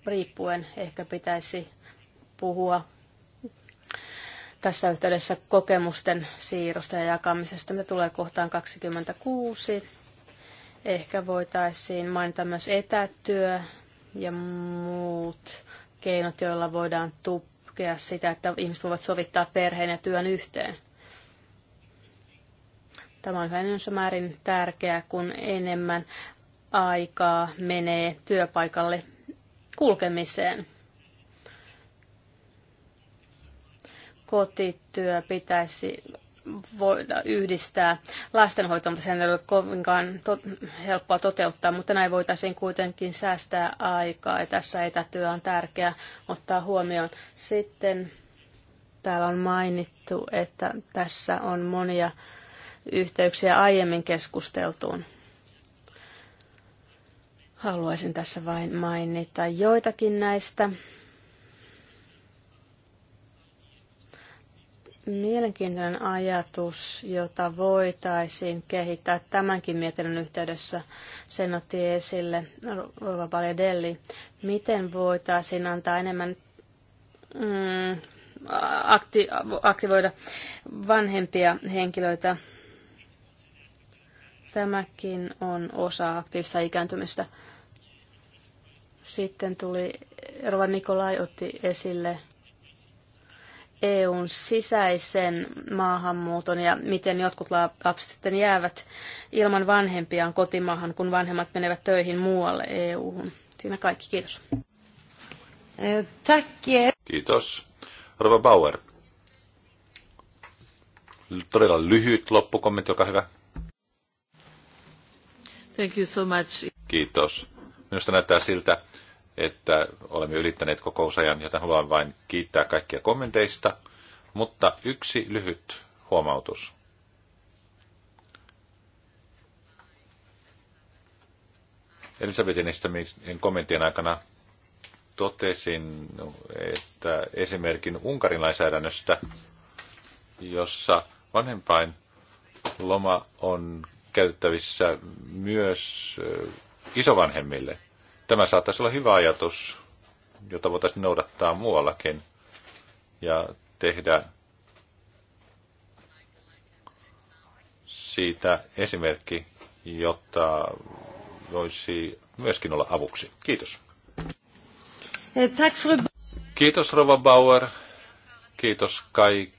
riippuen. Ehkä pitäisi puhua tässä yhteydessä kokemusten siirrosta ja jakamisesta. Me tulee kohtaan 26. Ehkä voitaisiin mainita myös etätyö ja muut keinot, joilla voidaan tukea sitä, että ihmiset voivat sovittaa perheen ja työn yhteen. Tämä on yhä määrin tärkeää, kun enemmän aikaa menee työpaikalle kulkemiseen kotityö pitäisi voida yhdistää lastenhoitoon, mutta sen ei ole kovinkaan to- helppoa toteuttaa, mutta näin voitaisiin kuitenkin säästää aikaa ja tässä etätyö on tärkeää ottaa huomioon. Sitten täällä on mainittu, että tässä on monia yhteyksiä aiemmin keskusteltuun. Haluaisin tässä vain mainita joitakin näistä. mielenkiintoinen ajatus, jota voitaisiin kehittää tämänkin mietinnön yhteydessä. Sen otti esille Rova Paljadelli. Miten voitaisiin antaa enemmän mm, akti, aktivoida vanhempia henkilöitä? Tämäkin on osa aktiivista ikääntymistä. Sitten tuli, Rova Nikolai otti esille EUn sisäisen maahanmuuton ja miten jotkut lapset sitten jäävät ilman vanhempiaan kotimaahan, kun vanhemmat menevät töihin muualle EUhun. Siinä kaikki, kiitos. Eh, eh. Kiitos. Rova Bauer. Todella lyhyt loppukommentti, joka hyvä. Thank you so much. Kiitos. Minusta näyttää siltä, että olemme ylittäneet kokousajan, joten haluan vain kiittää kaikkia kommenteista. Mutta yksi lyhyt huomautus. Elisabetin estämisen kommenttien aikana totesin, että esimerkin Unkarin lainsäädännöstä, jossa vanhempain loma on käyttävissä myös isovanhemmille. Tämä saattaisi olla hyvä ajatus, jota voitaisiin noudattaa muuallakin ja tehdä siitä esimerkki, jotta voisi myöskin olla avuksi. Kiitos. Eh, Kiitos Rova Bauer. Kiitos kaikki